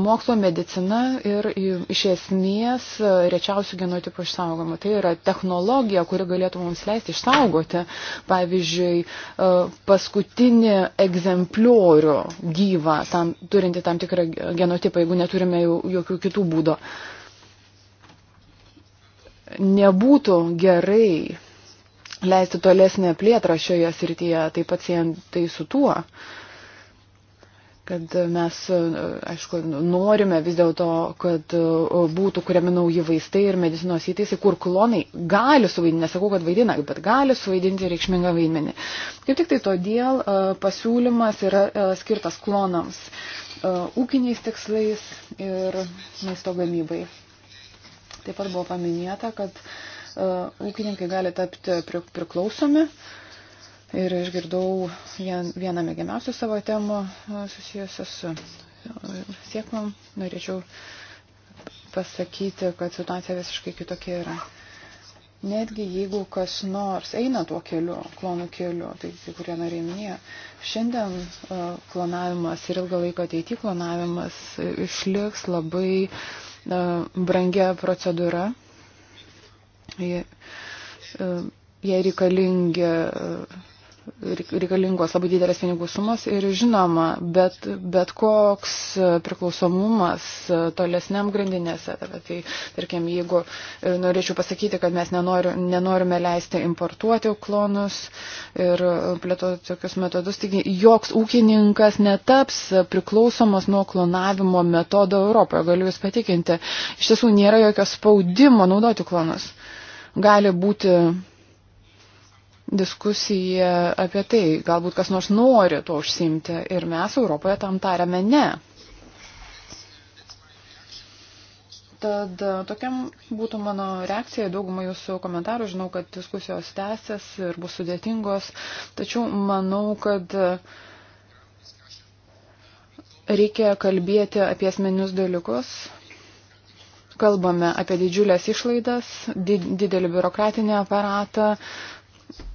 mokslo medicina ir iš esmės rečiausių genotipų išsaugomu. Tai yra technologija, kuri galėtų mums leisti išsaugoti, pavyzdžiui, e, paskutinį egzempliorių gyvą, tam, turinti tam tikrą genotipą, jeigu neturime jokių kitų būdų. Uh, nebūtų gerai leisti tolesnę plėtrą šioje srityje, taip pat siejant tai su tuo, kad mes, aišku, norime vis dėlto, kad būtų kuriami nauji vaistai ir medicinos įtaisai, kur klonai gali suvaidinti, nesakau, kad vaidina, bet gali suvaidinti reikšmingą vaidmenį. Kaip tik tai todėl e, pasiūlymas yra e, skirtas klonams e, ūkiniais tikslais ir maisto gamybai. Taip pat buvo paminėta, kad e, ūkininkai gali tapti priklausomi. Ir išgirdau vieną mėgiamiausių savo temų e, susijusią su e, sėklom. Norėčiau pasakyti, kad situacija visiškai kitokia yra. Netgi jeigu kas nors eina tuo keliu, klonų keliu, tai kai kurie nariai minėjo, šiandien klonavimas ir ilgą laiką ateityje klonavimas išliks labai uh, brangia procedūra. Jie, jie reikalingi e, reikalingos labai didelės pinigų sumos ir žinoma, bet, bet koks priklausomumas tolesniam grandinėse. Tai, tai tarkim, jeigu e, norėčiau pasakyti, kad mes nenoriu, nenorime leisti importuoti klonus ir plėtoti tokius metodus, taigi joks ūkininkas netaps priklausomas nuo klonavimo metodo Europoje, galiu Jūs patikinti. Iš tiesų nėra jokio spaudimo naudoti klonus. Gali būti diskusiją apie tai, galbūt kas nors nori to užsimti ir mes Europoje tam tariame ne. Tad e, tokiam būtų mano reakcija, daugumą jūsų komentarų, žinau, kad diskusijos tęsės ir bus sudėtingos, tačiau manau, kad e, reikia kalbėti apie esmenius dalykus. Kalbame apie didžiulės išlaidas, didelį biurokratinį aparatą,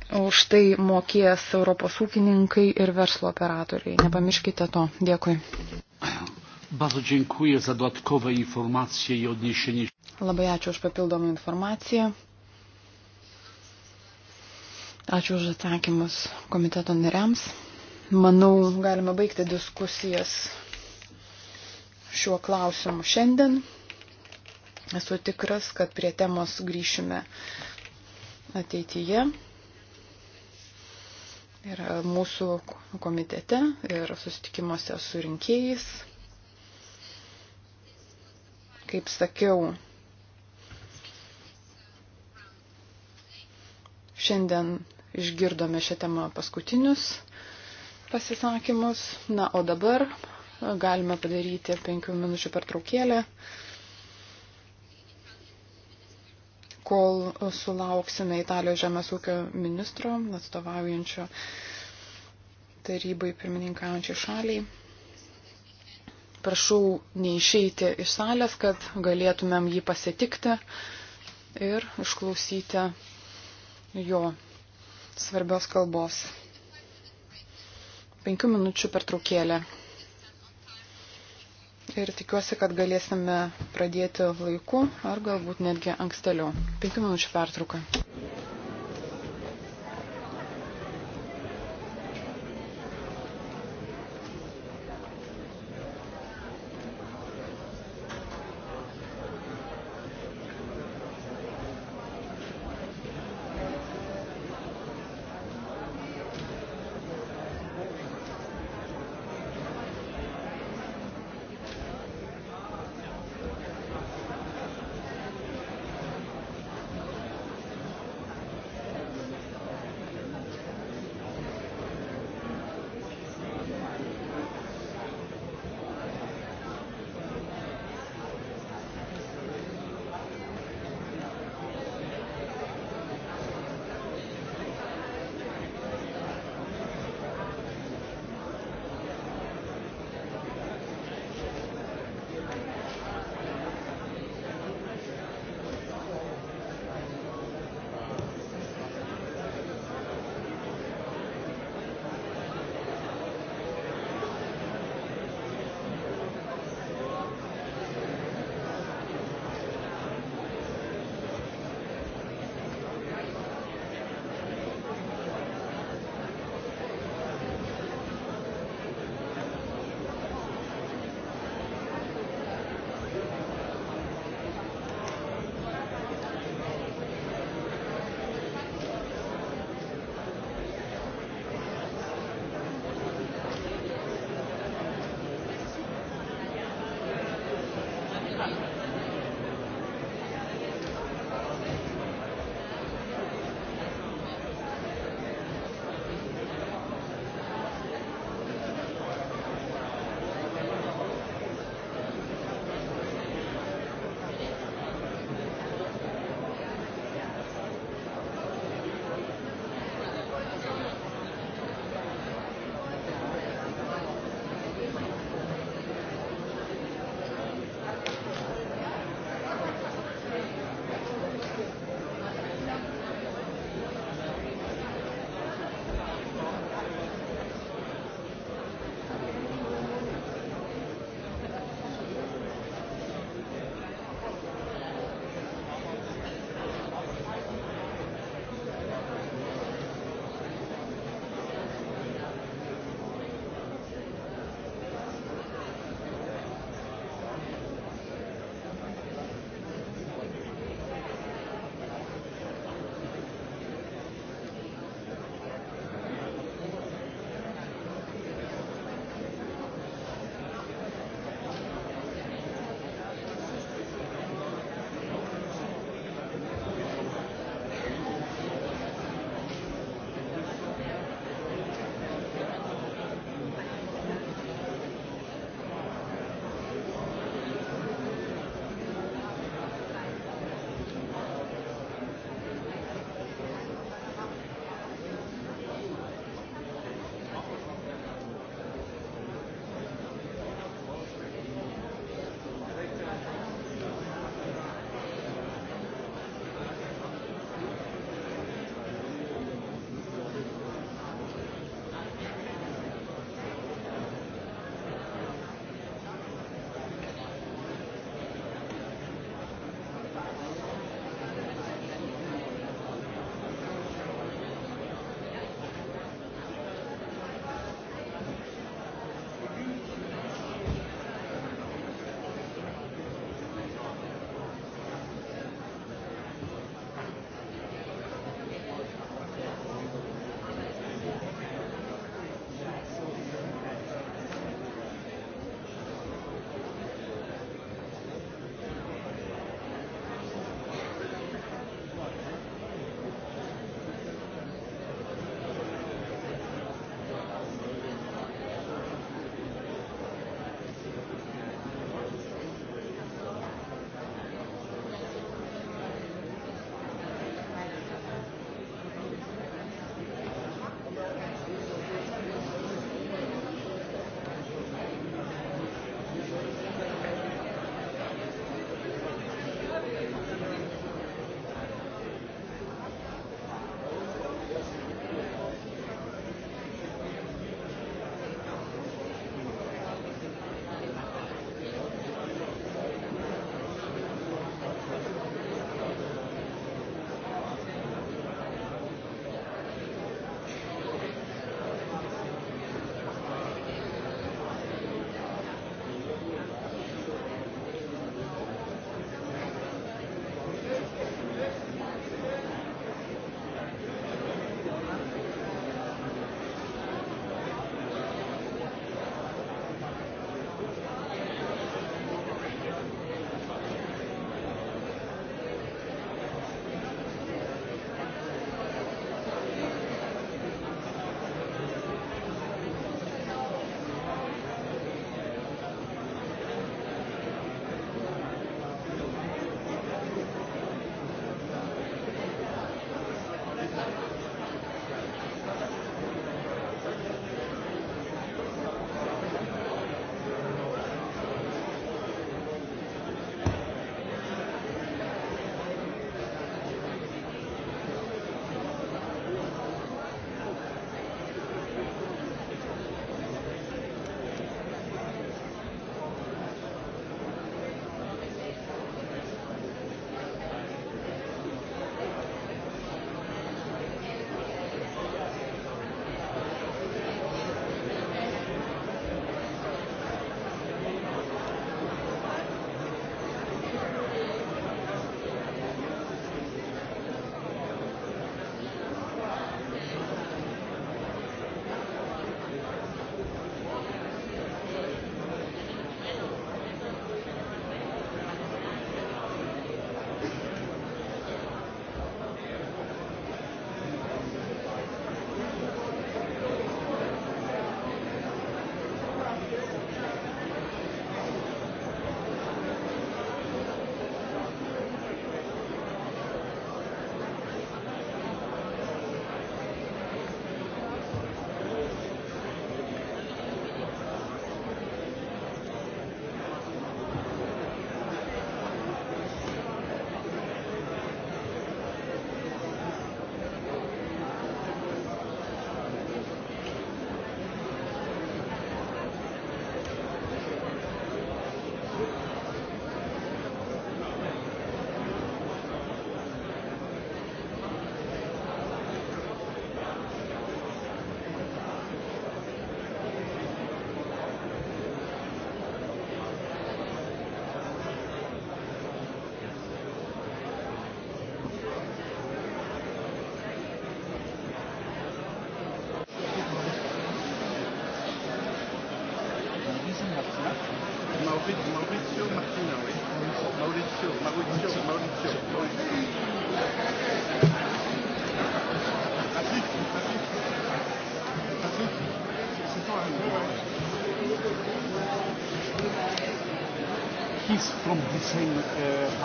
Už tai mokės Europos ūkininkai ir verslo operatoriai. Nepamirškite to. Dėkui. Bardzo dziękuję za dodatkowe informacje i odniesienie. Labai ačiū už papildomą informaciją. Ačiū už atsakymus komiteto nariams. Manau, galime baigti diskusijas šiuo klausimu šiandien. Esu tikras, kad prie temos grįšime ateityje ir mūsų komitete, ir susitikimuose su rinkėjais. Kaip sakiau, šiandien išgirdome šią temą paskutinius pasisakymus. Na, o dabar galime padaryti penkių minučių pertraukėlę. traukėlę. kol sulauksime Italijos žemės ūkio ministro, atstovaujančio tarybai pirmininkaujančiai šaliai. Prašau neišeiti iš salės, kad galėtumėm jį pasitikti ir išklausyti jo svarbios kalbos. Penkių minučių pertraukėlė ir tikiuosi, kad galėsime pradėti laiku ar galbūt netgi ankstėliau. Penkių minučių pertrauka.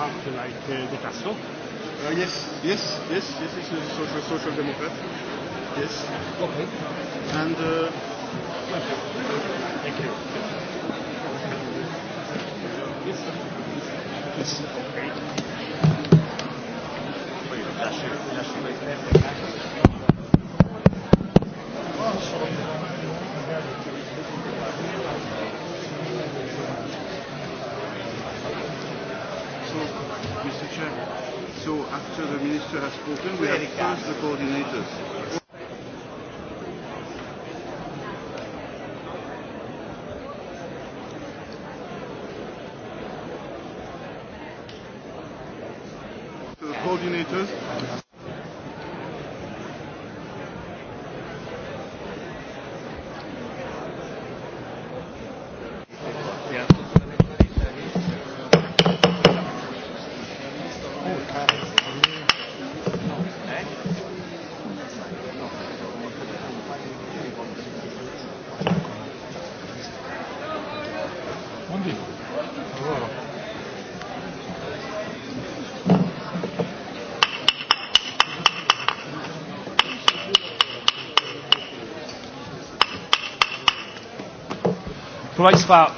have to like uh, De Castro. Uh, yes, yes, yes, yes, he's a social, social democrat. Yes. Okay. And. Uh, coordinators Proszę Państwa,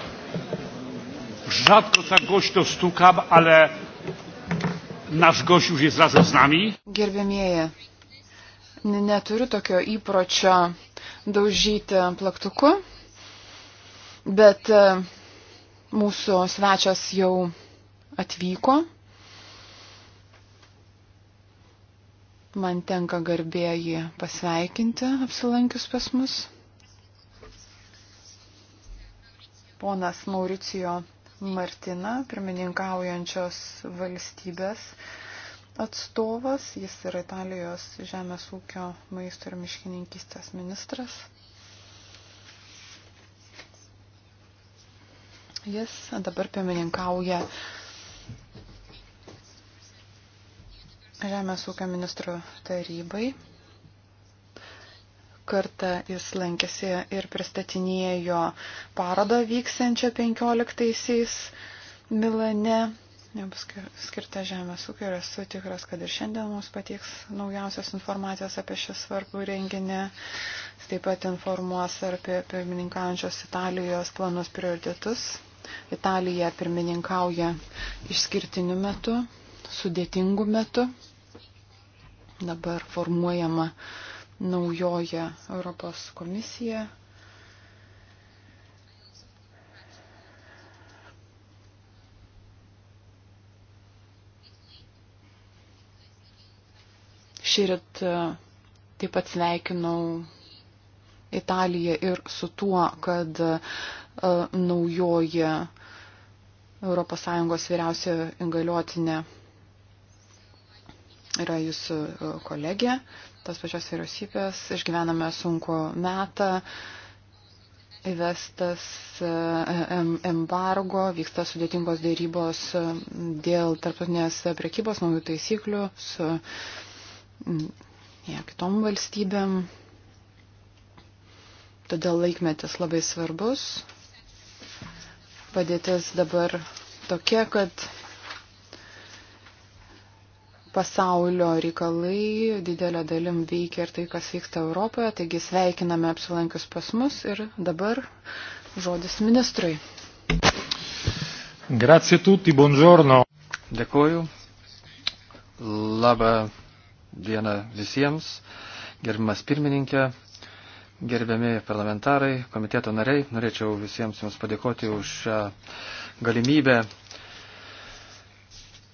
rzadko tak głośno stukam, ale nasz gość już jest razem z nami. Gerbėmėje, neturiu tokio įpročio daužyti plaktuku, bet e, mūsų svečias jau atvyko. Man tenka garbė jį pasveikinti apsilankius pas mus. ponas Mauricijo Martina, pirmininkaujančios valstybės atstovas, jis yra Italijos žemės ūkio maisto ir miškininkystės ministras. Jis dabar pirmininkauja Žemės ūkio ministrų tarybai kartą jis lankėsi ir pristatinėjo parodą vyksiančią 15-aisiais Milane, skirtą žemės ūkio ir esu tikras, kad ir šiandien mums patiks naujausios informacijos apie šį svarbų renginį. Jis taip pat informuos apie pirmininkaujančios Italijos planus prioritetus. Italija pirmininkauja išskirtiniu metu, sudėtingu metu. Dabar formuojama uh, naujoje Europos komisija. Šįryt e, taip pat sveikinau Italiją ir su tuo, kad e, naujoji ES vyriausia įgaliotinė yra jūsų e, kolegė. Uh, tos pačios vyriausybės, išgyvename sunku metą, įvestas e, embargo, vyksta sudėtingos dėrybos e, dėl tarptautinės prekybos naujų taisyklių su ja, kitom valstybėm. Todėl laikmetis labai svarbus. Padėtis dabar tokia, kad pasaulio reikalai didelė dalim veikia ir tai, kas vyksta Europoje. Taigi sveikiname apsilankius pas mus ir dabar žodis ministrui. Grazie tutti, buongiorno. Dėkuoju. Labą dieną visiems. Gerbimas pirmininkė, gerbiami parlamentarai, komiteto nariai, norėčiau visiems jums padėkoti už šią galimybę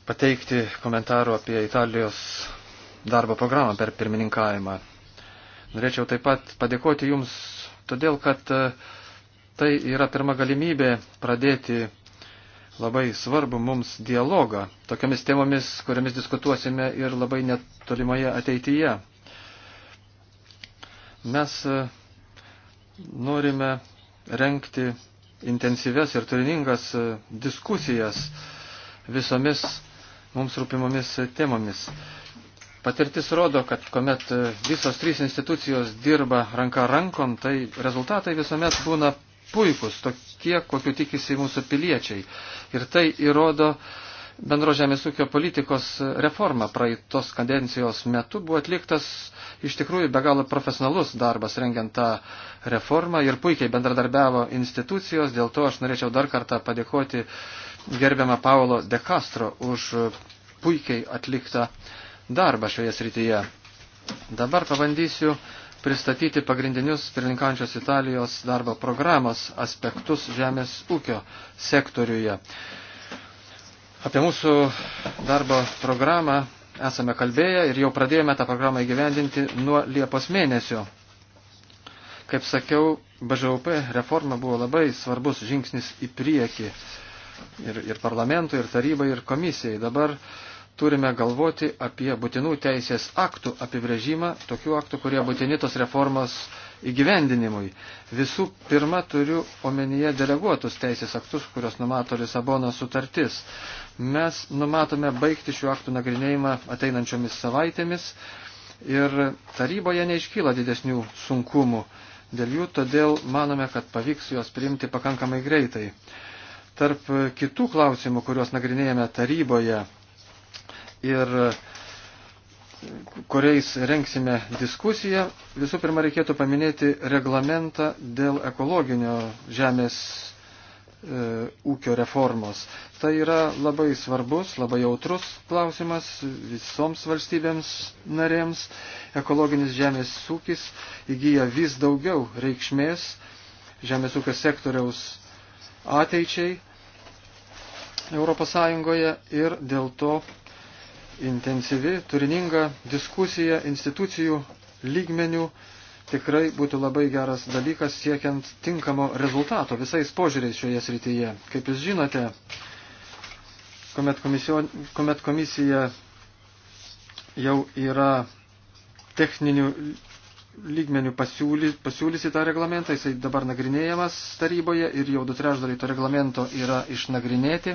pateikti komentarų apie Italijos darbo programą per pirmininkavimą. Norėčiau taip pat padėkoti Jums, todėl kad e, tai yra pirma galimybė pradėti labai svarbu mums dialogą tokiamis temomis, kuriamis diskutuosime ir labai netolimoje ateityje. Mes e, norime renkti intensyves ir turiningas e, diskusijas visomis mums rūpimomis temomis. Patirtis rodo, kad kuomet visos trys institucijos dirba ranka rankom, tai rezultatai visuomet būna puikus, tokie, kokiu tikisi mūsų piliečiai. Ir tai įrodo bendro žemės ūkio politikos reforma praeitos kadencijos metu buvo atliktas iš tikrųjų be galo profesionalus darbas rengiant tą reformą ir puikiai bendradarbiavo institucijos, dėl to aš norėčiau dar kartą padėkoti gerbiamą Paulo de Castro už puikiai atliktą darbą šioje srityje. Dabar pabandysiu pristatyti pagrindinius pirmininkančios Italijos darbo programos aspektus žemės ūkio sektoriuje. Apie mūsų darbo programą esame kalbėję ir jau pradėjome tą programą įgyvendinti nuo Liepos mėnesio. Kaip sakiau, BŽUP reforma buvo labai svarbus žingsnis į priekį ir, ir parlamentui, ir tarybai, ir komisijai. Dabar turime galvoti apie būtinų teisės aktų apibrėžimą, tokių aktų, kurie būtini tos reformos įgyvendinimui. Visų pirma, turiu omenyje deleguotus teisės aktus, kurios numato Lisabono sutartis. Mes numatome baigti šių aktų nagrinėjimą ateinančiomis savaitėmis ir taryboje neiškyla didesnių sunkumų dėl jų, todėl manome, kad pavyks juos priimti pakankamai greitai tarp kitų klausimų, kuriuos nagrinėjame taryboje ir kuriais renksime diskusiją, visų pirma reikėtų paminėti reglamentą dėl ekologinio žemės e, ūkio reformos. Tai yra labai svarbus, labai jautrus klausimas visoms valstybėms narėms. Ekologinis žemės ūkis įgyja vis daugiau reikšmės žemės ūkio sektoriaus ateičiai ES ir dėl to intensyvi, turininga diskusija institucijų lygmenių tikrai būtų labai geras dalykas siekiant tinkamo rezultato visais požiūriais šioje srityje. Kaip jūs žinote, kuomet, komisijo, kuomet komisija jau yra techninių lygmenių pasiūly, pasiūlysi tą reglamentą, jisai dabar nagrinėjamas taryboje ir jau du trešdaliai to reglamento yra išnagrinėti.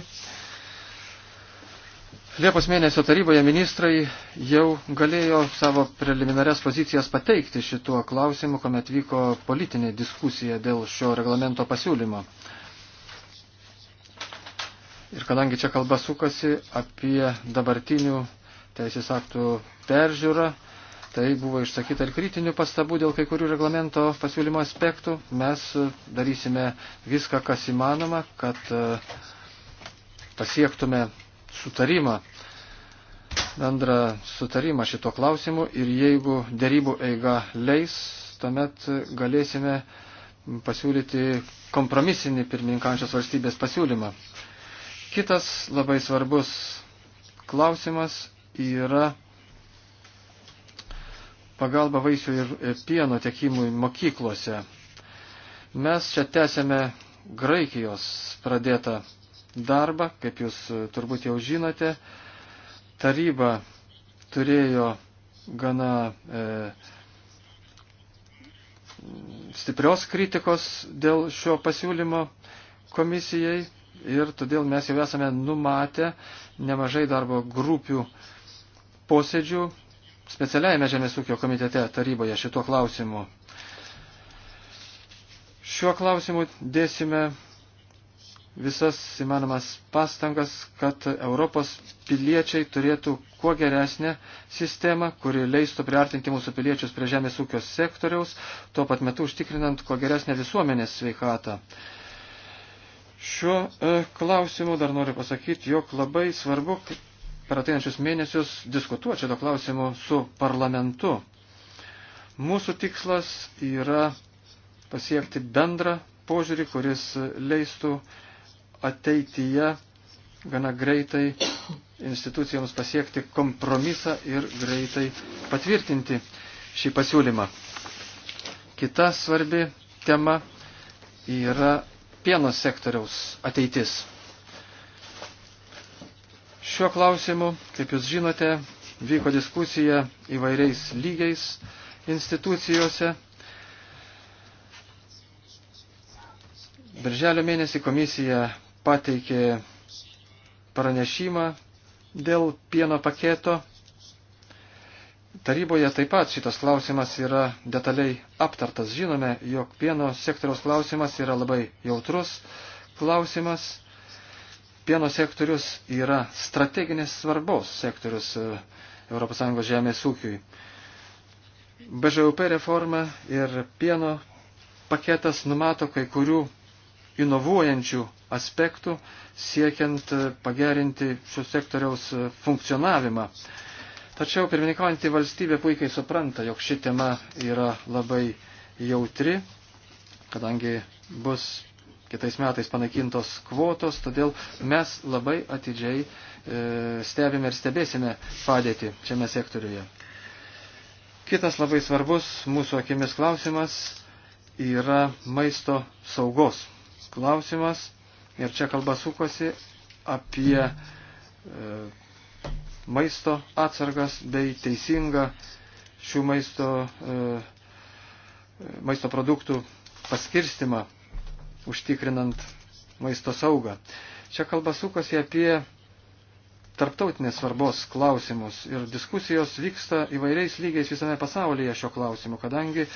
Liepos mėnesio taryboje ministrai jau galėjo savo preliminarias pozicijas pateikti šituo klausimu, kuomet vyko politinė diskusija dėl šio reglamento pasiūlymo. Ir kadangi čia kalba sukasi apie dabartinių teisės aktų peržiūrą, Tai buvo išsakyta ir kritinių pastabų dėl kai kurių reglamento pasiūlymo aspektų. Mes e, darysime viską, kas įmanoma, kad e, pasiektume sutarimą, bendrą sutarimą šito klausimu ir jeigu dėrybų eiga leis, tuomet galėsime pasiūlyti kompromisinį pirmininkančios valstybės pasiūlymą. Kitas labai svarbus klausimas yra pagalba vaisių ir pieno tiekimui mokyklose. Mes čia tęsėme Graikijos pradėtą darbą, kaip jūs e, turbūt jau žinote. Taryba turėjo gana e, stiprios kritikos dėl šio pasiūlymo komisijai ir todėl mes jau esame numatę nemažai darbo grupių posėdžių specialiajame Žemės ūkio komitete taryboje šituo klausimu. Šiuo klausimu dėsime visas įmanomas pastangas, kad Europos piliečiai turėtų kuo geresnę sistemą, kuri leistų priartinti mūsų piliečius prie žemės ūkio sektoriaus, tuo pat metu užtikrinant kuo geresnę visuomenės sveikatą. Šiuo e, klausimu dar noriu pasakyti, jog labai svarbu per ateinančius mėnesius diskutuoti šito klausimu su parlamentu. Mūsų tikslas yra pasiekti bendrą požiūrį, kuris leistų ateityje gana greitai institucijoms pasiekti kompromisą ir greitai patvirtinti šį pasiūlymą. Kita svarbi tema yra pieno sektoriaus ateitis. Šiuo klausimu, kaip jūs žinote, vyko diskusija įvairiais lygiais institucijose. Birželio mėnesį komisija pateikė pranešimą dėl pieno paketo. Taryboje taip pat šitas klausimas yra detaliai aptartas. Žinome, jog pieno sektoriaus klausimas yra labai jautrus klausimas. Pieno sektorius yra strateginės svarbos sektorius ES žemės ūkiui. BŽUP reforma ir pieno paketas numato kai kurių inovuojančių aspektų, siekiant e, pagerinti šio sektoriaus e, funkcionavimą. Tačiau pirmininkaujantį valstybę puikiai supranta, jog ši tema yra labai jautri, kadangi bus kitais metais panaikintos kvotos, todėl mes labai atidžiai e, stebime ir stebėsime padėtį šiame sektoriuje. Kitas labai svarbus mūsų akimis klausimas yra maisto saugos klausimas. Ir čia kalba sukosi apie e, maisto atsargas bei teisingą šių maisto, e, maisto produktų paskirstimą užtikrinant maisto saugą. Čia kalba sukosi apie tarptautinės svarbos klausimus ir diskusijos vyksta įvairiais lygiais visame pasaulyje šio klausimu, kadangi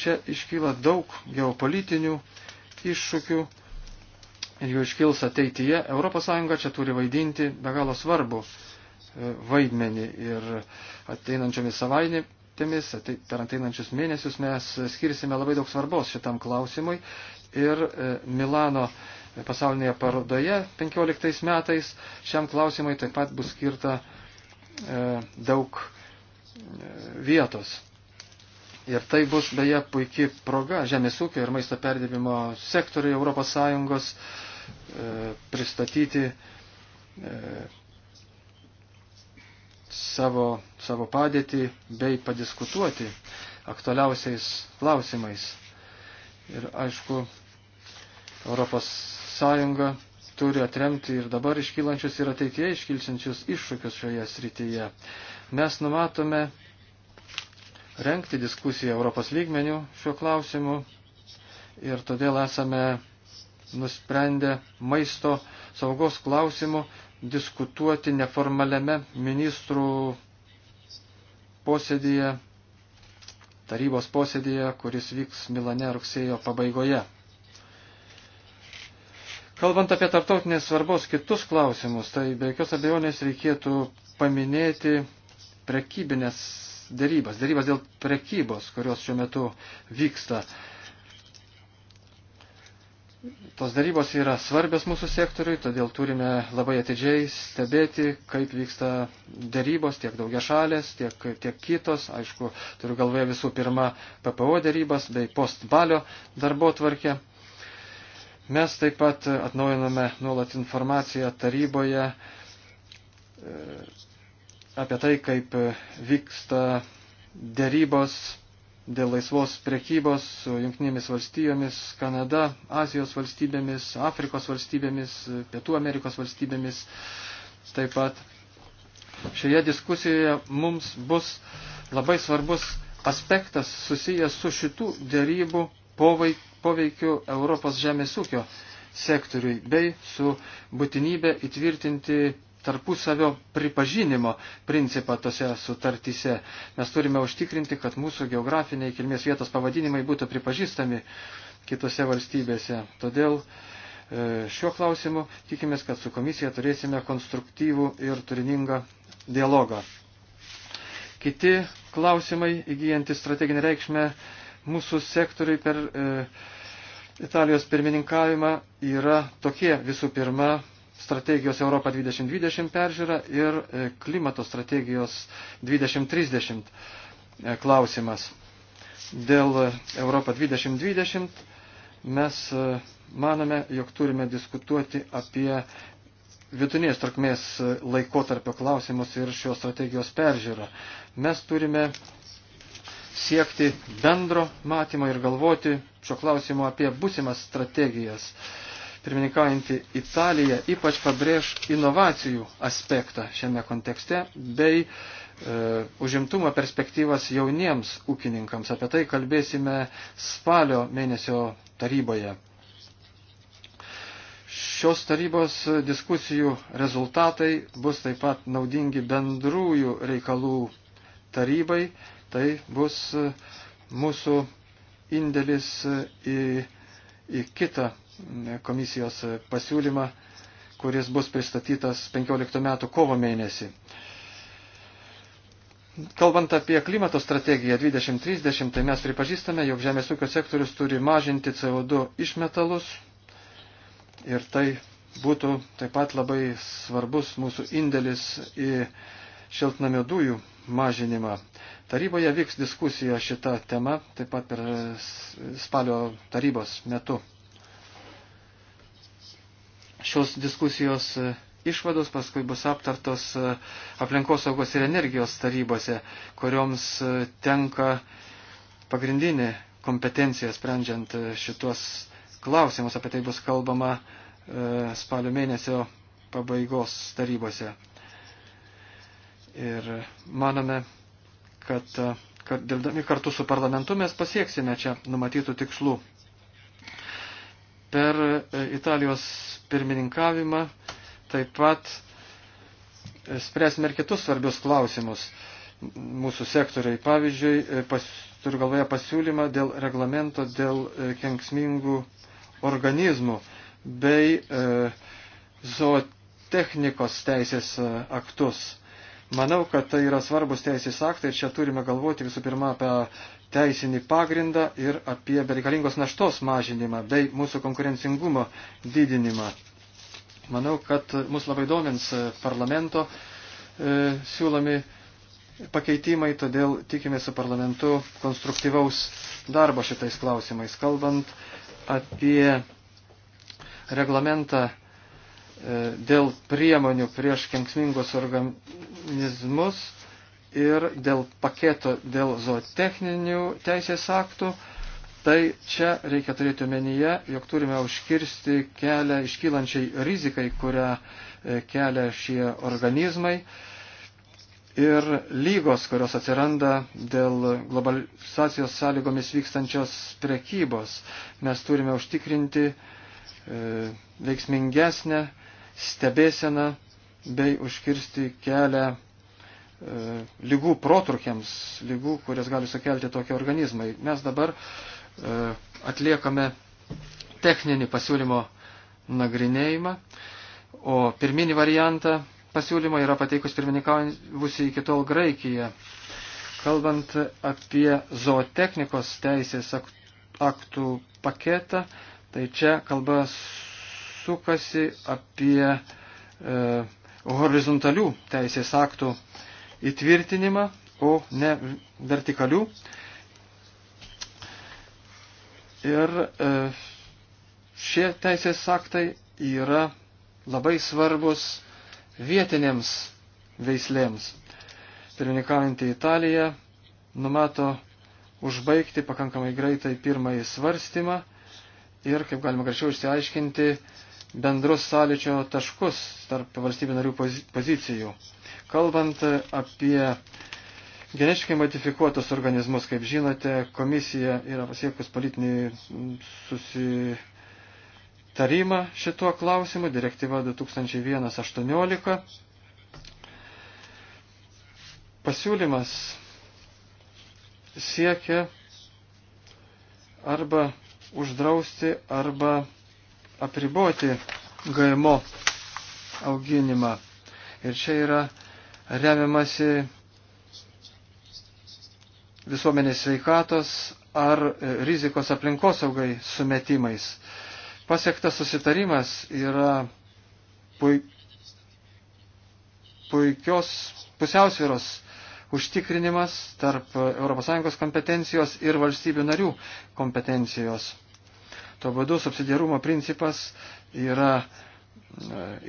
čia iškyla daug geopolitinių iššūkių ir jų iškils ateityje. ES čia turi vaidinti be galo svarbu e, vaidmenį ir ateinančiomis savaitėmis savaitėmis, per ateinančius mėnesius mes skirsime labai daug svarbos šitam klausimui ir e, Milano pasaulinėje parodoje 15 metais šiam klausimui taip pat bus skirta e, daug e, vietos. Ir tai bus beje puikiai proga žemės ūkio ir maisto perdėvimo sektoriui ES pristatyti savo, savo padėtį bei padiskutuoti aktualiausiais klausimais. Ir aišku, Europos Sąjunga turi atremti ir dabar iškylančius ir ateityje iškilsiančius iššūkius šioje srityje. Mes numatome renkti diskusiją Europos lygmenių šiuo klausimu ir todėl esame nusprendę maisto saugos klausimų diskutuoti neformaliame ministrų posėdėje, tarybos posėdėje, kuris vyks Milane rugsėjo pabaigoje. Kalbant apie tarptautinės svarbos kitus klausimus, tai be jokios abejonės reikėtų paminėti prekybinės dėrybas, dėrybas dėl prekybos, kurios šiuo metu vyksta. Tos darybos yra svarbios mūsų sektoriui, todėl turime labai atidžiai stebėti, kaip vyksta darybos, tiek daugia šalės, tiek, tiek kitos. Aišku, turiu galvoje visų pirma PPO darybas bei postbalio darbo tvarkę. Mes taip pat atnaujiname nuolat informaciją taryboje e, apie tai, kaip vyksta darybos dėl laisvos prekybos su Junktinėmis valstijomis, Kanada, Azijos valstybėmis, Afrikos valstybėmis, Pietų Amerikos valstybėmis. Taip pat šioje diskusijoje mums bus labai svarbus aspektas susijęs su šitų dėrybų poveikiu Europos žemės ūkio sektoriui bei su būtinybė įtvirtinti tarpusavio pripažinimo principą tose sutartyse. Mes turime užtikrinti, kad mūsų geografiniai kilmės vietos pavadinimai būtų pripažįstami kitose valstybėse. Todėl e, šiuo klausimu tikimės, kad su komisija turėsime konstruktyvų ir turiningą dialogą. Kiti klausimai įgyjantis strateginį reikšmę mūsų sektoriui per e, Italijos pirmininkavimą yra tokie visų pirma strategijos Europa 2020 peržiūra ir e, klimato strategijos 2030 e, klausimas. Dėl Europa 2020 mes e, manome, jog turime diskutuoti apie vidutinės trukmės laikotarpio klausimus ir šios strategijos peržiūrą. Mes turime siekti bendro matymo ir galvoti šio klausimo apie būsimas strategijas pirmininkaujantį Italiją ypač pabrėž inovacijų aspektą šiame kontekste bei e, užimtumo perspektyvas jauniems ūkininkams. Apie tai kalbėsime spalio mėnesio taryboje. Šios tarybos diskusijų rezultatai bus taip pat naudingi bendrųjų reikalų tarybai. Tai bus e, mūsų indėlis e, į, į kitą E, komisijos pasiūlymą, kuris bus pristatytas 15 metų kovo mėnesį. Kalbant apie klimato strategiją 2030, tai mes pripažįstame, jog žemės ūkio sektorius turi mažinti CO2 išmetalus ir tai būtų taip pat labai svarbus mūsų indėlis į šiltnamio dujų mažinimą. Taryboje vyks diskusija šita tema taip pat per spalio tarybos metu šios diskusijos e, išvados paskui bus aptartos e, aplinkosaugos ir energijos tarybose, kurioms e, tenka pagrindinė kompetencija sprendžiant šitos klausimus. Apie tai bus kalbama spalio mėnesio pabaigos tarybose. Ir manome, kad, kad dirbdami kartu su parlamentu mes pasieksime čia numatytų tikslų per e, Italijos pirmininkavimą taip pat e, spręsime ir kitus svarbius klausimus mūsų sektoriai. Pavyzdžiui, e, pas, turiu galvoje pasiūlymą dėl reglamento dėl kenksmingų organizmų bei e, zootechnikos teisės aktus. Manau, kad tai yra svarbus teisės aktai ir čia turime galvoti visų pirma apie teisinį pagrindą ir apie bereikalingos naštos mažinimą bei mūsų konkurencingumo didinimą. Manau, kad mus labai domins e, parlamento e, siūlomi pakeitimai, todėl tikime su parlamentu konstruktyvaus darbo šitais klausimais. Kalbant apie reglamentą e, dėl priemonių prieš kenksmingos organizmus, ir dėl paketo dėl zootechninių teisės aktų. Tai čia reikia turėti omenyje, jog turime užkirsti kelią iškylančiai rizikai, kurią e, kelia šie organizmai. Ir lygos, kurios atsiranda dėl globalizacijos sąlygomis vykstančios prekybos, mes turime užtikrinti e, veiksmingesnę stebėseną bei užkirsti kelią E, lygų protrukiams, lygų, kurias gali sukelti tokie organizmai. Mes dabar e, atliekame techninį pasiūlymo nagrinėjimą, o pirminį variantą pasiūlymo yra pateikus pirmininkaujusi iki tol Graikija. Kalbant apie zootechnikos teisės aktų paketą, tai čia kalba sukasi apie e, horizontalių teisės aktų e, įtvirtinimą, o ne vertikalių. Ir e, šie teisės aktai yra labai svarbus vietinėms veislėms. Pirmininkaujantį Italiją numato užbaigti pakankamai greitai pirmąjį svarstymą ir, kaip galima greičiau išsiaiškinti, bendrus sąlyčio taškus tarp valstybių narių pozicijų. Kalbant apie genetiškai modifikuotus organizmus, kaip žinote, komisija yra pasiekus politinį susitarimą šituo klausimu, direktyva 2001-18. Pasiūlymas siekia arba uždrausti, arba apriboti GMO auginimą. Ir čia yra remiamasi visuomenės sveikatos ar e, rizikos aplinkosaugai sumetimais. Pasiektas susitarimas yra puikios pusiausviros užtikrinimas tarp ES kompetencijos ir valstybių narių kompetencijos. Tuo būdu subsidiarumo principas yra e,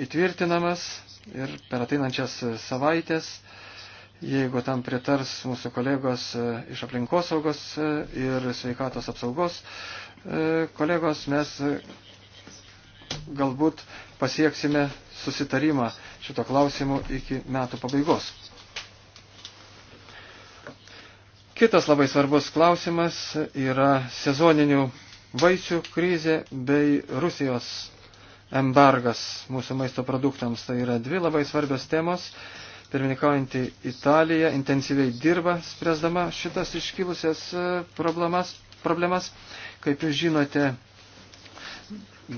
įtvirtinamas ir per ateinančias e, savaitės, jeigu tam pritars mūsų kolegos e, iš aplinkosaugos ir sveikatos apsaugos kolegos, mes galbūt pasieksime susitarimą šito klausimu iki metų pabaigos. Kitas labai svarbus klausimas yra sezoninių Vaisių krizė bei Rusijos embargas mūsų maisto produktams. Tai yra dvi labai svarbios temos. Pirmininkaujanti Italija intensyviai dirba, spręsdama šitas iškilusias e, problemas. problemas. Kaip jūs žinote,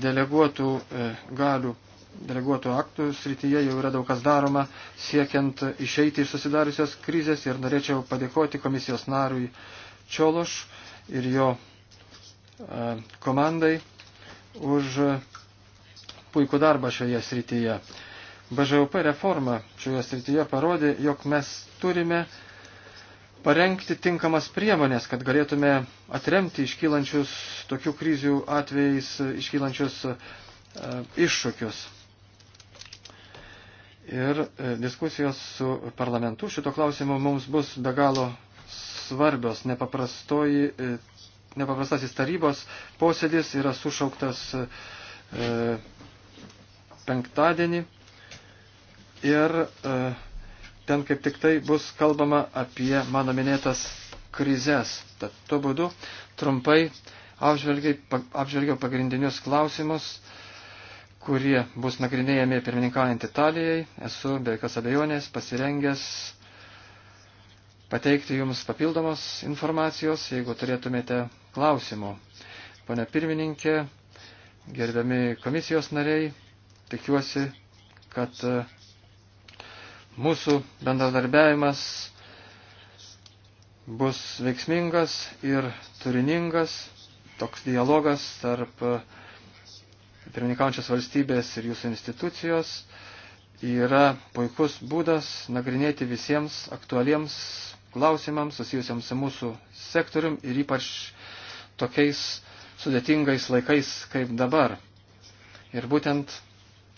deleguotų e, galių, deleguotų aktų srityje jau yra daug kas daroma, siekiant išeiti iš susidariusios krizės ir norėčiau padėkoti komisijos nariui Čiološ ir jo komandai už puikų darbą šioje srityje. BŽUP reforma šioje srityje parodė, jog mes turime parengti tinkamas priemonės, kad galėtume atremti iškylančius tokių krizių atvejais, iškylančius e, iššūkius. Ir e, diskusijos su parlamentu šito klausimo mums bus be galo svarbios. Nepaprastoji e, nepaprastasis tarybos posėdis yra sušauktas e, penktadienį ir e, ten kaip tik tai bus kalbama apie mano minėtas krizės. Tad tuo būdu trumpai apžvelgiau pagrindinius klausimus, kurie bus nagrinėjami pirmininkaujant Italijai. Esu be jokios abejonės pasirengęs pateikti jums papildomos informacijos, jeigu turėtumėte klausimų. Pone pirmininkė, gerbiami komisijos nariai, tikiuosi, kad e, mūsų bendradarbiavimas bus veiksmingas ir turiningas, toks dialogas tarp e, pirmininkaujančios valstybės ir jūsų institucijos yra puikus būdas nagrinėti visiems aktualiems klausimams susijusiams su mūsų sektorium ir ypač tokiais sudėtingais laikais kaip dabar. Ir būtent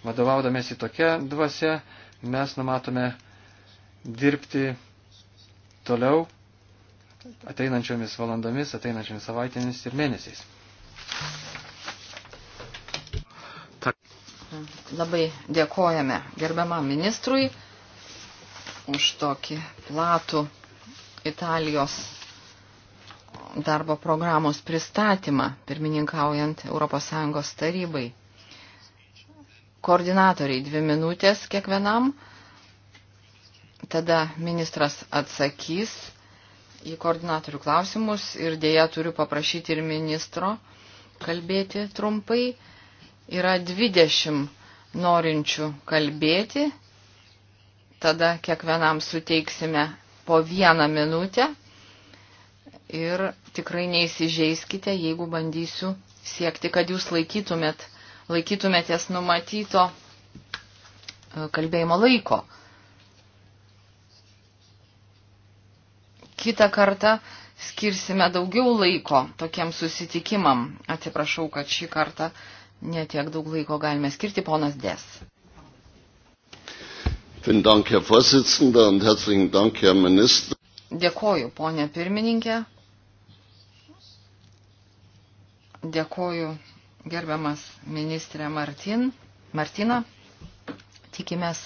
vadovaudamėsi tokia dvasia mes numatome dirbti toliau ateinančiomis valandomis, ateinančiomis savaitėmis ir mėnesiais. Labai dėkojame gerbiamam ministrui už tokį platų Italijos darbo programos pristatymą, pirmininkaujant ES tarybai. Koordinatoriai dvi minutės kiekvienam, tada ministras atsakys į koordinatorių klausimus ir dėja turiu paprašyti ir ministro kalbėti trumpai. Yra 20 norinčių kalbėti, tada kiekvienam suteiksime po vieną minutę ir tikrai neįsižeiskite, jeigu bandysiu siekti, kad jūs laikytumėt, laikytumėtės numatyto e, kalbėjimo laiko. Kita karta skirsime daugiau laiko tokiem susitikimam. Atsiprašau, kad šį kartą netiek daug laiko galime skirti, ponas Des. Dank, Herr Vorsitzender, und herzlichen Dank, Herr Minister. Dėkoju, ponė pirmininkė. Dėkoju, gerbiamas ministrė Martin. Martina. Tikimės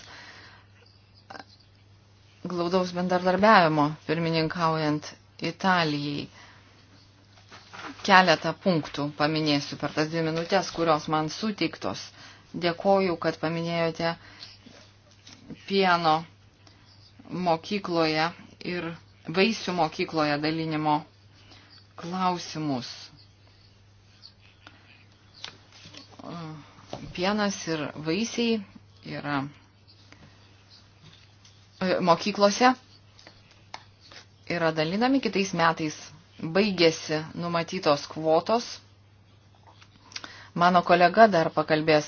glaudaus bendradarbiavimo pirmininkaujant Italijai. Keletą punktų paminėsiu per tas dvi minutės, kurios man suteiktos. Dėkoju, kad paminėjote pieno mokykloje ir vaisių mokykloje dalinimo klausimus. Pienas ir vaisiai yra e, mokyklose yra dalinami kitais metais. Baigėsi numatytos kvotos. Mano kolega dar pakalbės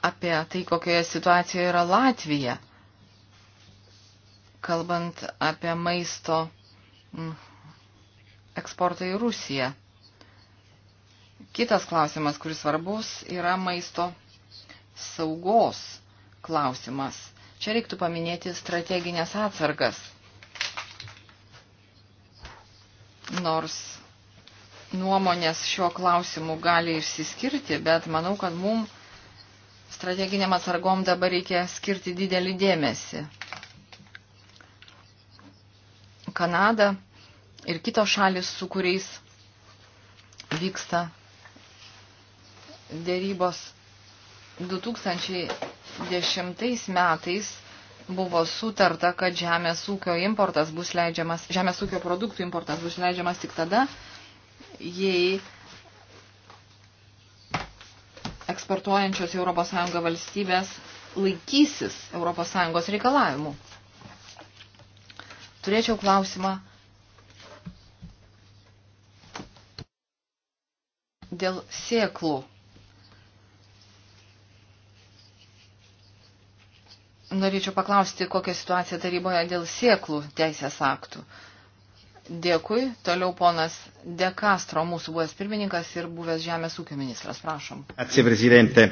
apie tai, kokioje situacijoje yra Latvija, kalbant apie maisto mm, eksportą į Rusiją. Kitas klausimas, kuris svarbus, yra maisto saugos klausimas. Čia reiktų paminėti strateginės atsargas. Nors nuomonės šiuo klausimu gali išsiskirti, bet manau, kad mums strateginiam atsargom dabar reikia skirti didelį dėmesį. Kanada ir kitos šalis, su kuriais vyksta dėrybos 2010 metais buvo sutarta, kad žemės ūkio importas bus leidžiamas, žemės ūkio produktų importas bus leidžiamas tik tada, jei eksportuojančios ES valstybės laikysis ES reikalavimų. Turėčiau klausimą dėl sėklų. Norėčiau paklausti, kokia situacija taryboje dėl sėklų teisės aktų. Uh, Dėkui. Toliau ponas De Castro, mūsų buvęs pirmininkas ir buvęs žemės ūkio ministras. Prašom. Ačiū, prezidentė.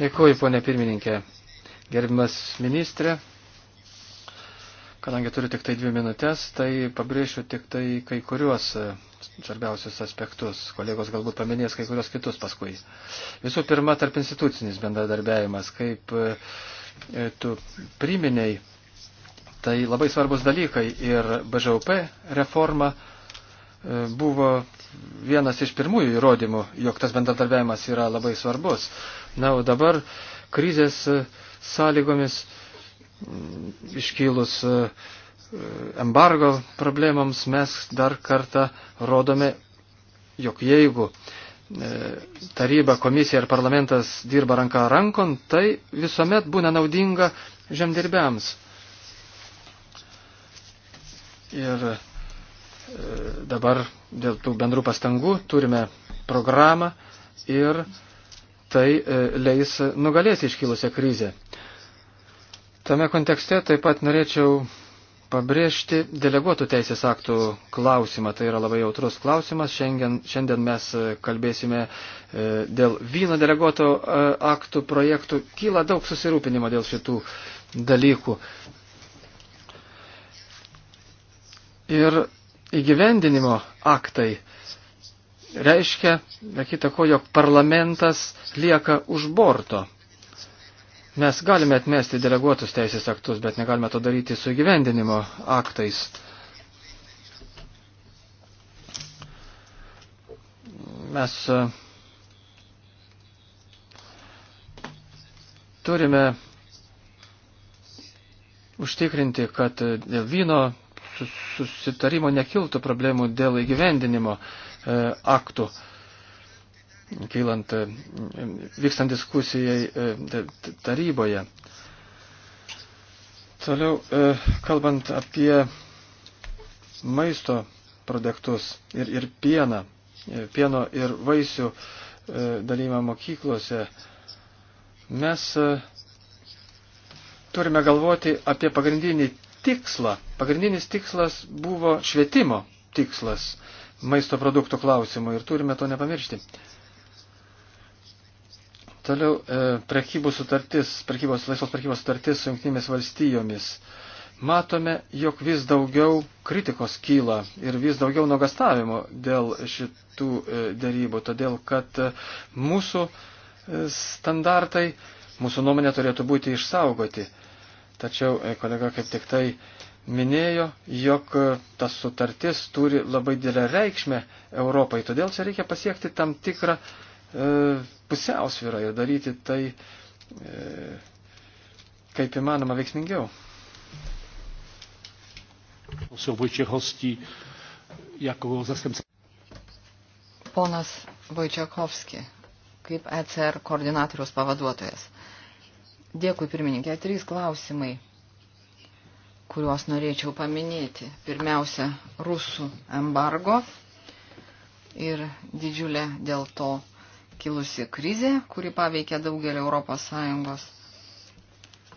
Dėkui, ponė pirmininkė. Gerbimas ministrė, kadangi turiu tik tai dvi minutės, tai pabrėšiu tik tai kai kuriuos svarbiausius aspektus. Kolegos galbūt paminės kai kuriuos kitus paskui. Visų pirma, tarp institucinis bendradarbiavimas, kaip e, tu priminėjai Tai labai svarbus dalykai ir BŽUP reforma e, buvo vienas iš pirmųjų įrodymų, jog tas bendradarbiavimas yra labai svarbus. Na, o dabar krizės e, sąlygomis iškylus e, embargo problemams mes dar kartą rodome, jog jeigu taryba, komisija ir parlamentas dirba ranką rankon, tai visuomet būna naudinga žemdirbiams. Ir e, dabar dėl tų bendrų pastangų turime programą ir tai e, leis nugalėti iškilusią krizę. Tame kontekste taip pat norėčiau pabrėžti deleguotų teisės aktų klausimą. Tai yra labai jautrus klausimas. Šiandien, šiandien mes e, kalbėsime dėl vyno deleguoto aktų projektų. Kyla daug susirūpinimo dėl šitų dalykų. ir įgyvendinimo aktai. Reiškia, be kita ko, jog parlamentas lieka už borto. Mes galime atmesti deleguotus teisės aktus, bet negalime to daryti su įgyvendinimo aktais. Mes turime užtikrinti, kad dėl vyno susitarimo nekiltų problemų dėl įgyvendinimo e, aktų. Kylant, e, vykstant diskusijai e, taryboje. Toliau, kalbant apie maisto produktus ir, ir pieną, pieno ir vaisių dalymą mokyklose, mes turime galvoti apie pagrindinį tikslą. Pagrindinis tikslas buvo švietimo tikslas maisto produktų klausimų ir turime to nepamiršti. Toliau e, prekybos sutartis, prekybos, laisvos prekybos sutartis su jungtinėmis valstijomis. Matome, jog vis daugiau kritikos kyla ir vis daugiau nuogastavimo dėl šitų e, dėrybų, todėl kad e, mūsų e, standartai, mūsų nuomonė turėtų būti išsaugoti. E, Tačiau e, kolega kaip tik tai minėjo, jog e, ta sutartis turi labai didelę reikšmę Europai. Todėl čia reikia pasiekti tam tikrą e, pusiausvyrą ir daryti tai e, kaip įmanoma veiksmingiau. Ponas Vojčiakovski, kaip ECR koordinatorius pavaduotojas. Dėkui, pirmininkė. Trys klausimai, kuriuos norėčiau paminėti. Pirmiausia, rusų embargo ir didžiulė dėl to kilusi krizė, kuri paveikia daugelį ES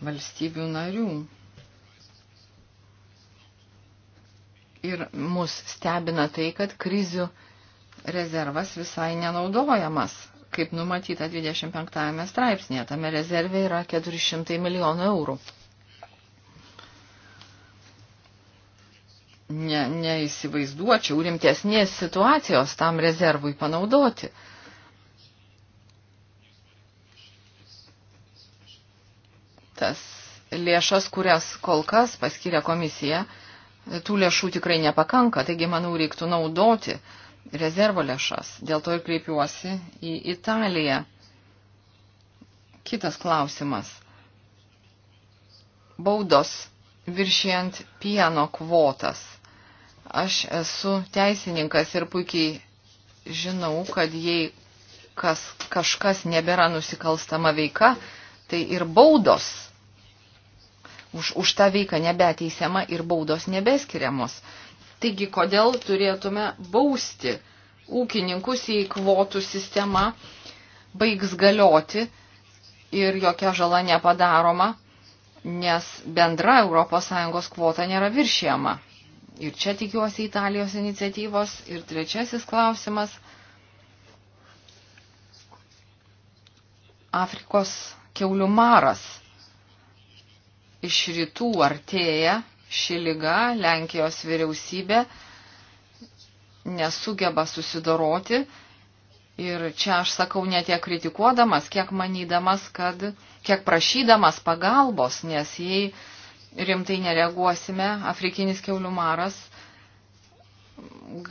valstybių narių. Ir mus stebina tai, kad krizių rezervas visai nenaudojamas kaip numatyta 25 straipsnėje. Tame rezerve yra 400 milijonų eurų. Ne, neįsivaizduočiau rimtesnės situacijos tam rezervui panaudoti. Tas lėšas, kurias kol kas paskiria komisija, tų lėšų tikrai nepakanka, taigi manau reiktų naudoti uh, rezervo lėšas. Dėl to ir kreipiuosi į Italiją. Kitas klausimas. Baudos viršijant pieno kvotas. Aš esu teisininkas ir puikiai žinau, kad jei kas, kažkas nebėra nusikalstama veika, tai ir baudos už, už tą veiką nebeteisiama ir baudos nebeskiriamos. Taigi, kodėl turėtume bausti ūkininkus į kvotų sistemą, baigs galioti ir jokia žala nepadaroma, nes bendra ES kvota nėra viršijama. Ir čia tikiuosi Italijos iniciatyvos. Ir trečiasis klausimas. Afrikos keulių maras iš rytų artėja ši lyga Lenkijos vyriausybė nesugeba susidoroti. Ir čia aš sakau ne tiek kritikuodamas, kiek manydamas, kad, kiek prašydamas pagalbos, nes jei rimtai nereaguosime, afrikinis keulių maras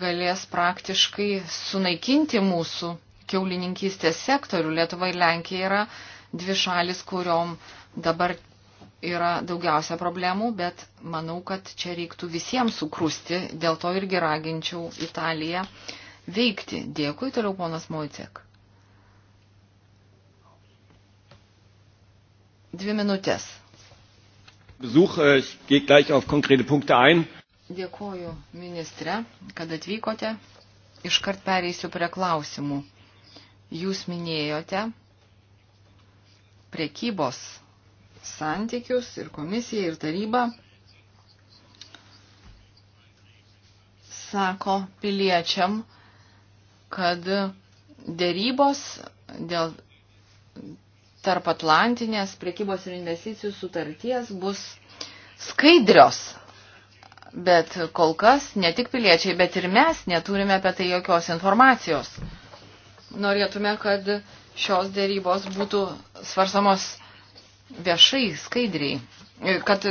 galės praktiškai sunaikinti mūsų keulininkystės sektorių. Lietuva ir Lenkija yra dvi šalis, kuriom dabar yra daugiausia problemų, bet manau, kad čia reiktų visiems sukrusti, dėl to irgi raginčiau Italiją veikti. Dėkui, toliau ponas Mojcek. Dvi minutės. Besuch, äh, ich gehe gleich auf konkrete Punkte ein. Dėkoju, ministre, kad atvykote. Iškart pereisiu prie klausimų. Jūs minėjote prekybos santykius ir komisija, ir taryba sako piliečiam, kad dėrybos dėl tarp Atlantinės priekybos ir investicijų sutarties bus skaidrios. Bet kol kas ne tik piliečiai, bet ir mes neturime apie tai jokios informacijos. Norėtume, kad šios dėrybos būtų svarsamos viešai, skaidriai, kad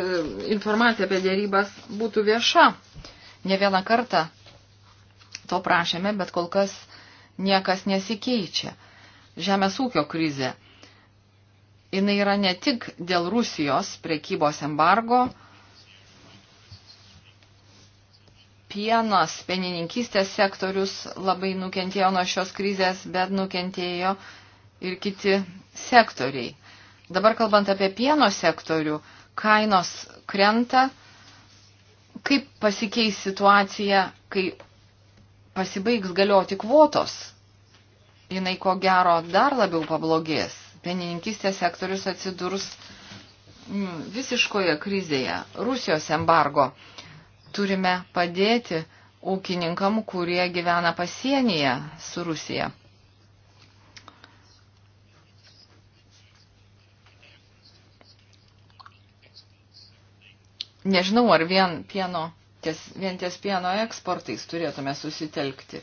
informacija apie dėrybas būtų vieša. Ne vieną kartą to prašėme, bet kol kas niekas nesikeičia. Žemės ūkio krizė. Jis yra ne tik dėl Rusijos prekybos embargo, pienas, pienininkystės sektorius labai nukentėjo nuo šios krizės, bet nukentėjo ir kiti sektoriai. Dabar kalbant apie pieno sektorių, kainos krenta, kaip pasikeis situacija, kai pasibaigs galioti kvotos. Jinai ko gero dar labiau pablogės. Pienininkistės sektorius atsidurs mm, visiškoje krizėje. Rusijos embargo. Turime padėti ūkininkam, kurie gyvena pasienyje su Rusija. Nežinau, ar vien, pieno, ties, vien ties pieno eksportais turėtume susitelkti.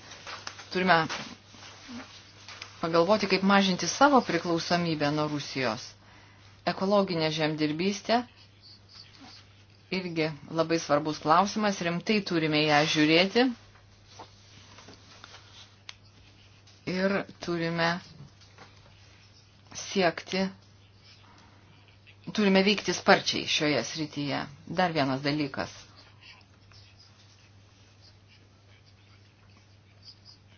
Turime pagalvoti, kaip mažinti savo priklausomybę nuo Rusijos. Ekologinė žemdirbystė irgi labai svarbus klausimas, rimtai turime ją žiūrėti ir turime siekti turime veikti sparčiai šioje srityje. Dar vienas dalykas.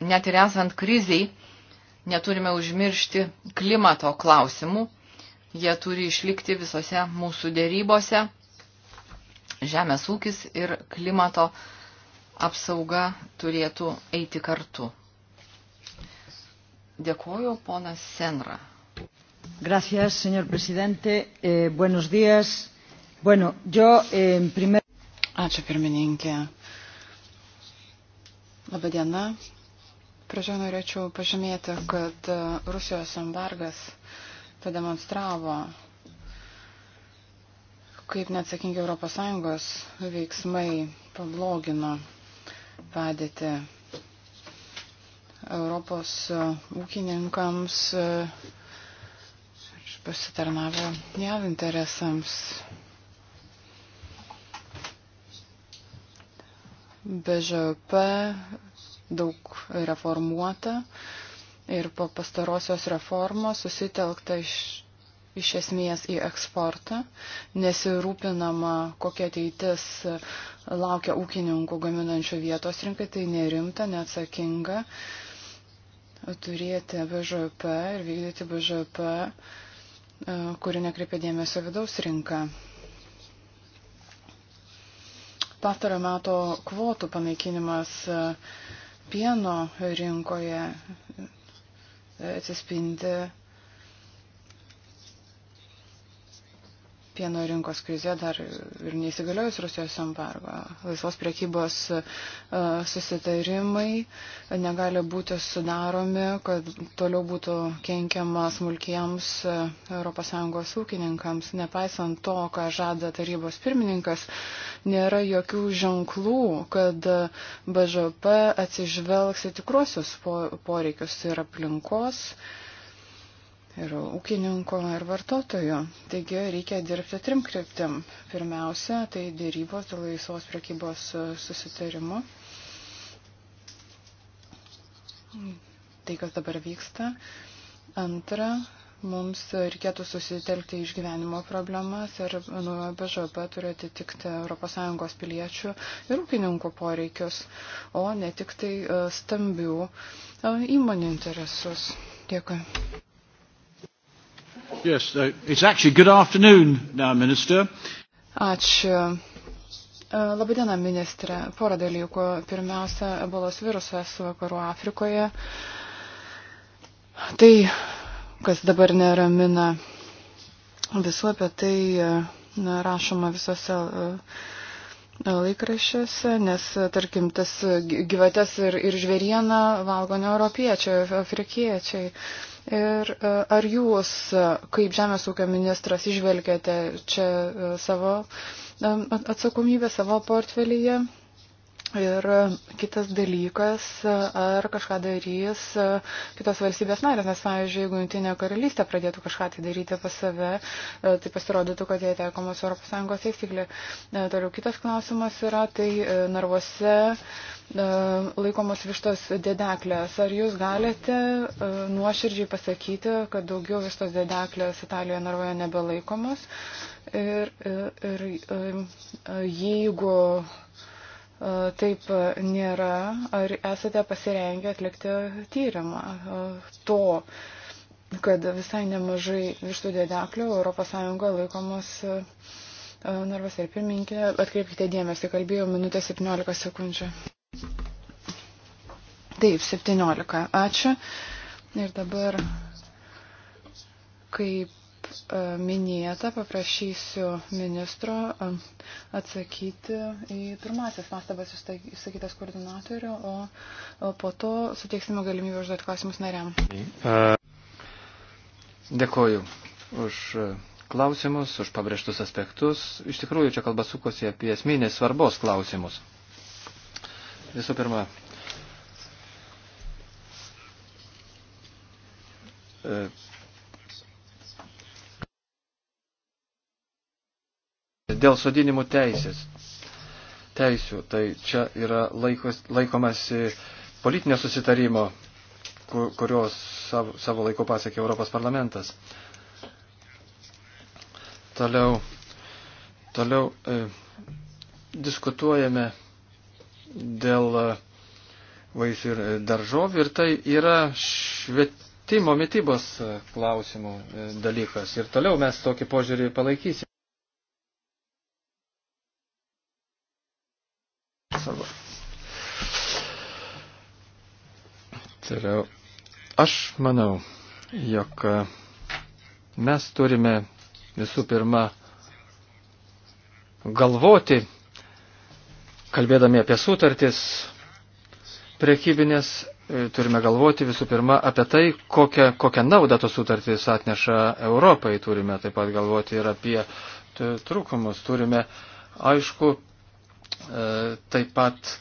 Net ir esant kriziai, neturime užmiršti klimato klausimų. Jie turi išlikti visose mūsų dėrybose. Žemės ūkis ir klimato apsauga turėtų eiti kartu. Dėkuoju, ponas Senra. Gracias, señor presidente. Eh, buenos días. Bueno, yo eh, en primer. Ačiū pirmininkė. Labadiena. Pradžioje norėčiau pažymėti, kad e, Rusijos embargas pademonstravo, kaip neatsakingi ES veiksmai pablogino padėtį Europos e, ūkininkams pasitarnavo jav interesams. BŽP daug reformuota ir po pastarosios reformos susitelkta iš, iš esmės į eksportą, nesirūpinama, kokia ateitis laukia ūkininkų gaminančių vietos rinkai, tai nerimta, neatsakinga turėti BŽP ir vykdyti BŽP E, kuri nekreipia dėmesio vidaus rinką. Pastarojo meto kvotų panaikinimas e, pieno rinkoje e, atsispindi pieno rinkos krize dar ir neįsigaliojus Rusijos embargo. Laisvos priekybos e, susitarimai negali būti sudaromi, kad toliau būtų kenkiama smulkiems ES ūkininkams. Nepaisant to, ką žada tarybos pirmininkas, nėra jokių ženklų, kad BŽP atsižvelgs į tikruosius poreikius ir aplinkos ir ūkininko, ir vartotojo. Taigi reikia dirbti trim kryptim. Pirmiausia, tai dėrybos dėl laisvos prekybos susitarimo. Tai, kas dabar vyksta. Antra, mums reikėtų susitelkti išgyvenimo problemas ir nu, BŽP turi atitikti ES piliečių ir ūkininkų poreikius, o ne tik tai e, stambių e, įmonių interesus. Dėkui. Yes, it's actually good afternoon now, Minister. Ačiū. E, Labai diena, ministrė. Porą dalykų. Pirmiausia, ebolos virusas vakarų Afrikoje. Tai, kas dabar neramina visų apie tai, e, na, rašoma visose e, laikraščiuose, nes, tarkim, tas gyvates ir, ir žvėrieną valgo ne europiečiai, afrikiečiai. Uh, Ir e, ar jūs, e, kaip Žemės ūkio ministras, išvelgėte čia e, savo atsakomybę, savo portfelyje? Ir kitas dalykas, ar kažką darys kitos valstybės narės, nes, pavyzdžiui, jeigu Jungtinė karalystė pradėtų kažką tai daryti pas save, tai pasirodytų, kad jie taikomos ES teisyklė. E, toliau kitas klausimas yra, tai e, narvose e, laikomos vištos dedeklės. Ar jūs galite nuoširdžiai pasakyti, kad daugiau vištos dedeklės Italijoje narvoje nebelaikomos? Ir, ir, ir jeigu E, taip nėra, ar esate pasirengę atlikti tyrimą e, to, kad visai nemažai vištų dedeklių ES laikomos e, narvas ir pirminkė. Atkreipkite dėmesį, kalbėjau minutę 17 sekundžių. Taip, 17. Ačiū. Ir dabar kaip E, minėta, paprašysiu ministro e, atsakyti į pirmasis pastabas išsakytas koordinatorių, o, o po to suteiksime galimybę užduoti klausimus nariam. E, dėkoju už klausimus, už pabrėžtus aspektus. Iš tikrųjų, čia kalba sukosi apie esminės svarbos klausimus. Visų pirma, e, Dėl sodinimų teisės, teisių, tai čia yra laikos, laikomasi politinio susitarimo, kur, kurios savo, savo laiku pasiekė Europos parlamentas. Toliau, toliau e, diskutuojame dėl vaisių ir daržovių ir tai yra švietimo mytybos klausimų e, dalykas. Ir toliau mes tokį požiūrį palaikysime. Toliau, aš manau, jog mes turime visų pirma galvoti, kalbėdami apie sutartis priekybinės, e, turime galvoti visų pirma apie tai, kokią, kokią naudą tos sutartys atneša Europai. Turime taip pat galvoti ir apie trūkumus. Turime, aišku, e, taip pat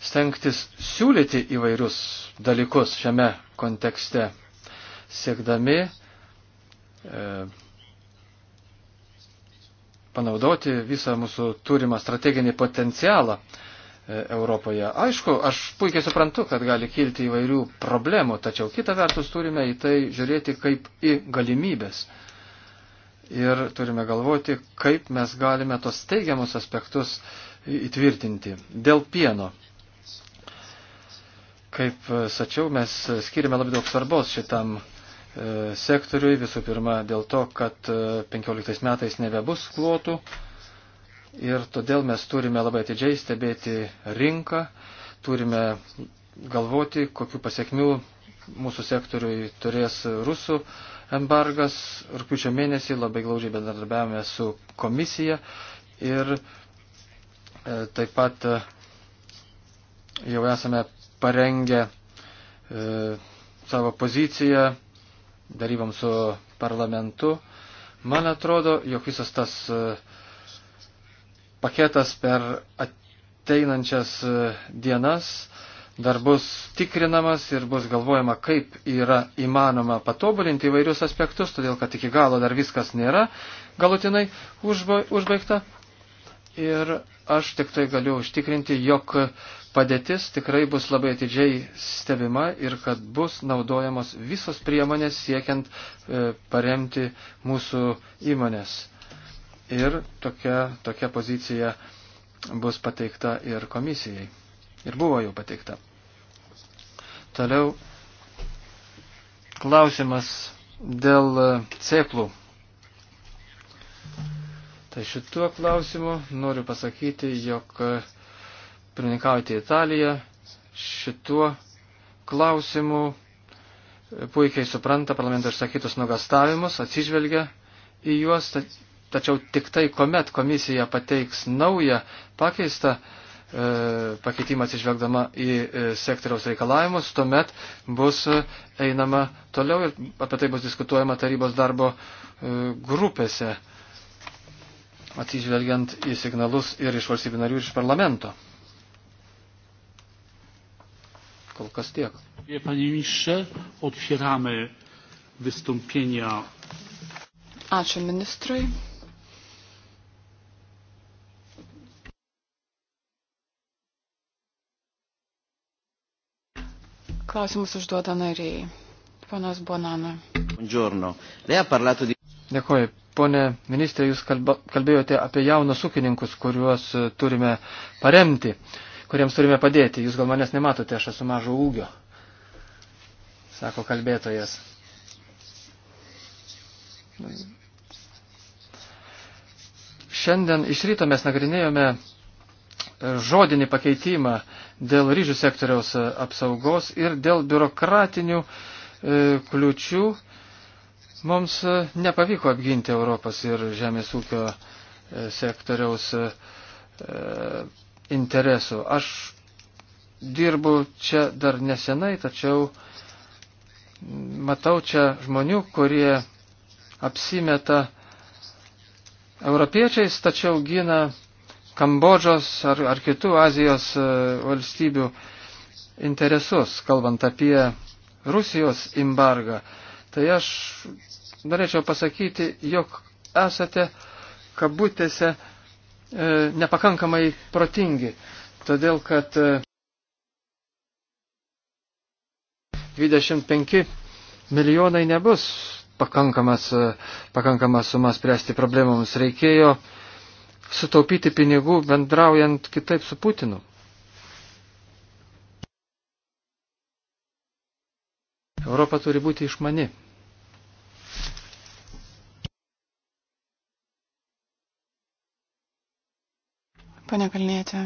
stengtis siūlyti įvairius dalykus šiame kontekste, siekdami e, panaudoti visą mūsų turimą strateginį potencialą e, Europoje. Aišku, aš puikiai suprantu, kad gali kilti įvairių problemų, tačiau kita vertus turime į tai žiūrėti kaip į galimybės. Ir turime galvoti, kaip mes galime tos teigiamus aspektus įtvirtinti. Dėl pieno Kaip sačiau, mes skiriame labai daug svarbos šitam e, sektoriui, visų pirma dėl to, kad 15 e, metais nebebus kvotų ir todėl mes turime labai atidžiai stebėti rinką, turime galvoti, kokiu pasiekmiu mūsų sektoriui turės rusų embargas. Rūpiučio mėnesį labai glaudžiai bendradarbiavome su komisija ir e, taip pat jau esame parengę e, savo poziciją darybam su parlamentu. Man atrodo, jog visas tas e, paketas per ateinančias e, dienas dar bus tikrinamas ir bus galvojama, kaip yra įmanoma patobulinti įvairius aspektus, todėl kad iki galo dar viskas nėra galutinai užba, užbaigta ir aš tik tai galiu užtikrinti, jog padėtis tikrai bus labai atidžiai stebima ir kad bus naudojamos visos priemonės siekiant e, paremti mūsų įmonės. Ir tokia, tokia pozicija bus pateikta ir komisijai. Ir buvo jau pateikta. Toliau klausimas dėl cėplų. Tai šituo klausimu noriu pasakyti, jog e, pirmininkauti Italiją šituo klausimu e, puikiai supranta parlamento išsakytus nugastavimus, atsižvelgia į juos, tačiau tik tai, kuomet komisija pateiks naują pakeistą e, pakeitimą atsižvelgdama į sektoriaus reikalavimus, tuomet bus einama toliau ir apie tai bus diskutuojama tarybos darbo grupėse atsižvelgiant į signalus ir iš valstybių narių, ir iš parlamento. Kol kas tiek. Ačiū ministrui. Klausimus užduoda nariai. Ponas Bonana. Buongiorno. Lei ha parlato di... Dėkuoju, Pone ministrė, jūs kalbėjote apie jaunus ūkininkus, kuriuos e, turime paremti, kuriems turime padėti. Jūs gal manęs nematote, aš esu mažo ūgio, sako kalbėtojas. Šiandien iš ryto mes nagrinėjome e, žodinį pakeitimą dėl ryžių sektoriaus e, apsaugos ir dėl biurokratinių kliučių Mums e, nepavyko apginti Europos ir žemės ūkio e, sektoriaus e, interesų. Aš dirbu čia dar nesenai, tačiau matau čia žmonių, kurie apsimeta europiečiais, tačiau gina Kambodžos ar, ar kitų Azijos valstybių interesus, kalbant apie Rusijos embargą tai aš norėčiau pasakyti, jog esate kabutėse e, nepakankamai protingi, todėl kad e, 25 milijonai nebus pakankamas, e, pakankamas sumas spręsti problemams. Reikėjo sutaupyti pinigų bendraujant kitaip su Putinu. Europa turi būti išmani. Pane Kalnėtė.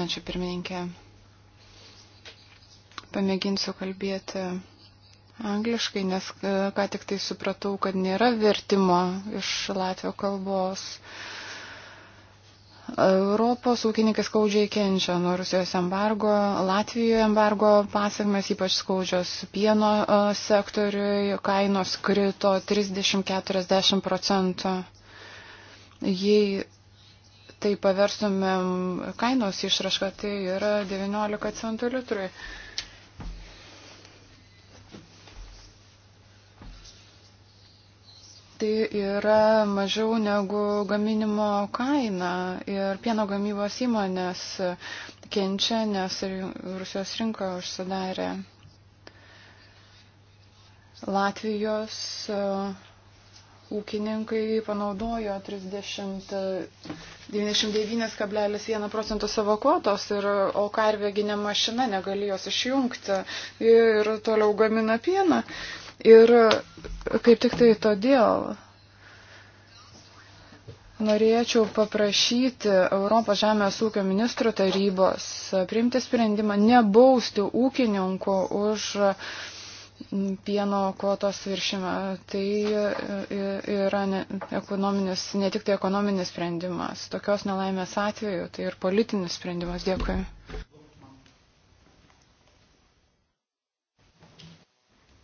Ačiū pirmininkė. Pamėginsiu kalbėti angliškai, nes e, ką tik tai supratau, kad nėra vertimo iš latvio kalbos. Uh, Europos ūkininkai skaudžiai kenčia nuo Rusijos embargo, Latvijoje embargo pasakmes ypač skaudžios pieno e, sektoriui, kainos krito 30-40 procentų. Jei tai paverstumėm kainos išrašką, tai yra 19 centų litrui. Uh, tai yra mažiau negu gaminimo kaina ir pieno gamybos įmonės kenčia, nes Rusijos rinka užsidarė. Latvijos uh, ūkininkai panaudojo 99,1 procentų savo kvotos, ir, o karvėginė mašina negalėjo išjungti ir toliau gamina pieną. Ir kaip tik tai todėl norėčiau paprašyti Europos žemės ūkio ministro tarybos priimti sprendimą nebausti ūkininkų už pieno kvotos viršimą. Tai yra ne, ekonominis, ne tik tai ekonominis sprendimas. Tokios nelaimės atveju tai ir politinis sprendimas. Dėkui.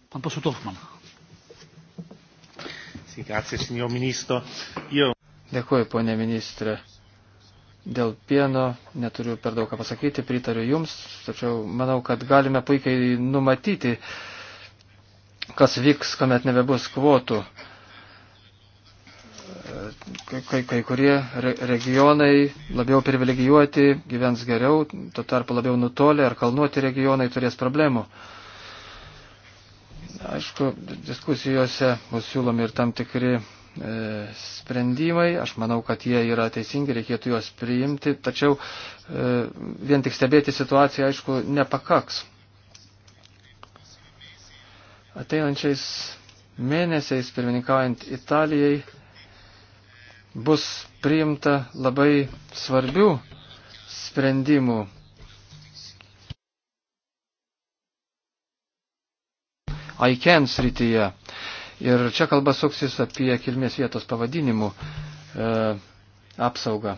Pan poseł Dorfman. Dėkuoju, ponė ministrė. Dėl pieno neturiu per daug ką pasakyti, pritariu Jums, tačiau manau, kad galime puikiai numatyti, kas vyks, kuomet nebebus kvotų. Kai, kai kurie regionai labiau privilegijuoti gyvens geriau, tuo tarpu labiau nutolę ar kalnuoti regionai turės problemų. Uh, Aišku, diskusijose bus siūlomi ir tam tikri e, sprendimai. Aš manau, kad jie yra teisingi, reikėtų juos priimti. Tačiau e, vien tik stebėti situaciją, aišku, nepakaks. Ateinančiais mėnesiais, pirmininkaujant Italijai, bus priimta labai svarbių sprendimų ICAN srityje. Ir čia kalba suksis apie kilmės vietos pavadinimų e, apsaugą.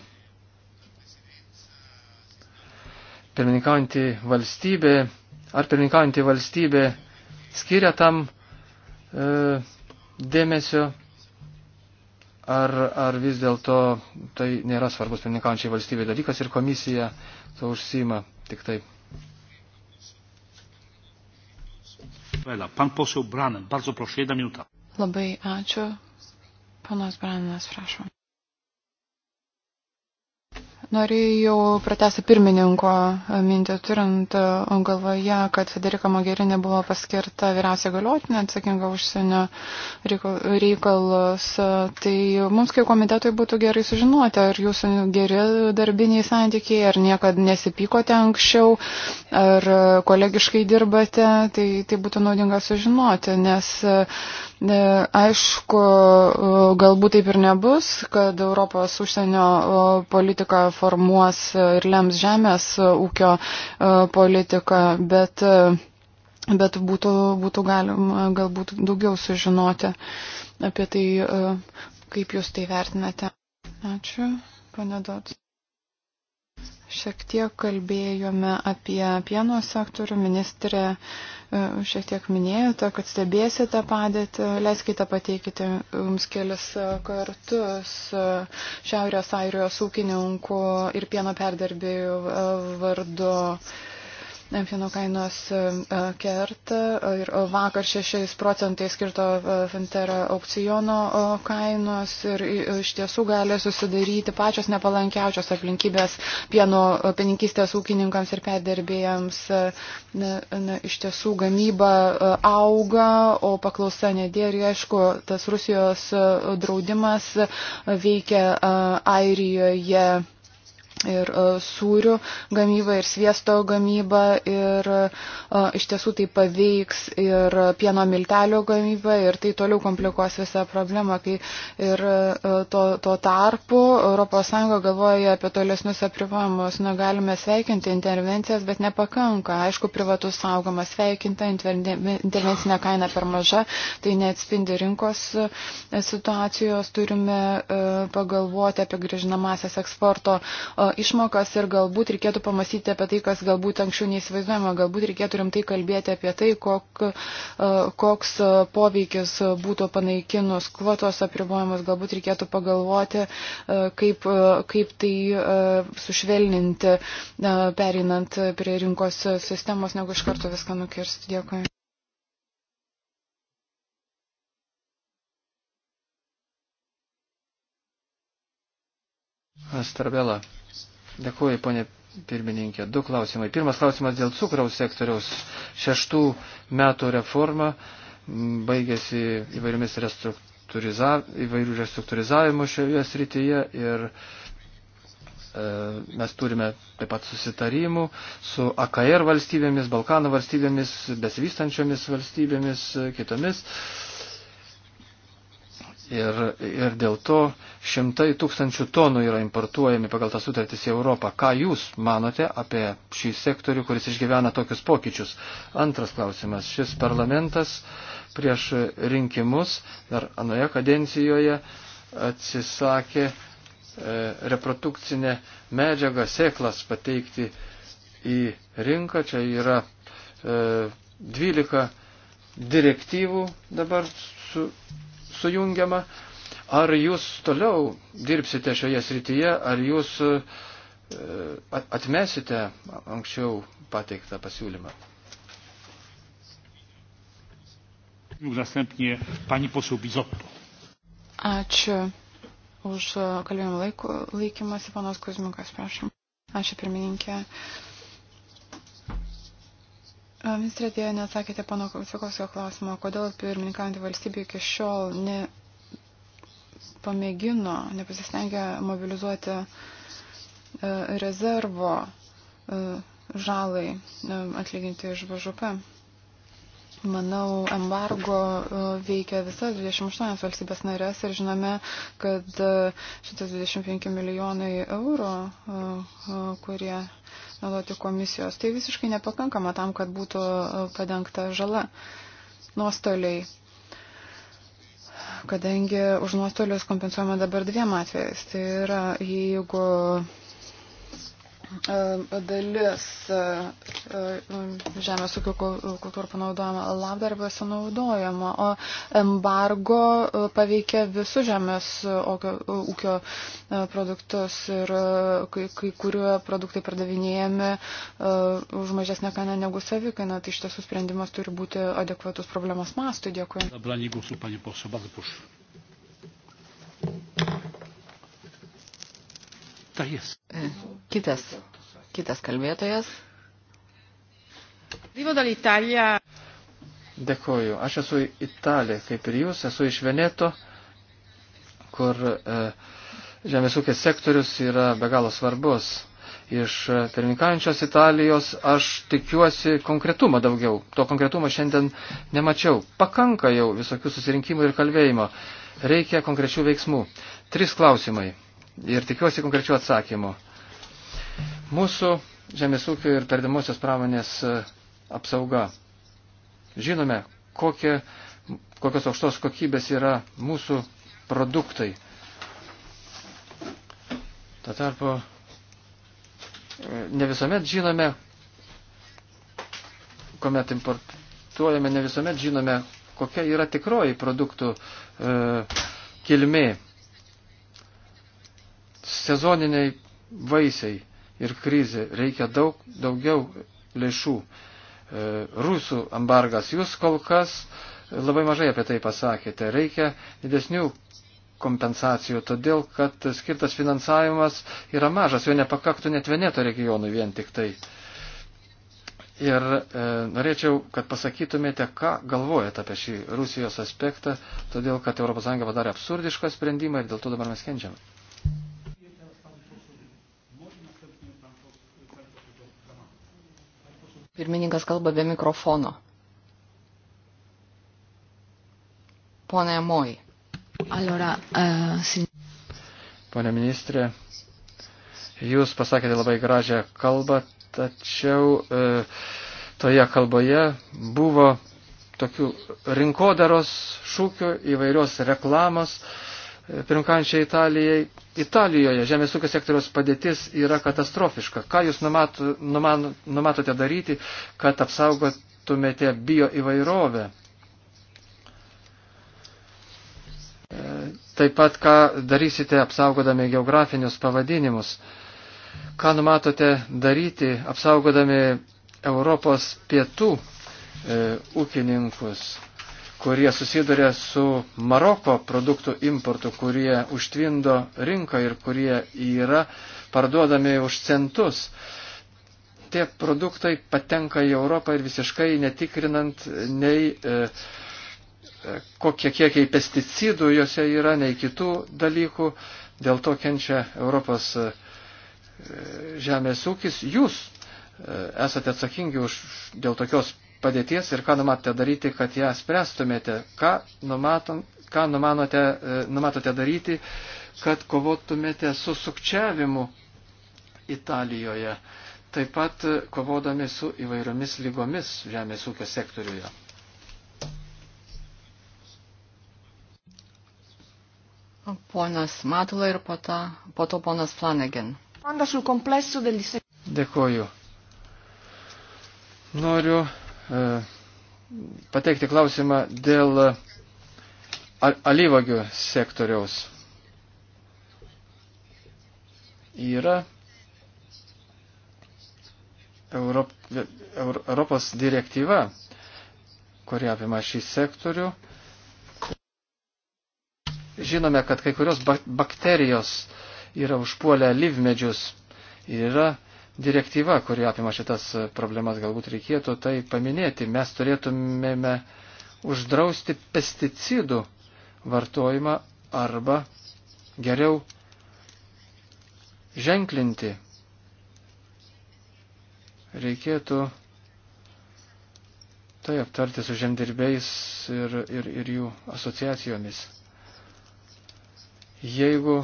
Pirmininkaujantį valstybę, ar pirmininkaujantį valstybę skiria tam e, dėmesio, ar, ar vis dėlto tai nėra svarbus pirmininkaujančiai valstybė dalykas ir komisija to užsima tik taip. Labai ačiū. Panas Braninas, prašom. Norėjau pratesti pirmininko mintį, turint galvoje, kad Federika Mogherini buvo paskirta vyriausia galiotinė atsakinga užsienio reikalus. Tai mums kaip komitetui būtų gerai sužinoti, ar jūsų geri darbiniai santykiai, ar niekad nesipykote anksčiau, ar kolegiškai dirbate. Tai, tai būtų naudinga sužinoti, nes Aišku, galbūt taip ir nebus, kad Europos užsienio politika formuos ir lems žemės ūkio politiką, bet, bet būtų, būtų galima galbūt daugiau sužinoti apie tai, kaip jūs tai vertinate. Ačiū, pane Dots. Šiek tiek kalbėjome apie pieno sektorių. Ministrė e, šiek tiek minėjote, kad stebėsite padėtį. Leiskite pateikite jums kelis kartus Šiaurės Airijos ūkininkų ir pieno perdirbėjų e, vardu. Pieno kainos e, e, kerta e, ir vakar 6 procentais skirto Fintera aukciono kainos ir iš tiesų gali susidaryti pačios nepalankiausios aplinkybės pieno peninkistės ūkininkams ir perdirbėjams. Na, na, iš tiesų gamyba auga, o paklausa nedėra ir aišku, tas Rusijos draudimas veikia Airijoje ir e, sūrių gamyba, ir sviesto gamyba, ir e, iš tiesų tai paveiks ir pieno miltelio gamyba, ir tai toliau komplikuos visą problemą, kai ir e, to, to tarpu ES galvoja apie tolesnius apribojimus. Na, galime sveikinti intervencijas, bet nepakanka. Aišku, privatus saugomas sveikinta, intervencinė kaina per maža, tai neatspindi rinkos situacijos, turime pagalvoti apie grįžinamasias eksporto išmokas ir galbūt reikėtų pamastyti apie tai, kas galbūt anksčiau neįsivaizduojama, galbūt reikėtų rimtai kalbėti apie tai, kok, e, koks poveikis būtų panaikinus kvotos apribojimus, galbūt reikėtų pagalvoti, e, kaip, e, kaip tai sušvelninti, perinant prie rinkos sistemos, negu iš karto viską nukirsti. Dėkui. Starvela. Dėkuoju, ponė pirmininkė. Du klausimai. Pirmas klausimas dėl cukraus sektoriaus. Šeštų metų reforma baigėsi įvairiomis restruktūrizav... įvairių restruktūrizavimų šioje srityje ir e, mes turime taip pat susitarimų su AKR valstybėmis, Balkanų valstybėmis, besivystančiomis valstybėmis, kitomis. E, Ir, ir dėl to šimtai tūkstančių tonų yra importuojami pagal tas sutartis į Europą. Ką Jūs manote apie šį sektorių, kuris išgyvena tokius pokyčius? Antras klausimas. Šis parlamentas prieš rinkimus dar anoje kadencijoje atsisakė e, reprodukcinę medžiagą sėklas pateikti į rinką. Čia yra e, 12 direktyvų dabar su sujungiama. Ar jūs toliau dirbsite šioje srityje, ar jūs e, atmesite anksčiau pateiktą pasiūlymą? Ačiū už kalbėjimo laikymasi, panas Kuzmiukas, prašom. Ačiū pirmininkė. Uh, Ministrė dėja neatsakėte pano Sakovskio klausimo, kodėl pirmininkaujantį valstybę iki šiol ne pamėgino, nepasistengė mobilizuoti e, rezervo e, žalai e, atlyginti iš BŽP. Manau, embargo veikia visas 28 valstybės narės ir žinome, kad 125 milijonai eurų, kurie naudoti komisijos. Tai visiškai nepakankama tam, kad būtų e, padengta žala, nuostoliai. Kadangi už nuostolius kompensuojama dabar dviem atvejais. Tai yra, jeigu E, dalis e, e, žemės ūkio kultūrų panaudojama labdarba sunaudojama, o embargo paveikia visus žemės ūkio produktus ir kai, kai kurie produktai pardavinėjami už mažesnę kainą negu savikaina, tai iš tiesų sprendimas turi būti adekvatus problemos mastui. Dėkui. E, kitas, kitas kalbėtojas. Dėkuoju. Aš esu italė, kaip ir jūs, esu iš Veneto, kur e, žemės ūkės sektorius yra be galo svarbus. Iš e, pirmininkaujančios Italijos aš tikiuosi konkretumo daugiau. To konkretumo šiandien nemačiau. Pakanka jau visokių susirinkimų ir kalbėjimo. Reikia konkrečių veiksmų. Tris klausimai ir tikiuosi konkrečių atsakymų. Mūsų žemės ūkio ir perdamosios pramonės e, apsauga. Žinome, kokie, kokios aukštos kokybės yra mūsų produktai. Tuo tarpu e, ne visuomet žinome, kuomet importuojame, ne visuomet žinome, kokia yra tikroji produktų e, kilmė sezoniniai vaisiai ir krizė. Reikia daug daugiau lėšų. E, rusų embargas. Jūs kol kas labai mažai apie tai pasakėte. Reikia didesnių kompensacijų, todėl kad skirtas finansavimas yra mažas, jo nepakaktų net Veneto regionui vien tik tai. Ir e, norėčiau, kad pasakytumėte, ką galvojate apie šį Rusijos aspektą, todėl kad ES padarė absurdišką sprendimą ir dėl to dabar mes kenčiame. Pirmininkas kalba be mikrofono. Pone Moji. Allora, uh, sin... Pone ministrė, jūs pasakėte labai gražią kalbą, tačiau uh, toje kalboje buvo tokių rinkodaros šūkių, įvairios reklamos. Uh, pirmkančiai Italijai. Italijoje žemės ūkio sektoriaus padėtis yra katastrofiška. Ką jūs numato, numan, numatote daryti, kad apsaugotumėte bio įvairovę? Taip pat, ką darysite apsaugodami geografinius pavadinimus? Ką numatote daryti apsaugodami Europos pietų e, ūkininkus? kurie susiduria su Maroko produktų importu, kurie užtvindo rinką ir kurie yra parduodami už centus. Tie produktai patenka į Europą ir visiškai netikrinant nei e, e kokie kiekiai pesticidų juose yra, nei kitų dalykų. Dėl to kenčia Europos e, e žemės ūkis. Jūs e, esate atsakingi už dėl tokios padėties ir ką numatote daryti, kad ją spręstumėte? Ką, numatom, ką numanote, e, numatote daryti, kad kovotumėte su sukčiavimu Italijoje, taip pat e, kovodami su įvairiomis lygomis žemės ūkio sektoriuje? Ponas Matula ir po, ta, po to ponas Flanagan. Dėkuoju. Noriu E, pateikti klausimą dėl alyvagių sektoriaus. Yra Europ, Europos direktyva, kuri apima šį sektorių. Žinome, kad kai kurios bakterijos yra užpuolę lyvmedžius ir yra direktyva, kuri apima šitas problemas, galbūt reikėtų tai paminėti. Mes turėtumėme uždrausti pesticidų vartojimą arba geriau ženklinti. Reikėtų tai aptarti su žemdirbiais ir, ir, ir jų asociacijomis. Jeigu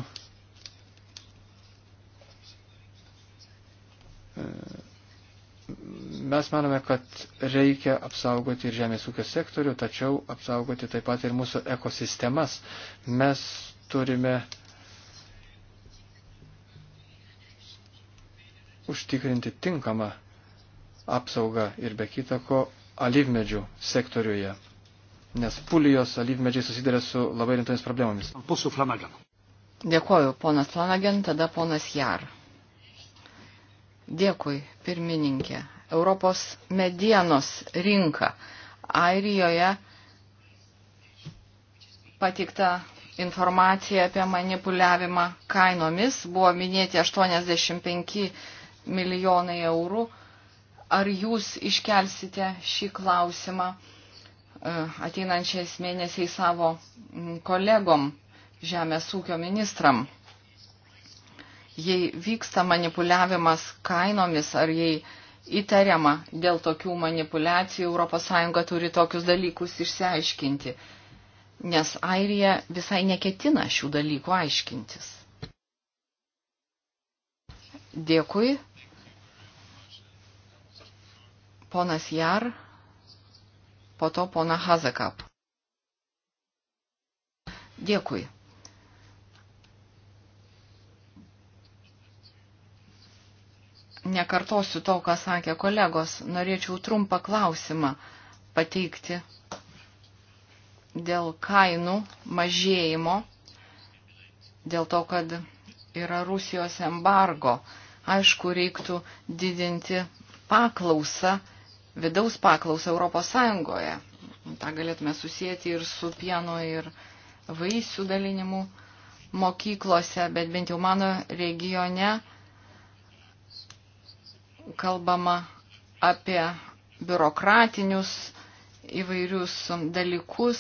Mes manome, kad reikia apsaugoti ir žemės ūkio sektorių, tačiau apsaugoti taip pat ir mūsų ekosistemas. Mes turime užtikrinti tinkamą apsaugą ir be kitako alyvmedžių sektoriuje, nes pulijos alyvmedžiai susiduria su labai rimtomis problemomis. Pusų Flanagan. Dėkoju, ponas Flanagan, tada ponas Jar. Dėkui, pirmininkė. Europos medienos rinką. Airijoje patikta informacija apie manipuliavimą kainomis buvo minėti 85 milijonai eurų. Ar jūs iškelsite šį klausimą e, ateinančiais mėnesiais savo kolegom žemės ūkio ministram? Jei vyksta manipuliavimas kainomis ar jei uh, įtariama dėl tokių manipulacijų, ES turi tokius dalykus išsiaiškinti, nes Airija visai neketina šių dalykų aiškintis. Dėkui. Ponas Jar, po to pona Hazakap. Dėkui. nekartosiu to, ką sakė kolegos, norėčiau trumpą klausimą pateikti dėl kainų mažėjimo, dėl to, kad yra Rusijos embargo. Aišku, reiktų didinti paklausą, vidaus paklausą Europos Sąjungoje. Ta galėtume susijęti ir su pieno ir vaisių dalinimu mokyklose, bet bent jau mano regione kalbama apie biurokratinius įvairius dalykus,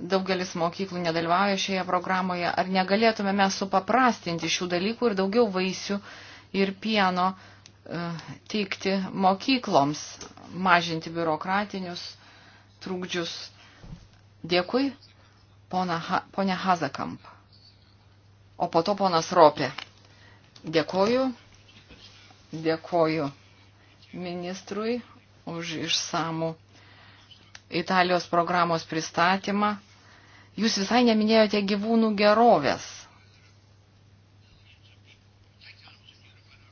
daugelis mokyklų nedalyvauja šioje programoje, ar negalėtume mes supaprastinti šių dalykų ir daugiau vaisių ir pieno e, teikti mokykloms, mažinti biurokratinius trūkdžius. Dėkui, ha, ponia Hazakamp. O po to ponas Ropė. Dėkoju. Dėkoju ministrui už išsamų Italijos programos pristatymą. Jūs visai neminėjote gyvūnų gerovės.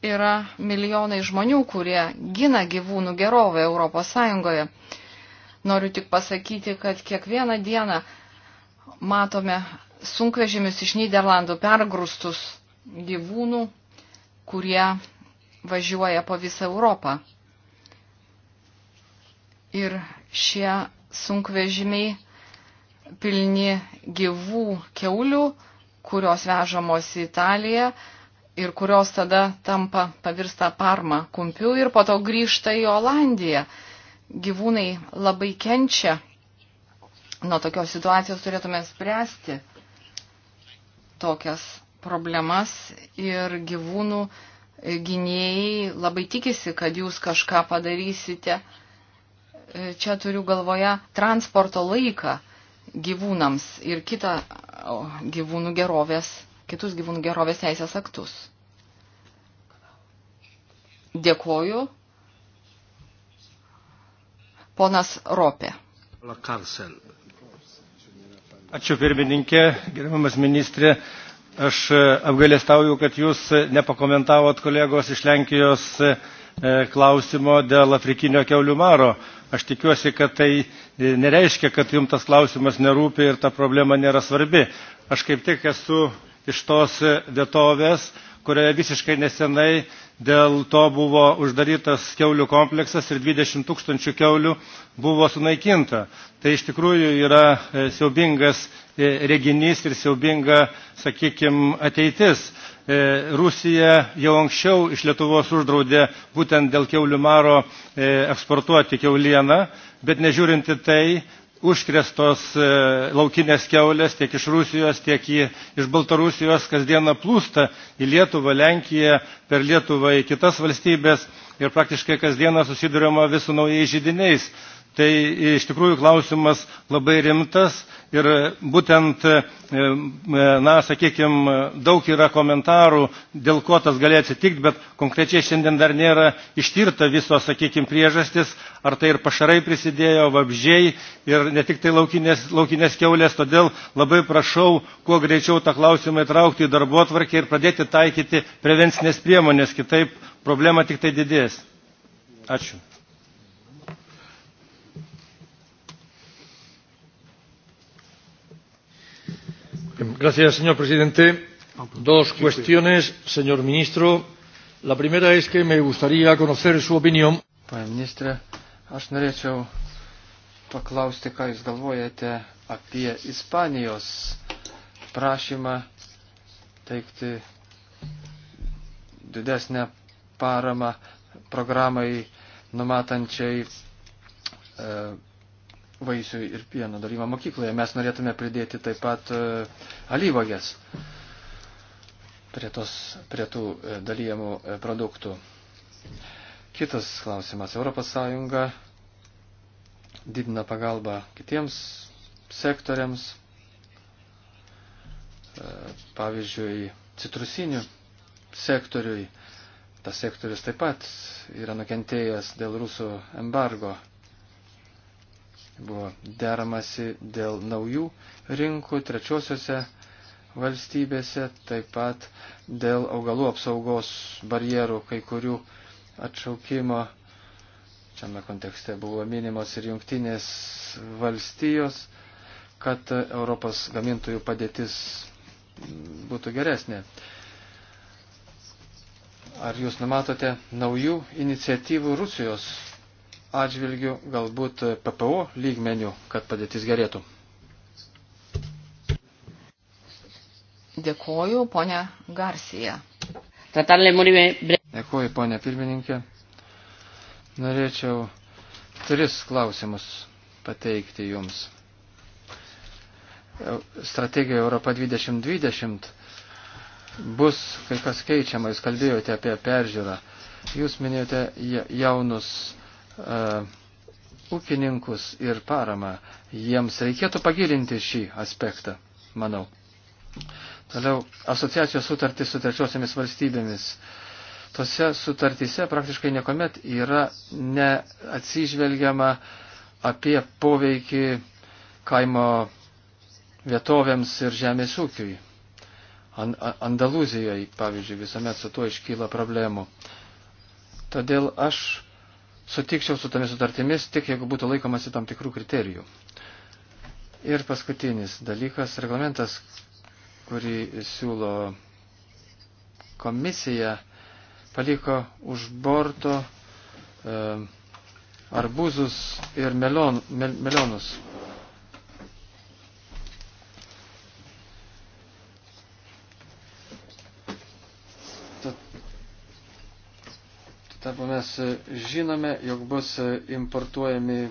Yra milijonai žmonių, kurie gina gyvūnų gerovę Europos Sąjungoje. Noriu tik pasakyti, kad kiekvieną dieną matome sunkvežimius iš Niderlandų pergrūstus gyvūnų, kurie važiuoja po visą Europą. Ir šie sunkvežimiai pilni gyvų keulių, kurios vežamos į Italiją ir kurios tada tampa pavirsta parma kumpiu ir po to grįžta į Olandiją. Gyvūnai labai kenčia. Nuo tokios situacijos turėtume spręsti tokias problemas ir gyvūnų uh, gynėjai labai tikisi, kad jūs kažką padarysite. Čia turiu galvoje transporto laiką gyvūnams ir kitą gyvūnų gerovės, kitus gyvūnų gerovės teisės aktus. Dėkoju. Ponas Ropė. Ačiū pirmininkė, gerbiamas ministrė. Aš e, apgailestauju, kad jūs e, nepakomentavot kolegos iš Lenkijos e, klausimo dėl afrikinio keulių maro. Aš tikiuosi, kad tai nereiškia, kad jums tas klausimas nerūpi ir ta problema nėra svarbi. Aš kaip tik esu iš tos vietovės, kurioje visiškai nesenai dėl to buvo uždarytas keulių kompleksas ir 20 tūkstančių keulių buvo sunaikinta. Tai iš tikrųjų yra e, siaubingas e, reginys ir siaubinga, sakykime, ateitis. E, Rusija jau anksčiau iš Lietuvos uždraudė būtent dėl keulių maro eksportuoti keulieną, bet nežiūrinti tai užkrestos e, laukinės keulės tiek iš Rusijos, tiek į, iš Baltarusijos kasdieną plūsta į Lietuvą, Lenkiją, per Lietuvą į kitas valstybės ir praktiškai kasdieną susidurima visų naujais žydiniais. Tai iš tikrųjų klausimas labai rimtas ir būtent, e, e, na, sakykime, daug yra komentarų, dėl ko tas gali atsitikti, bet konkrečiai šiandien dar nėra ištirta visos, sakykime, priežastis, ar tai ir pašarai prisidėjo, vabžiai ir ne tik tai laukinės, laukinės keulės, todėl labai prašau, kuo greičiau tą klausimą įtraukti į darbo atvarkį ir pradėti taikyti prevencinės priemonės, kitaip problema tik tai didės. Ačiū. Gracias, señor presidente. Ah, Dos cuestiones, señor ministro. La primera es que me gustaría conocer su opinión. Pane ministre, aš norėčiau paklausti, ką jūs galvojate apie Ispanijos prašymą teikti didesnę paramą programai numatančiai e, vaisių ir pieno dalymą mokykloje. Mes norėtume pridėti taip pat e, alyvogės prie, tos, prie tų e, dalyjamų e, produktų. Kitas klausimas. Europos Sąjunga didina pagalbą kitiems sektoriams, pavyzdžiui, citrusinių sektoriui. Tas sektorius taip pat yra nukentėjęs dėl rusų embargo Buvo deramasi dėl naujų rinkų trečiosiose valstybėse, taip pat dėl augalų apsaugos barjerų kai kurių atšaukimo. Čiame kontekste buvo minimos ir jungtinės valstijos, kad Europos gamintojų padėtis būtų geresnė. Ar jūs numatote naujų iniciatyvų Rusijos atžvilgių, galbūt PPO lygmenių, kad padėtis gerėtų. Dėkoju, ponia Garcija. Dėkoju, ponia pirmininkė. Norėčiau tris klausimus pateikti jums. E, Strategija Europa 2020 bus kai kas keičiama, jūs kalbėjote apie peržiūrą. Jūs minėjote jaunus Uh, ūkininkus ir paramą. Jiems reikėtų pagilinti šį aspektą, manau. Toliau, asociacijos sutartys su trečiosiamis valstybėmis. Tose sutartyse praktiškai niekuomet yra neatsižvelgiama apie poveikį kaimo vietovėms ir žemės ūkiui. Andalūzijoje, pavyzdžiui, visuomet su tuo iškyla problemų. Todėl aš sutikčiau su tomis sutartimis tik jeigu būtų laikomasi tam tikrų kriterijų. Ir paskutinis dalykas, reglamentas, kurį siūlo komisija, paliko už borto e, arbūzus ir melion, mel, melionus. Tapo mes e, žinome, jog bus e, importuojami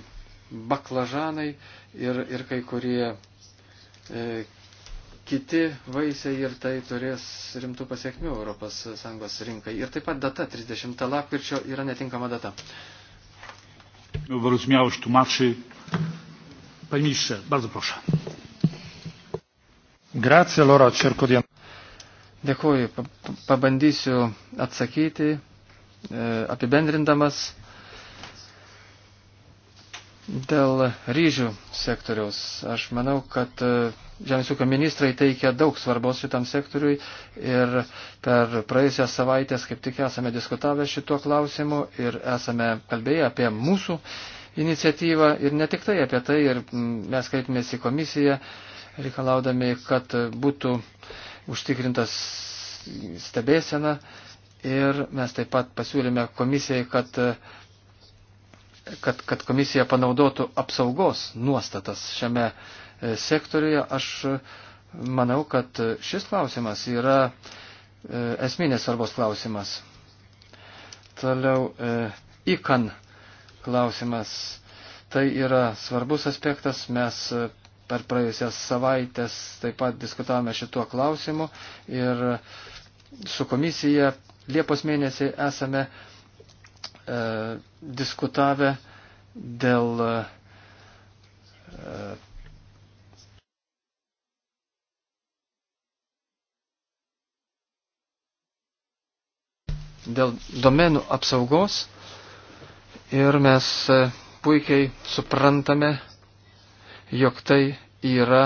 baklažanai ir, ir kai kurie e, kiti vaisiai ir tai turės rimtų pasiekmių ES rinkai. Ir taip pat data 30 lapkričio yra netinkama data. Wyrozumiałość tłumaczy. Panie ministrze, bardzo proszę. Grazie, Lora, cerco di... Dėkuoju, pabandysiu atsakyti E, apibendrindamas dėl ryžių sektoriaus. Aš manau, kad e, Žemės ūkio ministrai teikia daug svarbos šitam sektoriui ir per praėjusią savaitę kaip tik esame diskutavę šituo klausimu ir esame kalbėję apie mūsų iniciatyvą ir ne tik tai apie tai ir mes kreipėmės į komisiją reikalaudami, kad būtų užtikrintas stebėsena Ir mes taip pat pasiūlėme komisijai, kad, kad, kad komisija panaudotų apsaugos nuostatas šiame e, sektoriuje. Aš manau, kad šis klausimas yra e, esminės svarbos klausimas. Toliau e, ikan klausimas. Tai yra svarbus aspektas. Mes per praėjusias savaitės taip pat diskutavome šituo klausimu ir su komisija Liepos mėnesį esame e, diskutavę dėl e, dėl domenų apsaugos ir mes e, puikiai suprantame, jog tai yra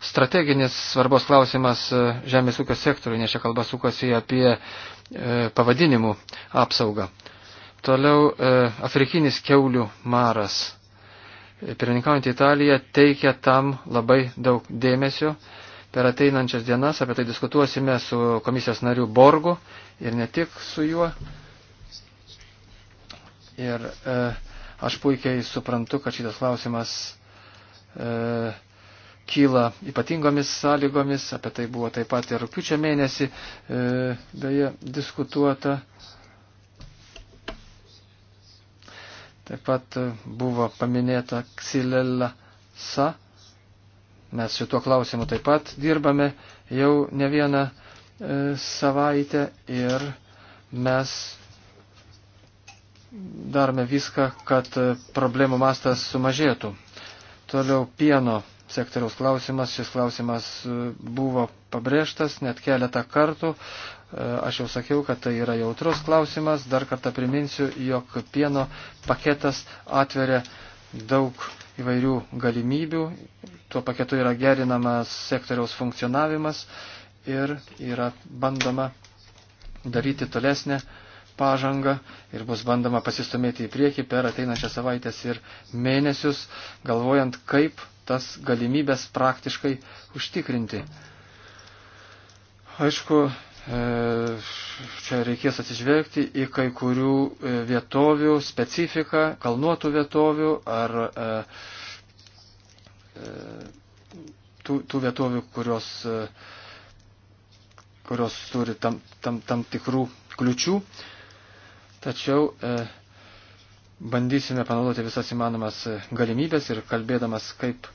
strateginis svarbos klausimas e, žemės ūkio sektoriui, nes čia kalba sukasi apie e, pavadinimų apsaugą. Toliau e, afrikinis keulių maras. Pirmininkaujant Italija teikia tam labai daug dėmesio. Per ateinančias dienas apie tai diskutuosime su komisijos nariu Borgu ir ne tik su juo. Ir e, aš puikiai suprantu, kad šitas klausimas e, kyla ypatingomis sąlygomis, apie tai buvo taip pat ir rūpiučio mėnesį, e, beje, diskutuota. Taip pat e, buvo paminėta ksilella sa. Mes šituo klausimu taip pat dirbame jau ne vieną e, savaitę ir mes darome viską, kad e, problemų mastas sumažėtų. Toliau pieno sektoriaus klausimas. Šis klausimas e, buvo pabrėžtas net keletą kartų. E, aš jau sakiau, kad tai yra jautrus klausimas. Dar kartą priminsiu, jog pieno paketas atveria daug įvairių galimybių. Tuo paketu yra gerinamas sektoriaus funkcionavimas ir yra bandoma daryti tolesnę pažangą ir bus bandoma pasistumėti į priekį per ateinančią savaitęs ir mėnesius, galvojant, kaip tas galimybės praktiškai užtikrinti. Aišku, e, čia reikės atsižvelgti į kai kurių e, vietovių specifiką, kalnuotų vietovių ar e, tų, tų vietovių, kurios, kurios turi tam, tam, tam tikrų kliučių. Tačiau bandysime panaudoti visas įmanomas galimybės ir kalbėdamas kaip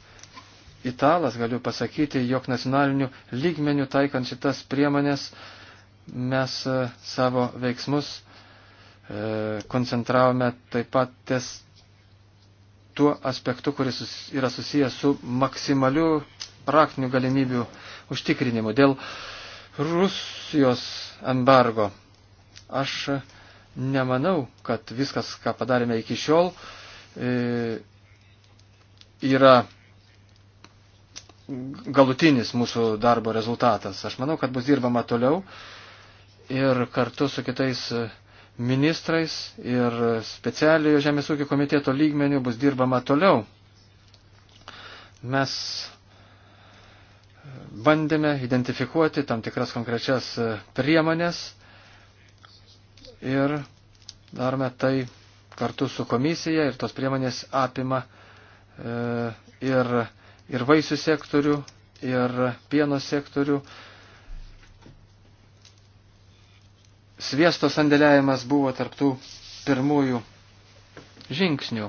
italas galiu pasakyti, jog nacionaliniu lygmeniu taikant šitas priemonės mes e, savo veiksmus e, koncentravome taip pat ties tuo aspektu, kuris yra susijęs su maksimaliu praktinių galimybių užtikrinimu. Dėl Rusijos embargo aš e, nemanau, kad viskas, ką padarėme iki šiol, e, yra galutinis mūsų darbo rezultatas. Aš manau, kad bus dirbama toliau ir kartu su kitais ministrais ir specialiojo Žemės ūkio komiteto lygmenių bus dirbama toliau. Mes bandėme identifikuoti tam tikras konkrečias priemonės ir darome tai kartu su komisija ir tos priemonės apima e, ir ir vaisių sektorių, ir pieno sektorių. Sviesto sandėliavimas buvo tarptų pirmųjų žingsnių.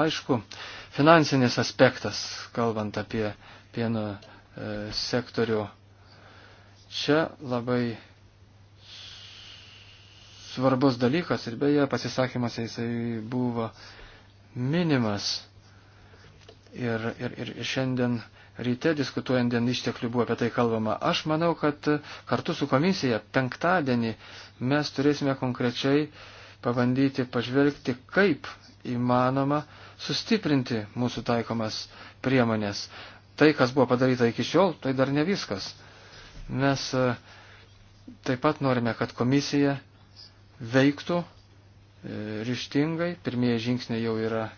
Aišku, finansinis aspektas, kalbant apie pieno e, sektorių, čia labai svarbus dalykas ir beje pasisakymuose jisai buvo minimas. Ir, ir, ir šiandien ryte diskutuojant dėl išteklių buvo apie tai kalbama. Aš manau, kad kartu su komisija penktadienį mes turėsime konkrečiai pabandyti pažvelgti, kaip įmanoma sustiprinti mūsų taikomas priemonės. Tai, kas buvo padaryta iki šiol, tai dar ne viskas. Mes e, taip pat norime, kad komisija veiktų e, ryštingai, pirmieji žingsniai jau yra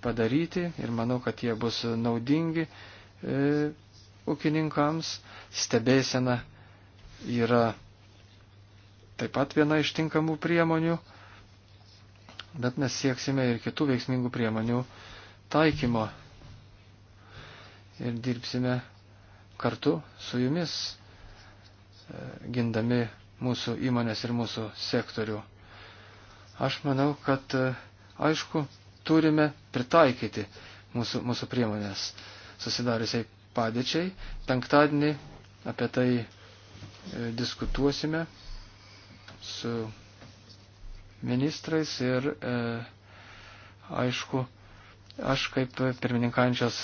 padaryti ir manau, kad jie bus naudingi e, ūkininkams. Stebėsena yra taip pat viena iš tinkamų priemonių, bet mes sieksime ir kitų veiksmingų priemonių taikymo ir dirbsime kartu su jumis, e, gindami mūsų įmonės ir mūsų sektorių. Aš manau, kad e, aišku, turime pritaikyti mūsų, mūsų priemonės susidariusiai padėčiai. Penktadienį apie tai e, diskutuosime su ministrais ir e, aišku, aš kaip pirmininkančios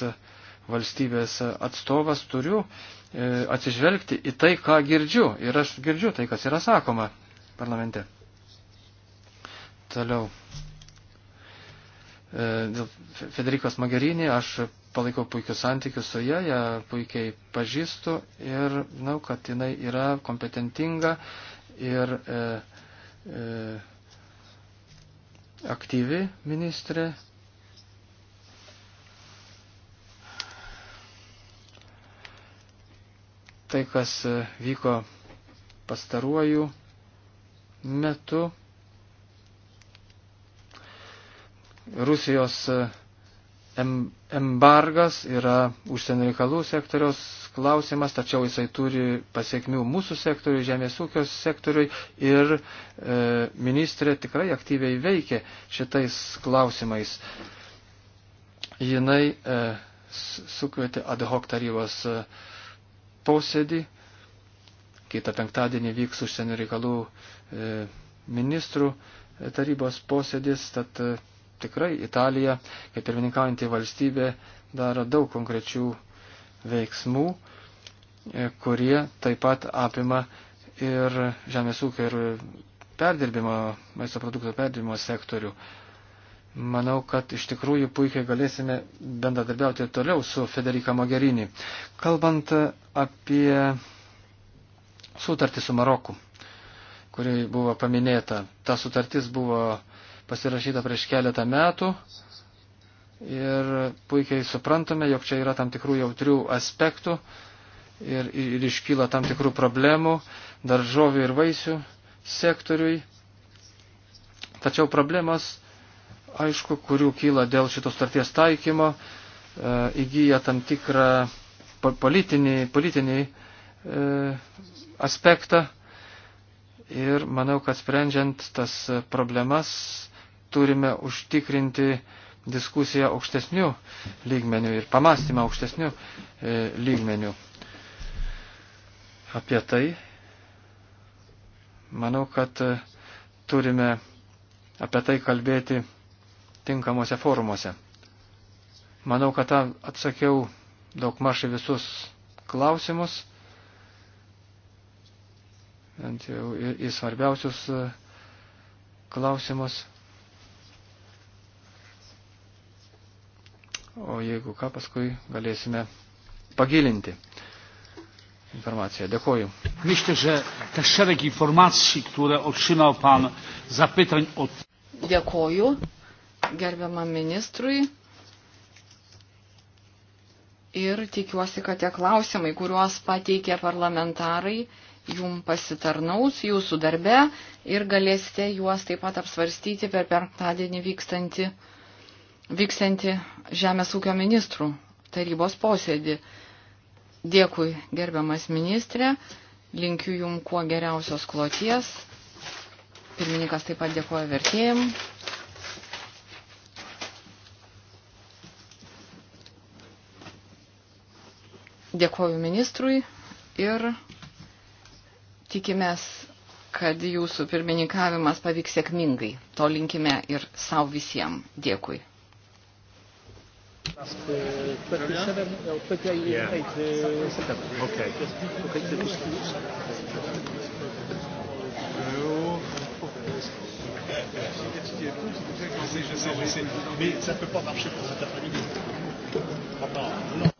valstybės atstovas turiu e, atsižvelgti į tai, ką girdžiu. Ir aš girdžiu tai, kas yra sakoma parlamente. Toliau. E, dėl Federikos Magarinį, aš palaikau puikius santykius su ja, ją puikiai pažįstu ir žinau, kad jinai yra kompetentinga ir e, e, aktyvi ministrė. Tai, kas e, vyko pastaruoju metu Rusijos e, embargas yra užsienio reikalų sektoriaus klausimas, tačiau jisai turi pasiekmių mūsų sektoriui, žemės ūkio sektoriui ir e, ministrė tikrai aktyviai veikia šitais klausimais. Jinai e, sukvietė ad hoc tarybos e, posėdį, kitą penktadienį vyks užsienio reikalų e, ministrų e, tarybos posėdis, tad e, tikrai Italija, kaip pirmininkaujantį valstybę, daro daug konkrečių veiksmų, e, kurie taip pat apima ir žemės ūkio ir perdirbimo, maisto produktų perdirbimo sektorių. Manau, kad iš tikrųjų puikiai galėsime bendradarbiauti ir toliau su Federika Mogherini. Kalbant apie sutartį su Maroku, kuri buvo paminėta, ta sutartis buvo pasirašyta prieš keletą metų ir puikiai suprantame, jog čia yra tam tikrų jautrių aspektų ir, ir iškyla tam tikrų problemų daržovių ir vaisių sektoriui. Tačiau problemas, aišku, kurių kyla dėl šitos starties taikymo, e, įgyja tam tikrą politinį, politinį e, aspektą ir manau, kad sprendžiant tas problemas turime užtikrinti diskusiją aukštesnių lygmenių ir pamastymą aukštesnių e, lygmenių. Apie tai manau, kad e, turime apie tai kalbėti tinkamuose forumuose. Manau, kad atsakiau daugmaž į visus klausimus, bent jau į svarbiausius e, klausimus. o jeigu ką, paskui galėsime pagilinti informaciją. Dėkuoju. Myślę, że te szereg informacji, które otrzymał Pan, zapytań od... Dėkuoju gerbiamam ministrui. Ir tikiuosi, kad tie klausimai, kuriuos pateikė parlamentarai, jum pasitarnaus jūsų darbe ir galėsite juos taip pat apsvarstyti per penktadienį vykstantį vyksianti Žemės ūkio ministrų tarybos posėdį. Dėkui, gerbiamas ministrė, linkiu jum kuo geriausios kloties. Pirmininkas taip pat dėkoja vertėjim. Dėkoju ministrui ir tikimės, kad jūsų pirmininkavimas pavyks sėkmingai. To linkime ir savo visiems. Dėkui. 27 or 28 yeah. 8, uh, September. Okay. Okay. Mais ça ne peut pas marcher pour cet après-midi. Attends. Non.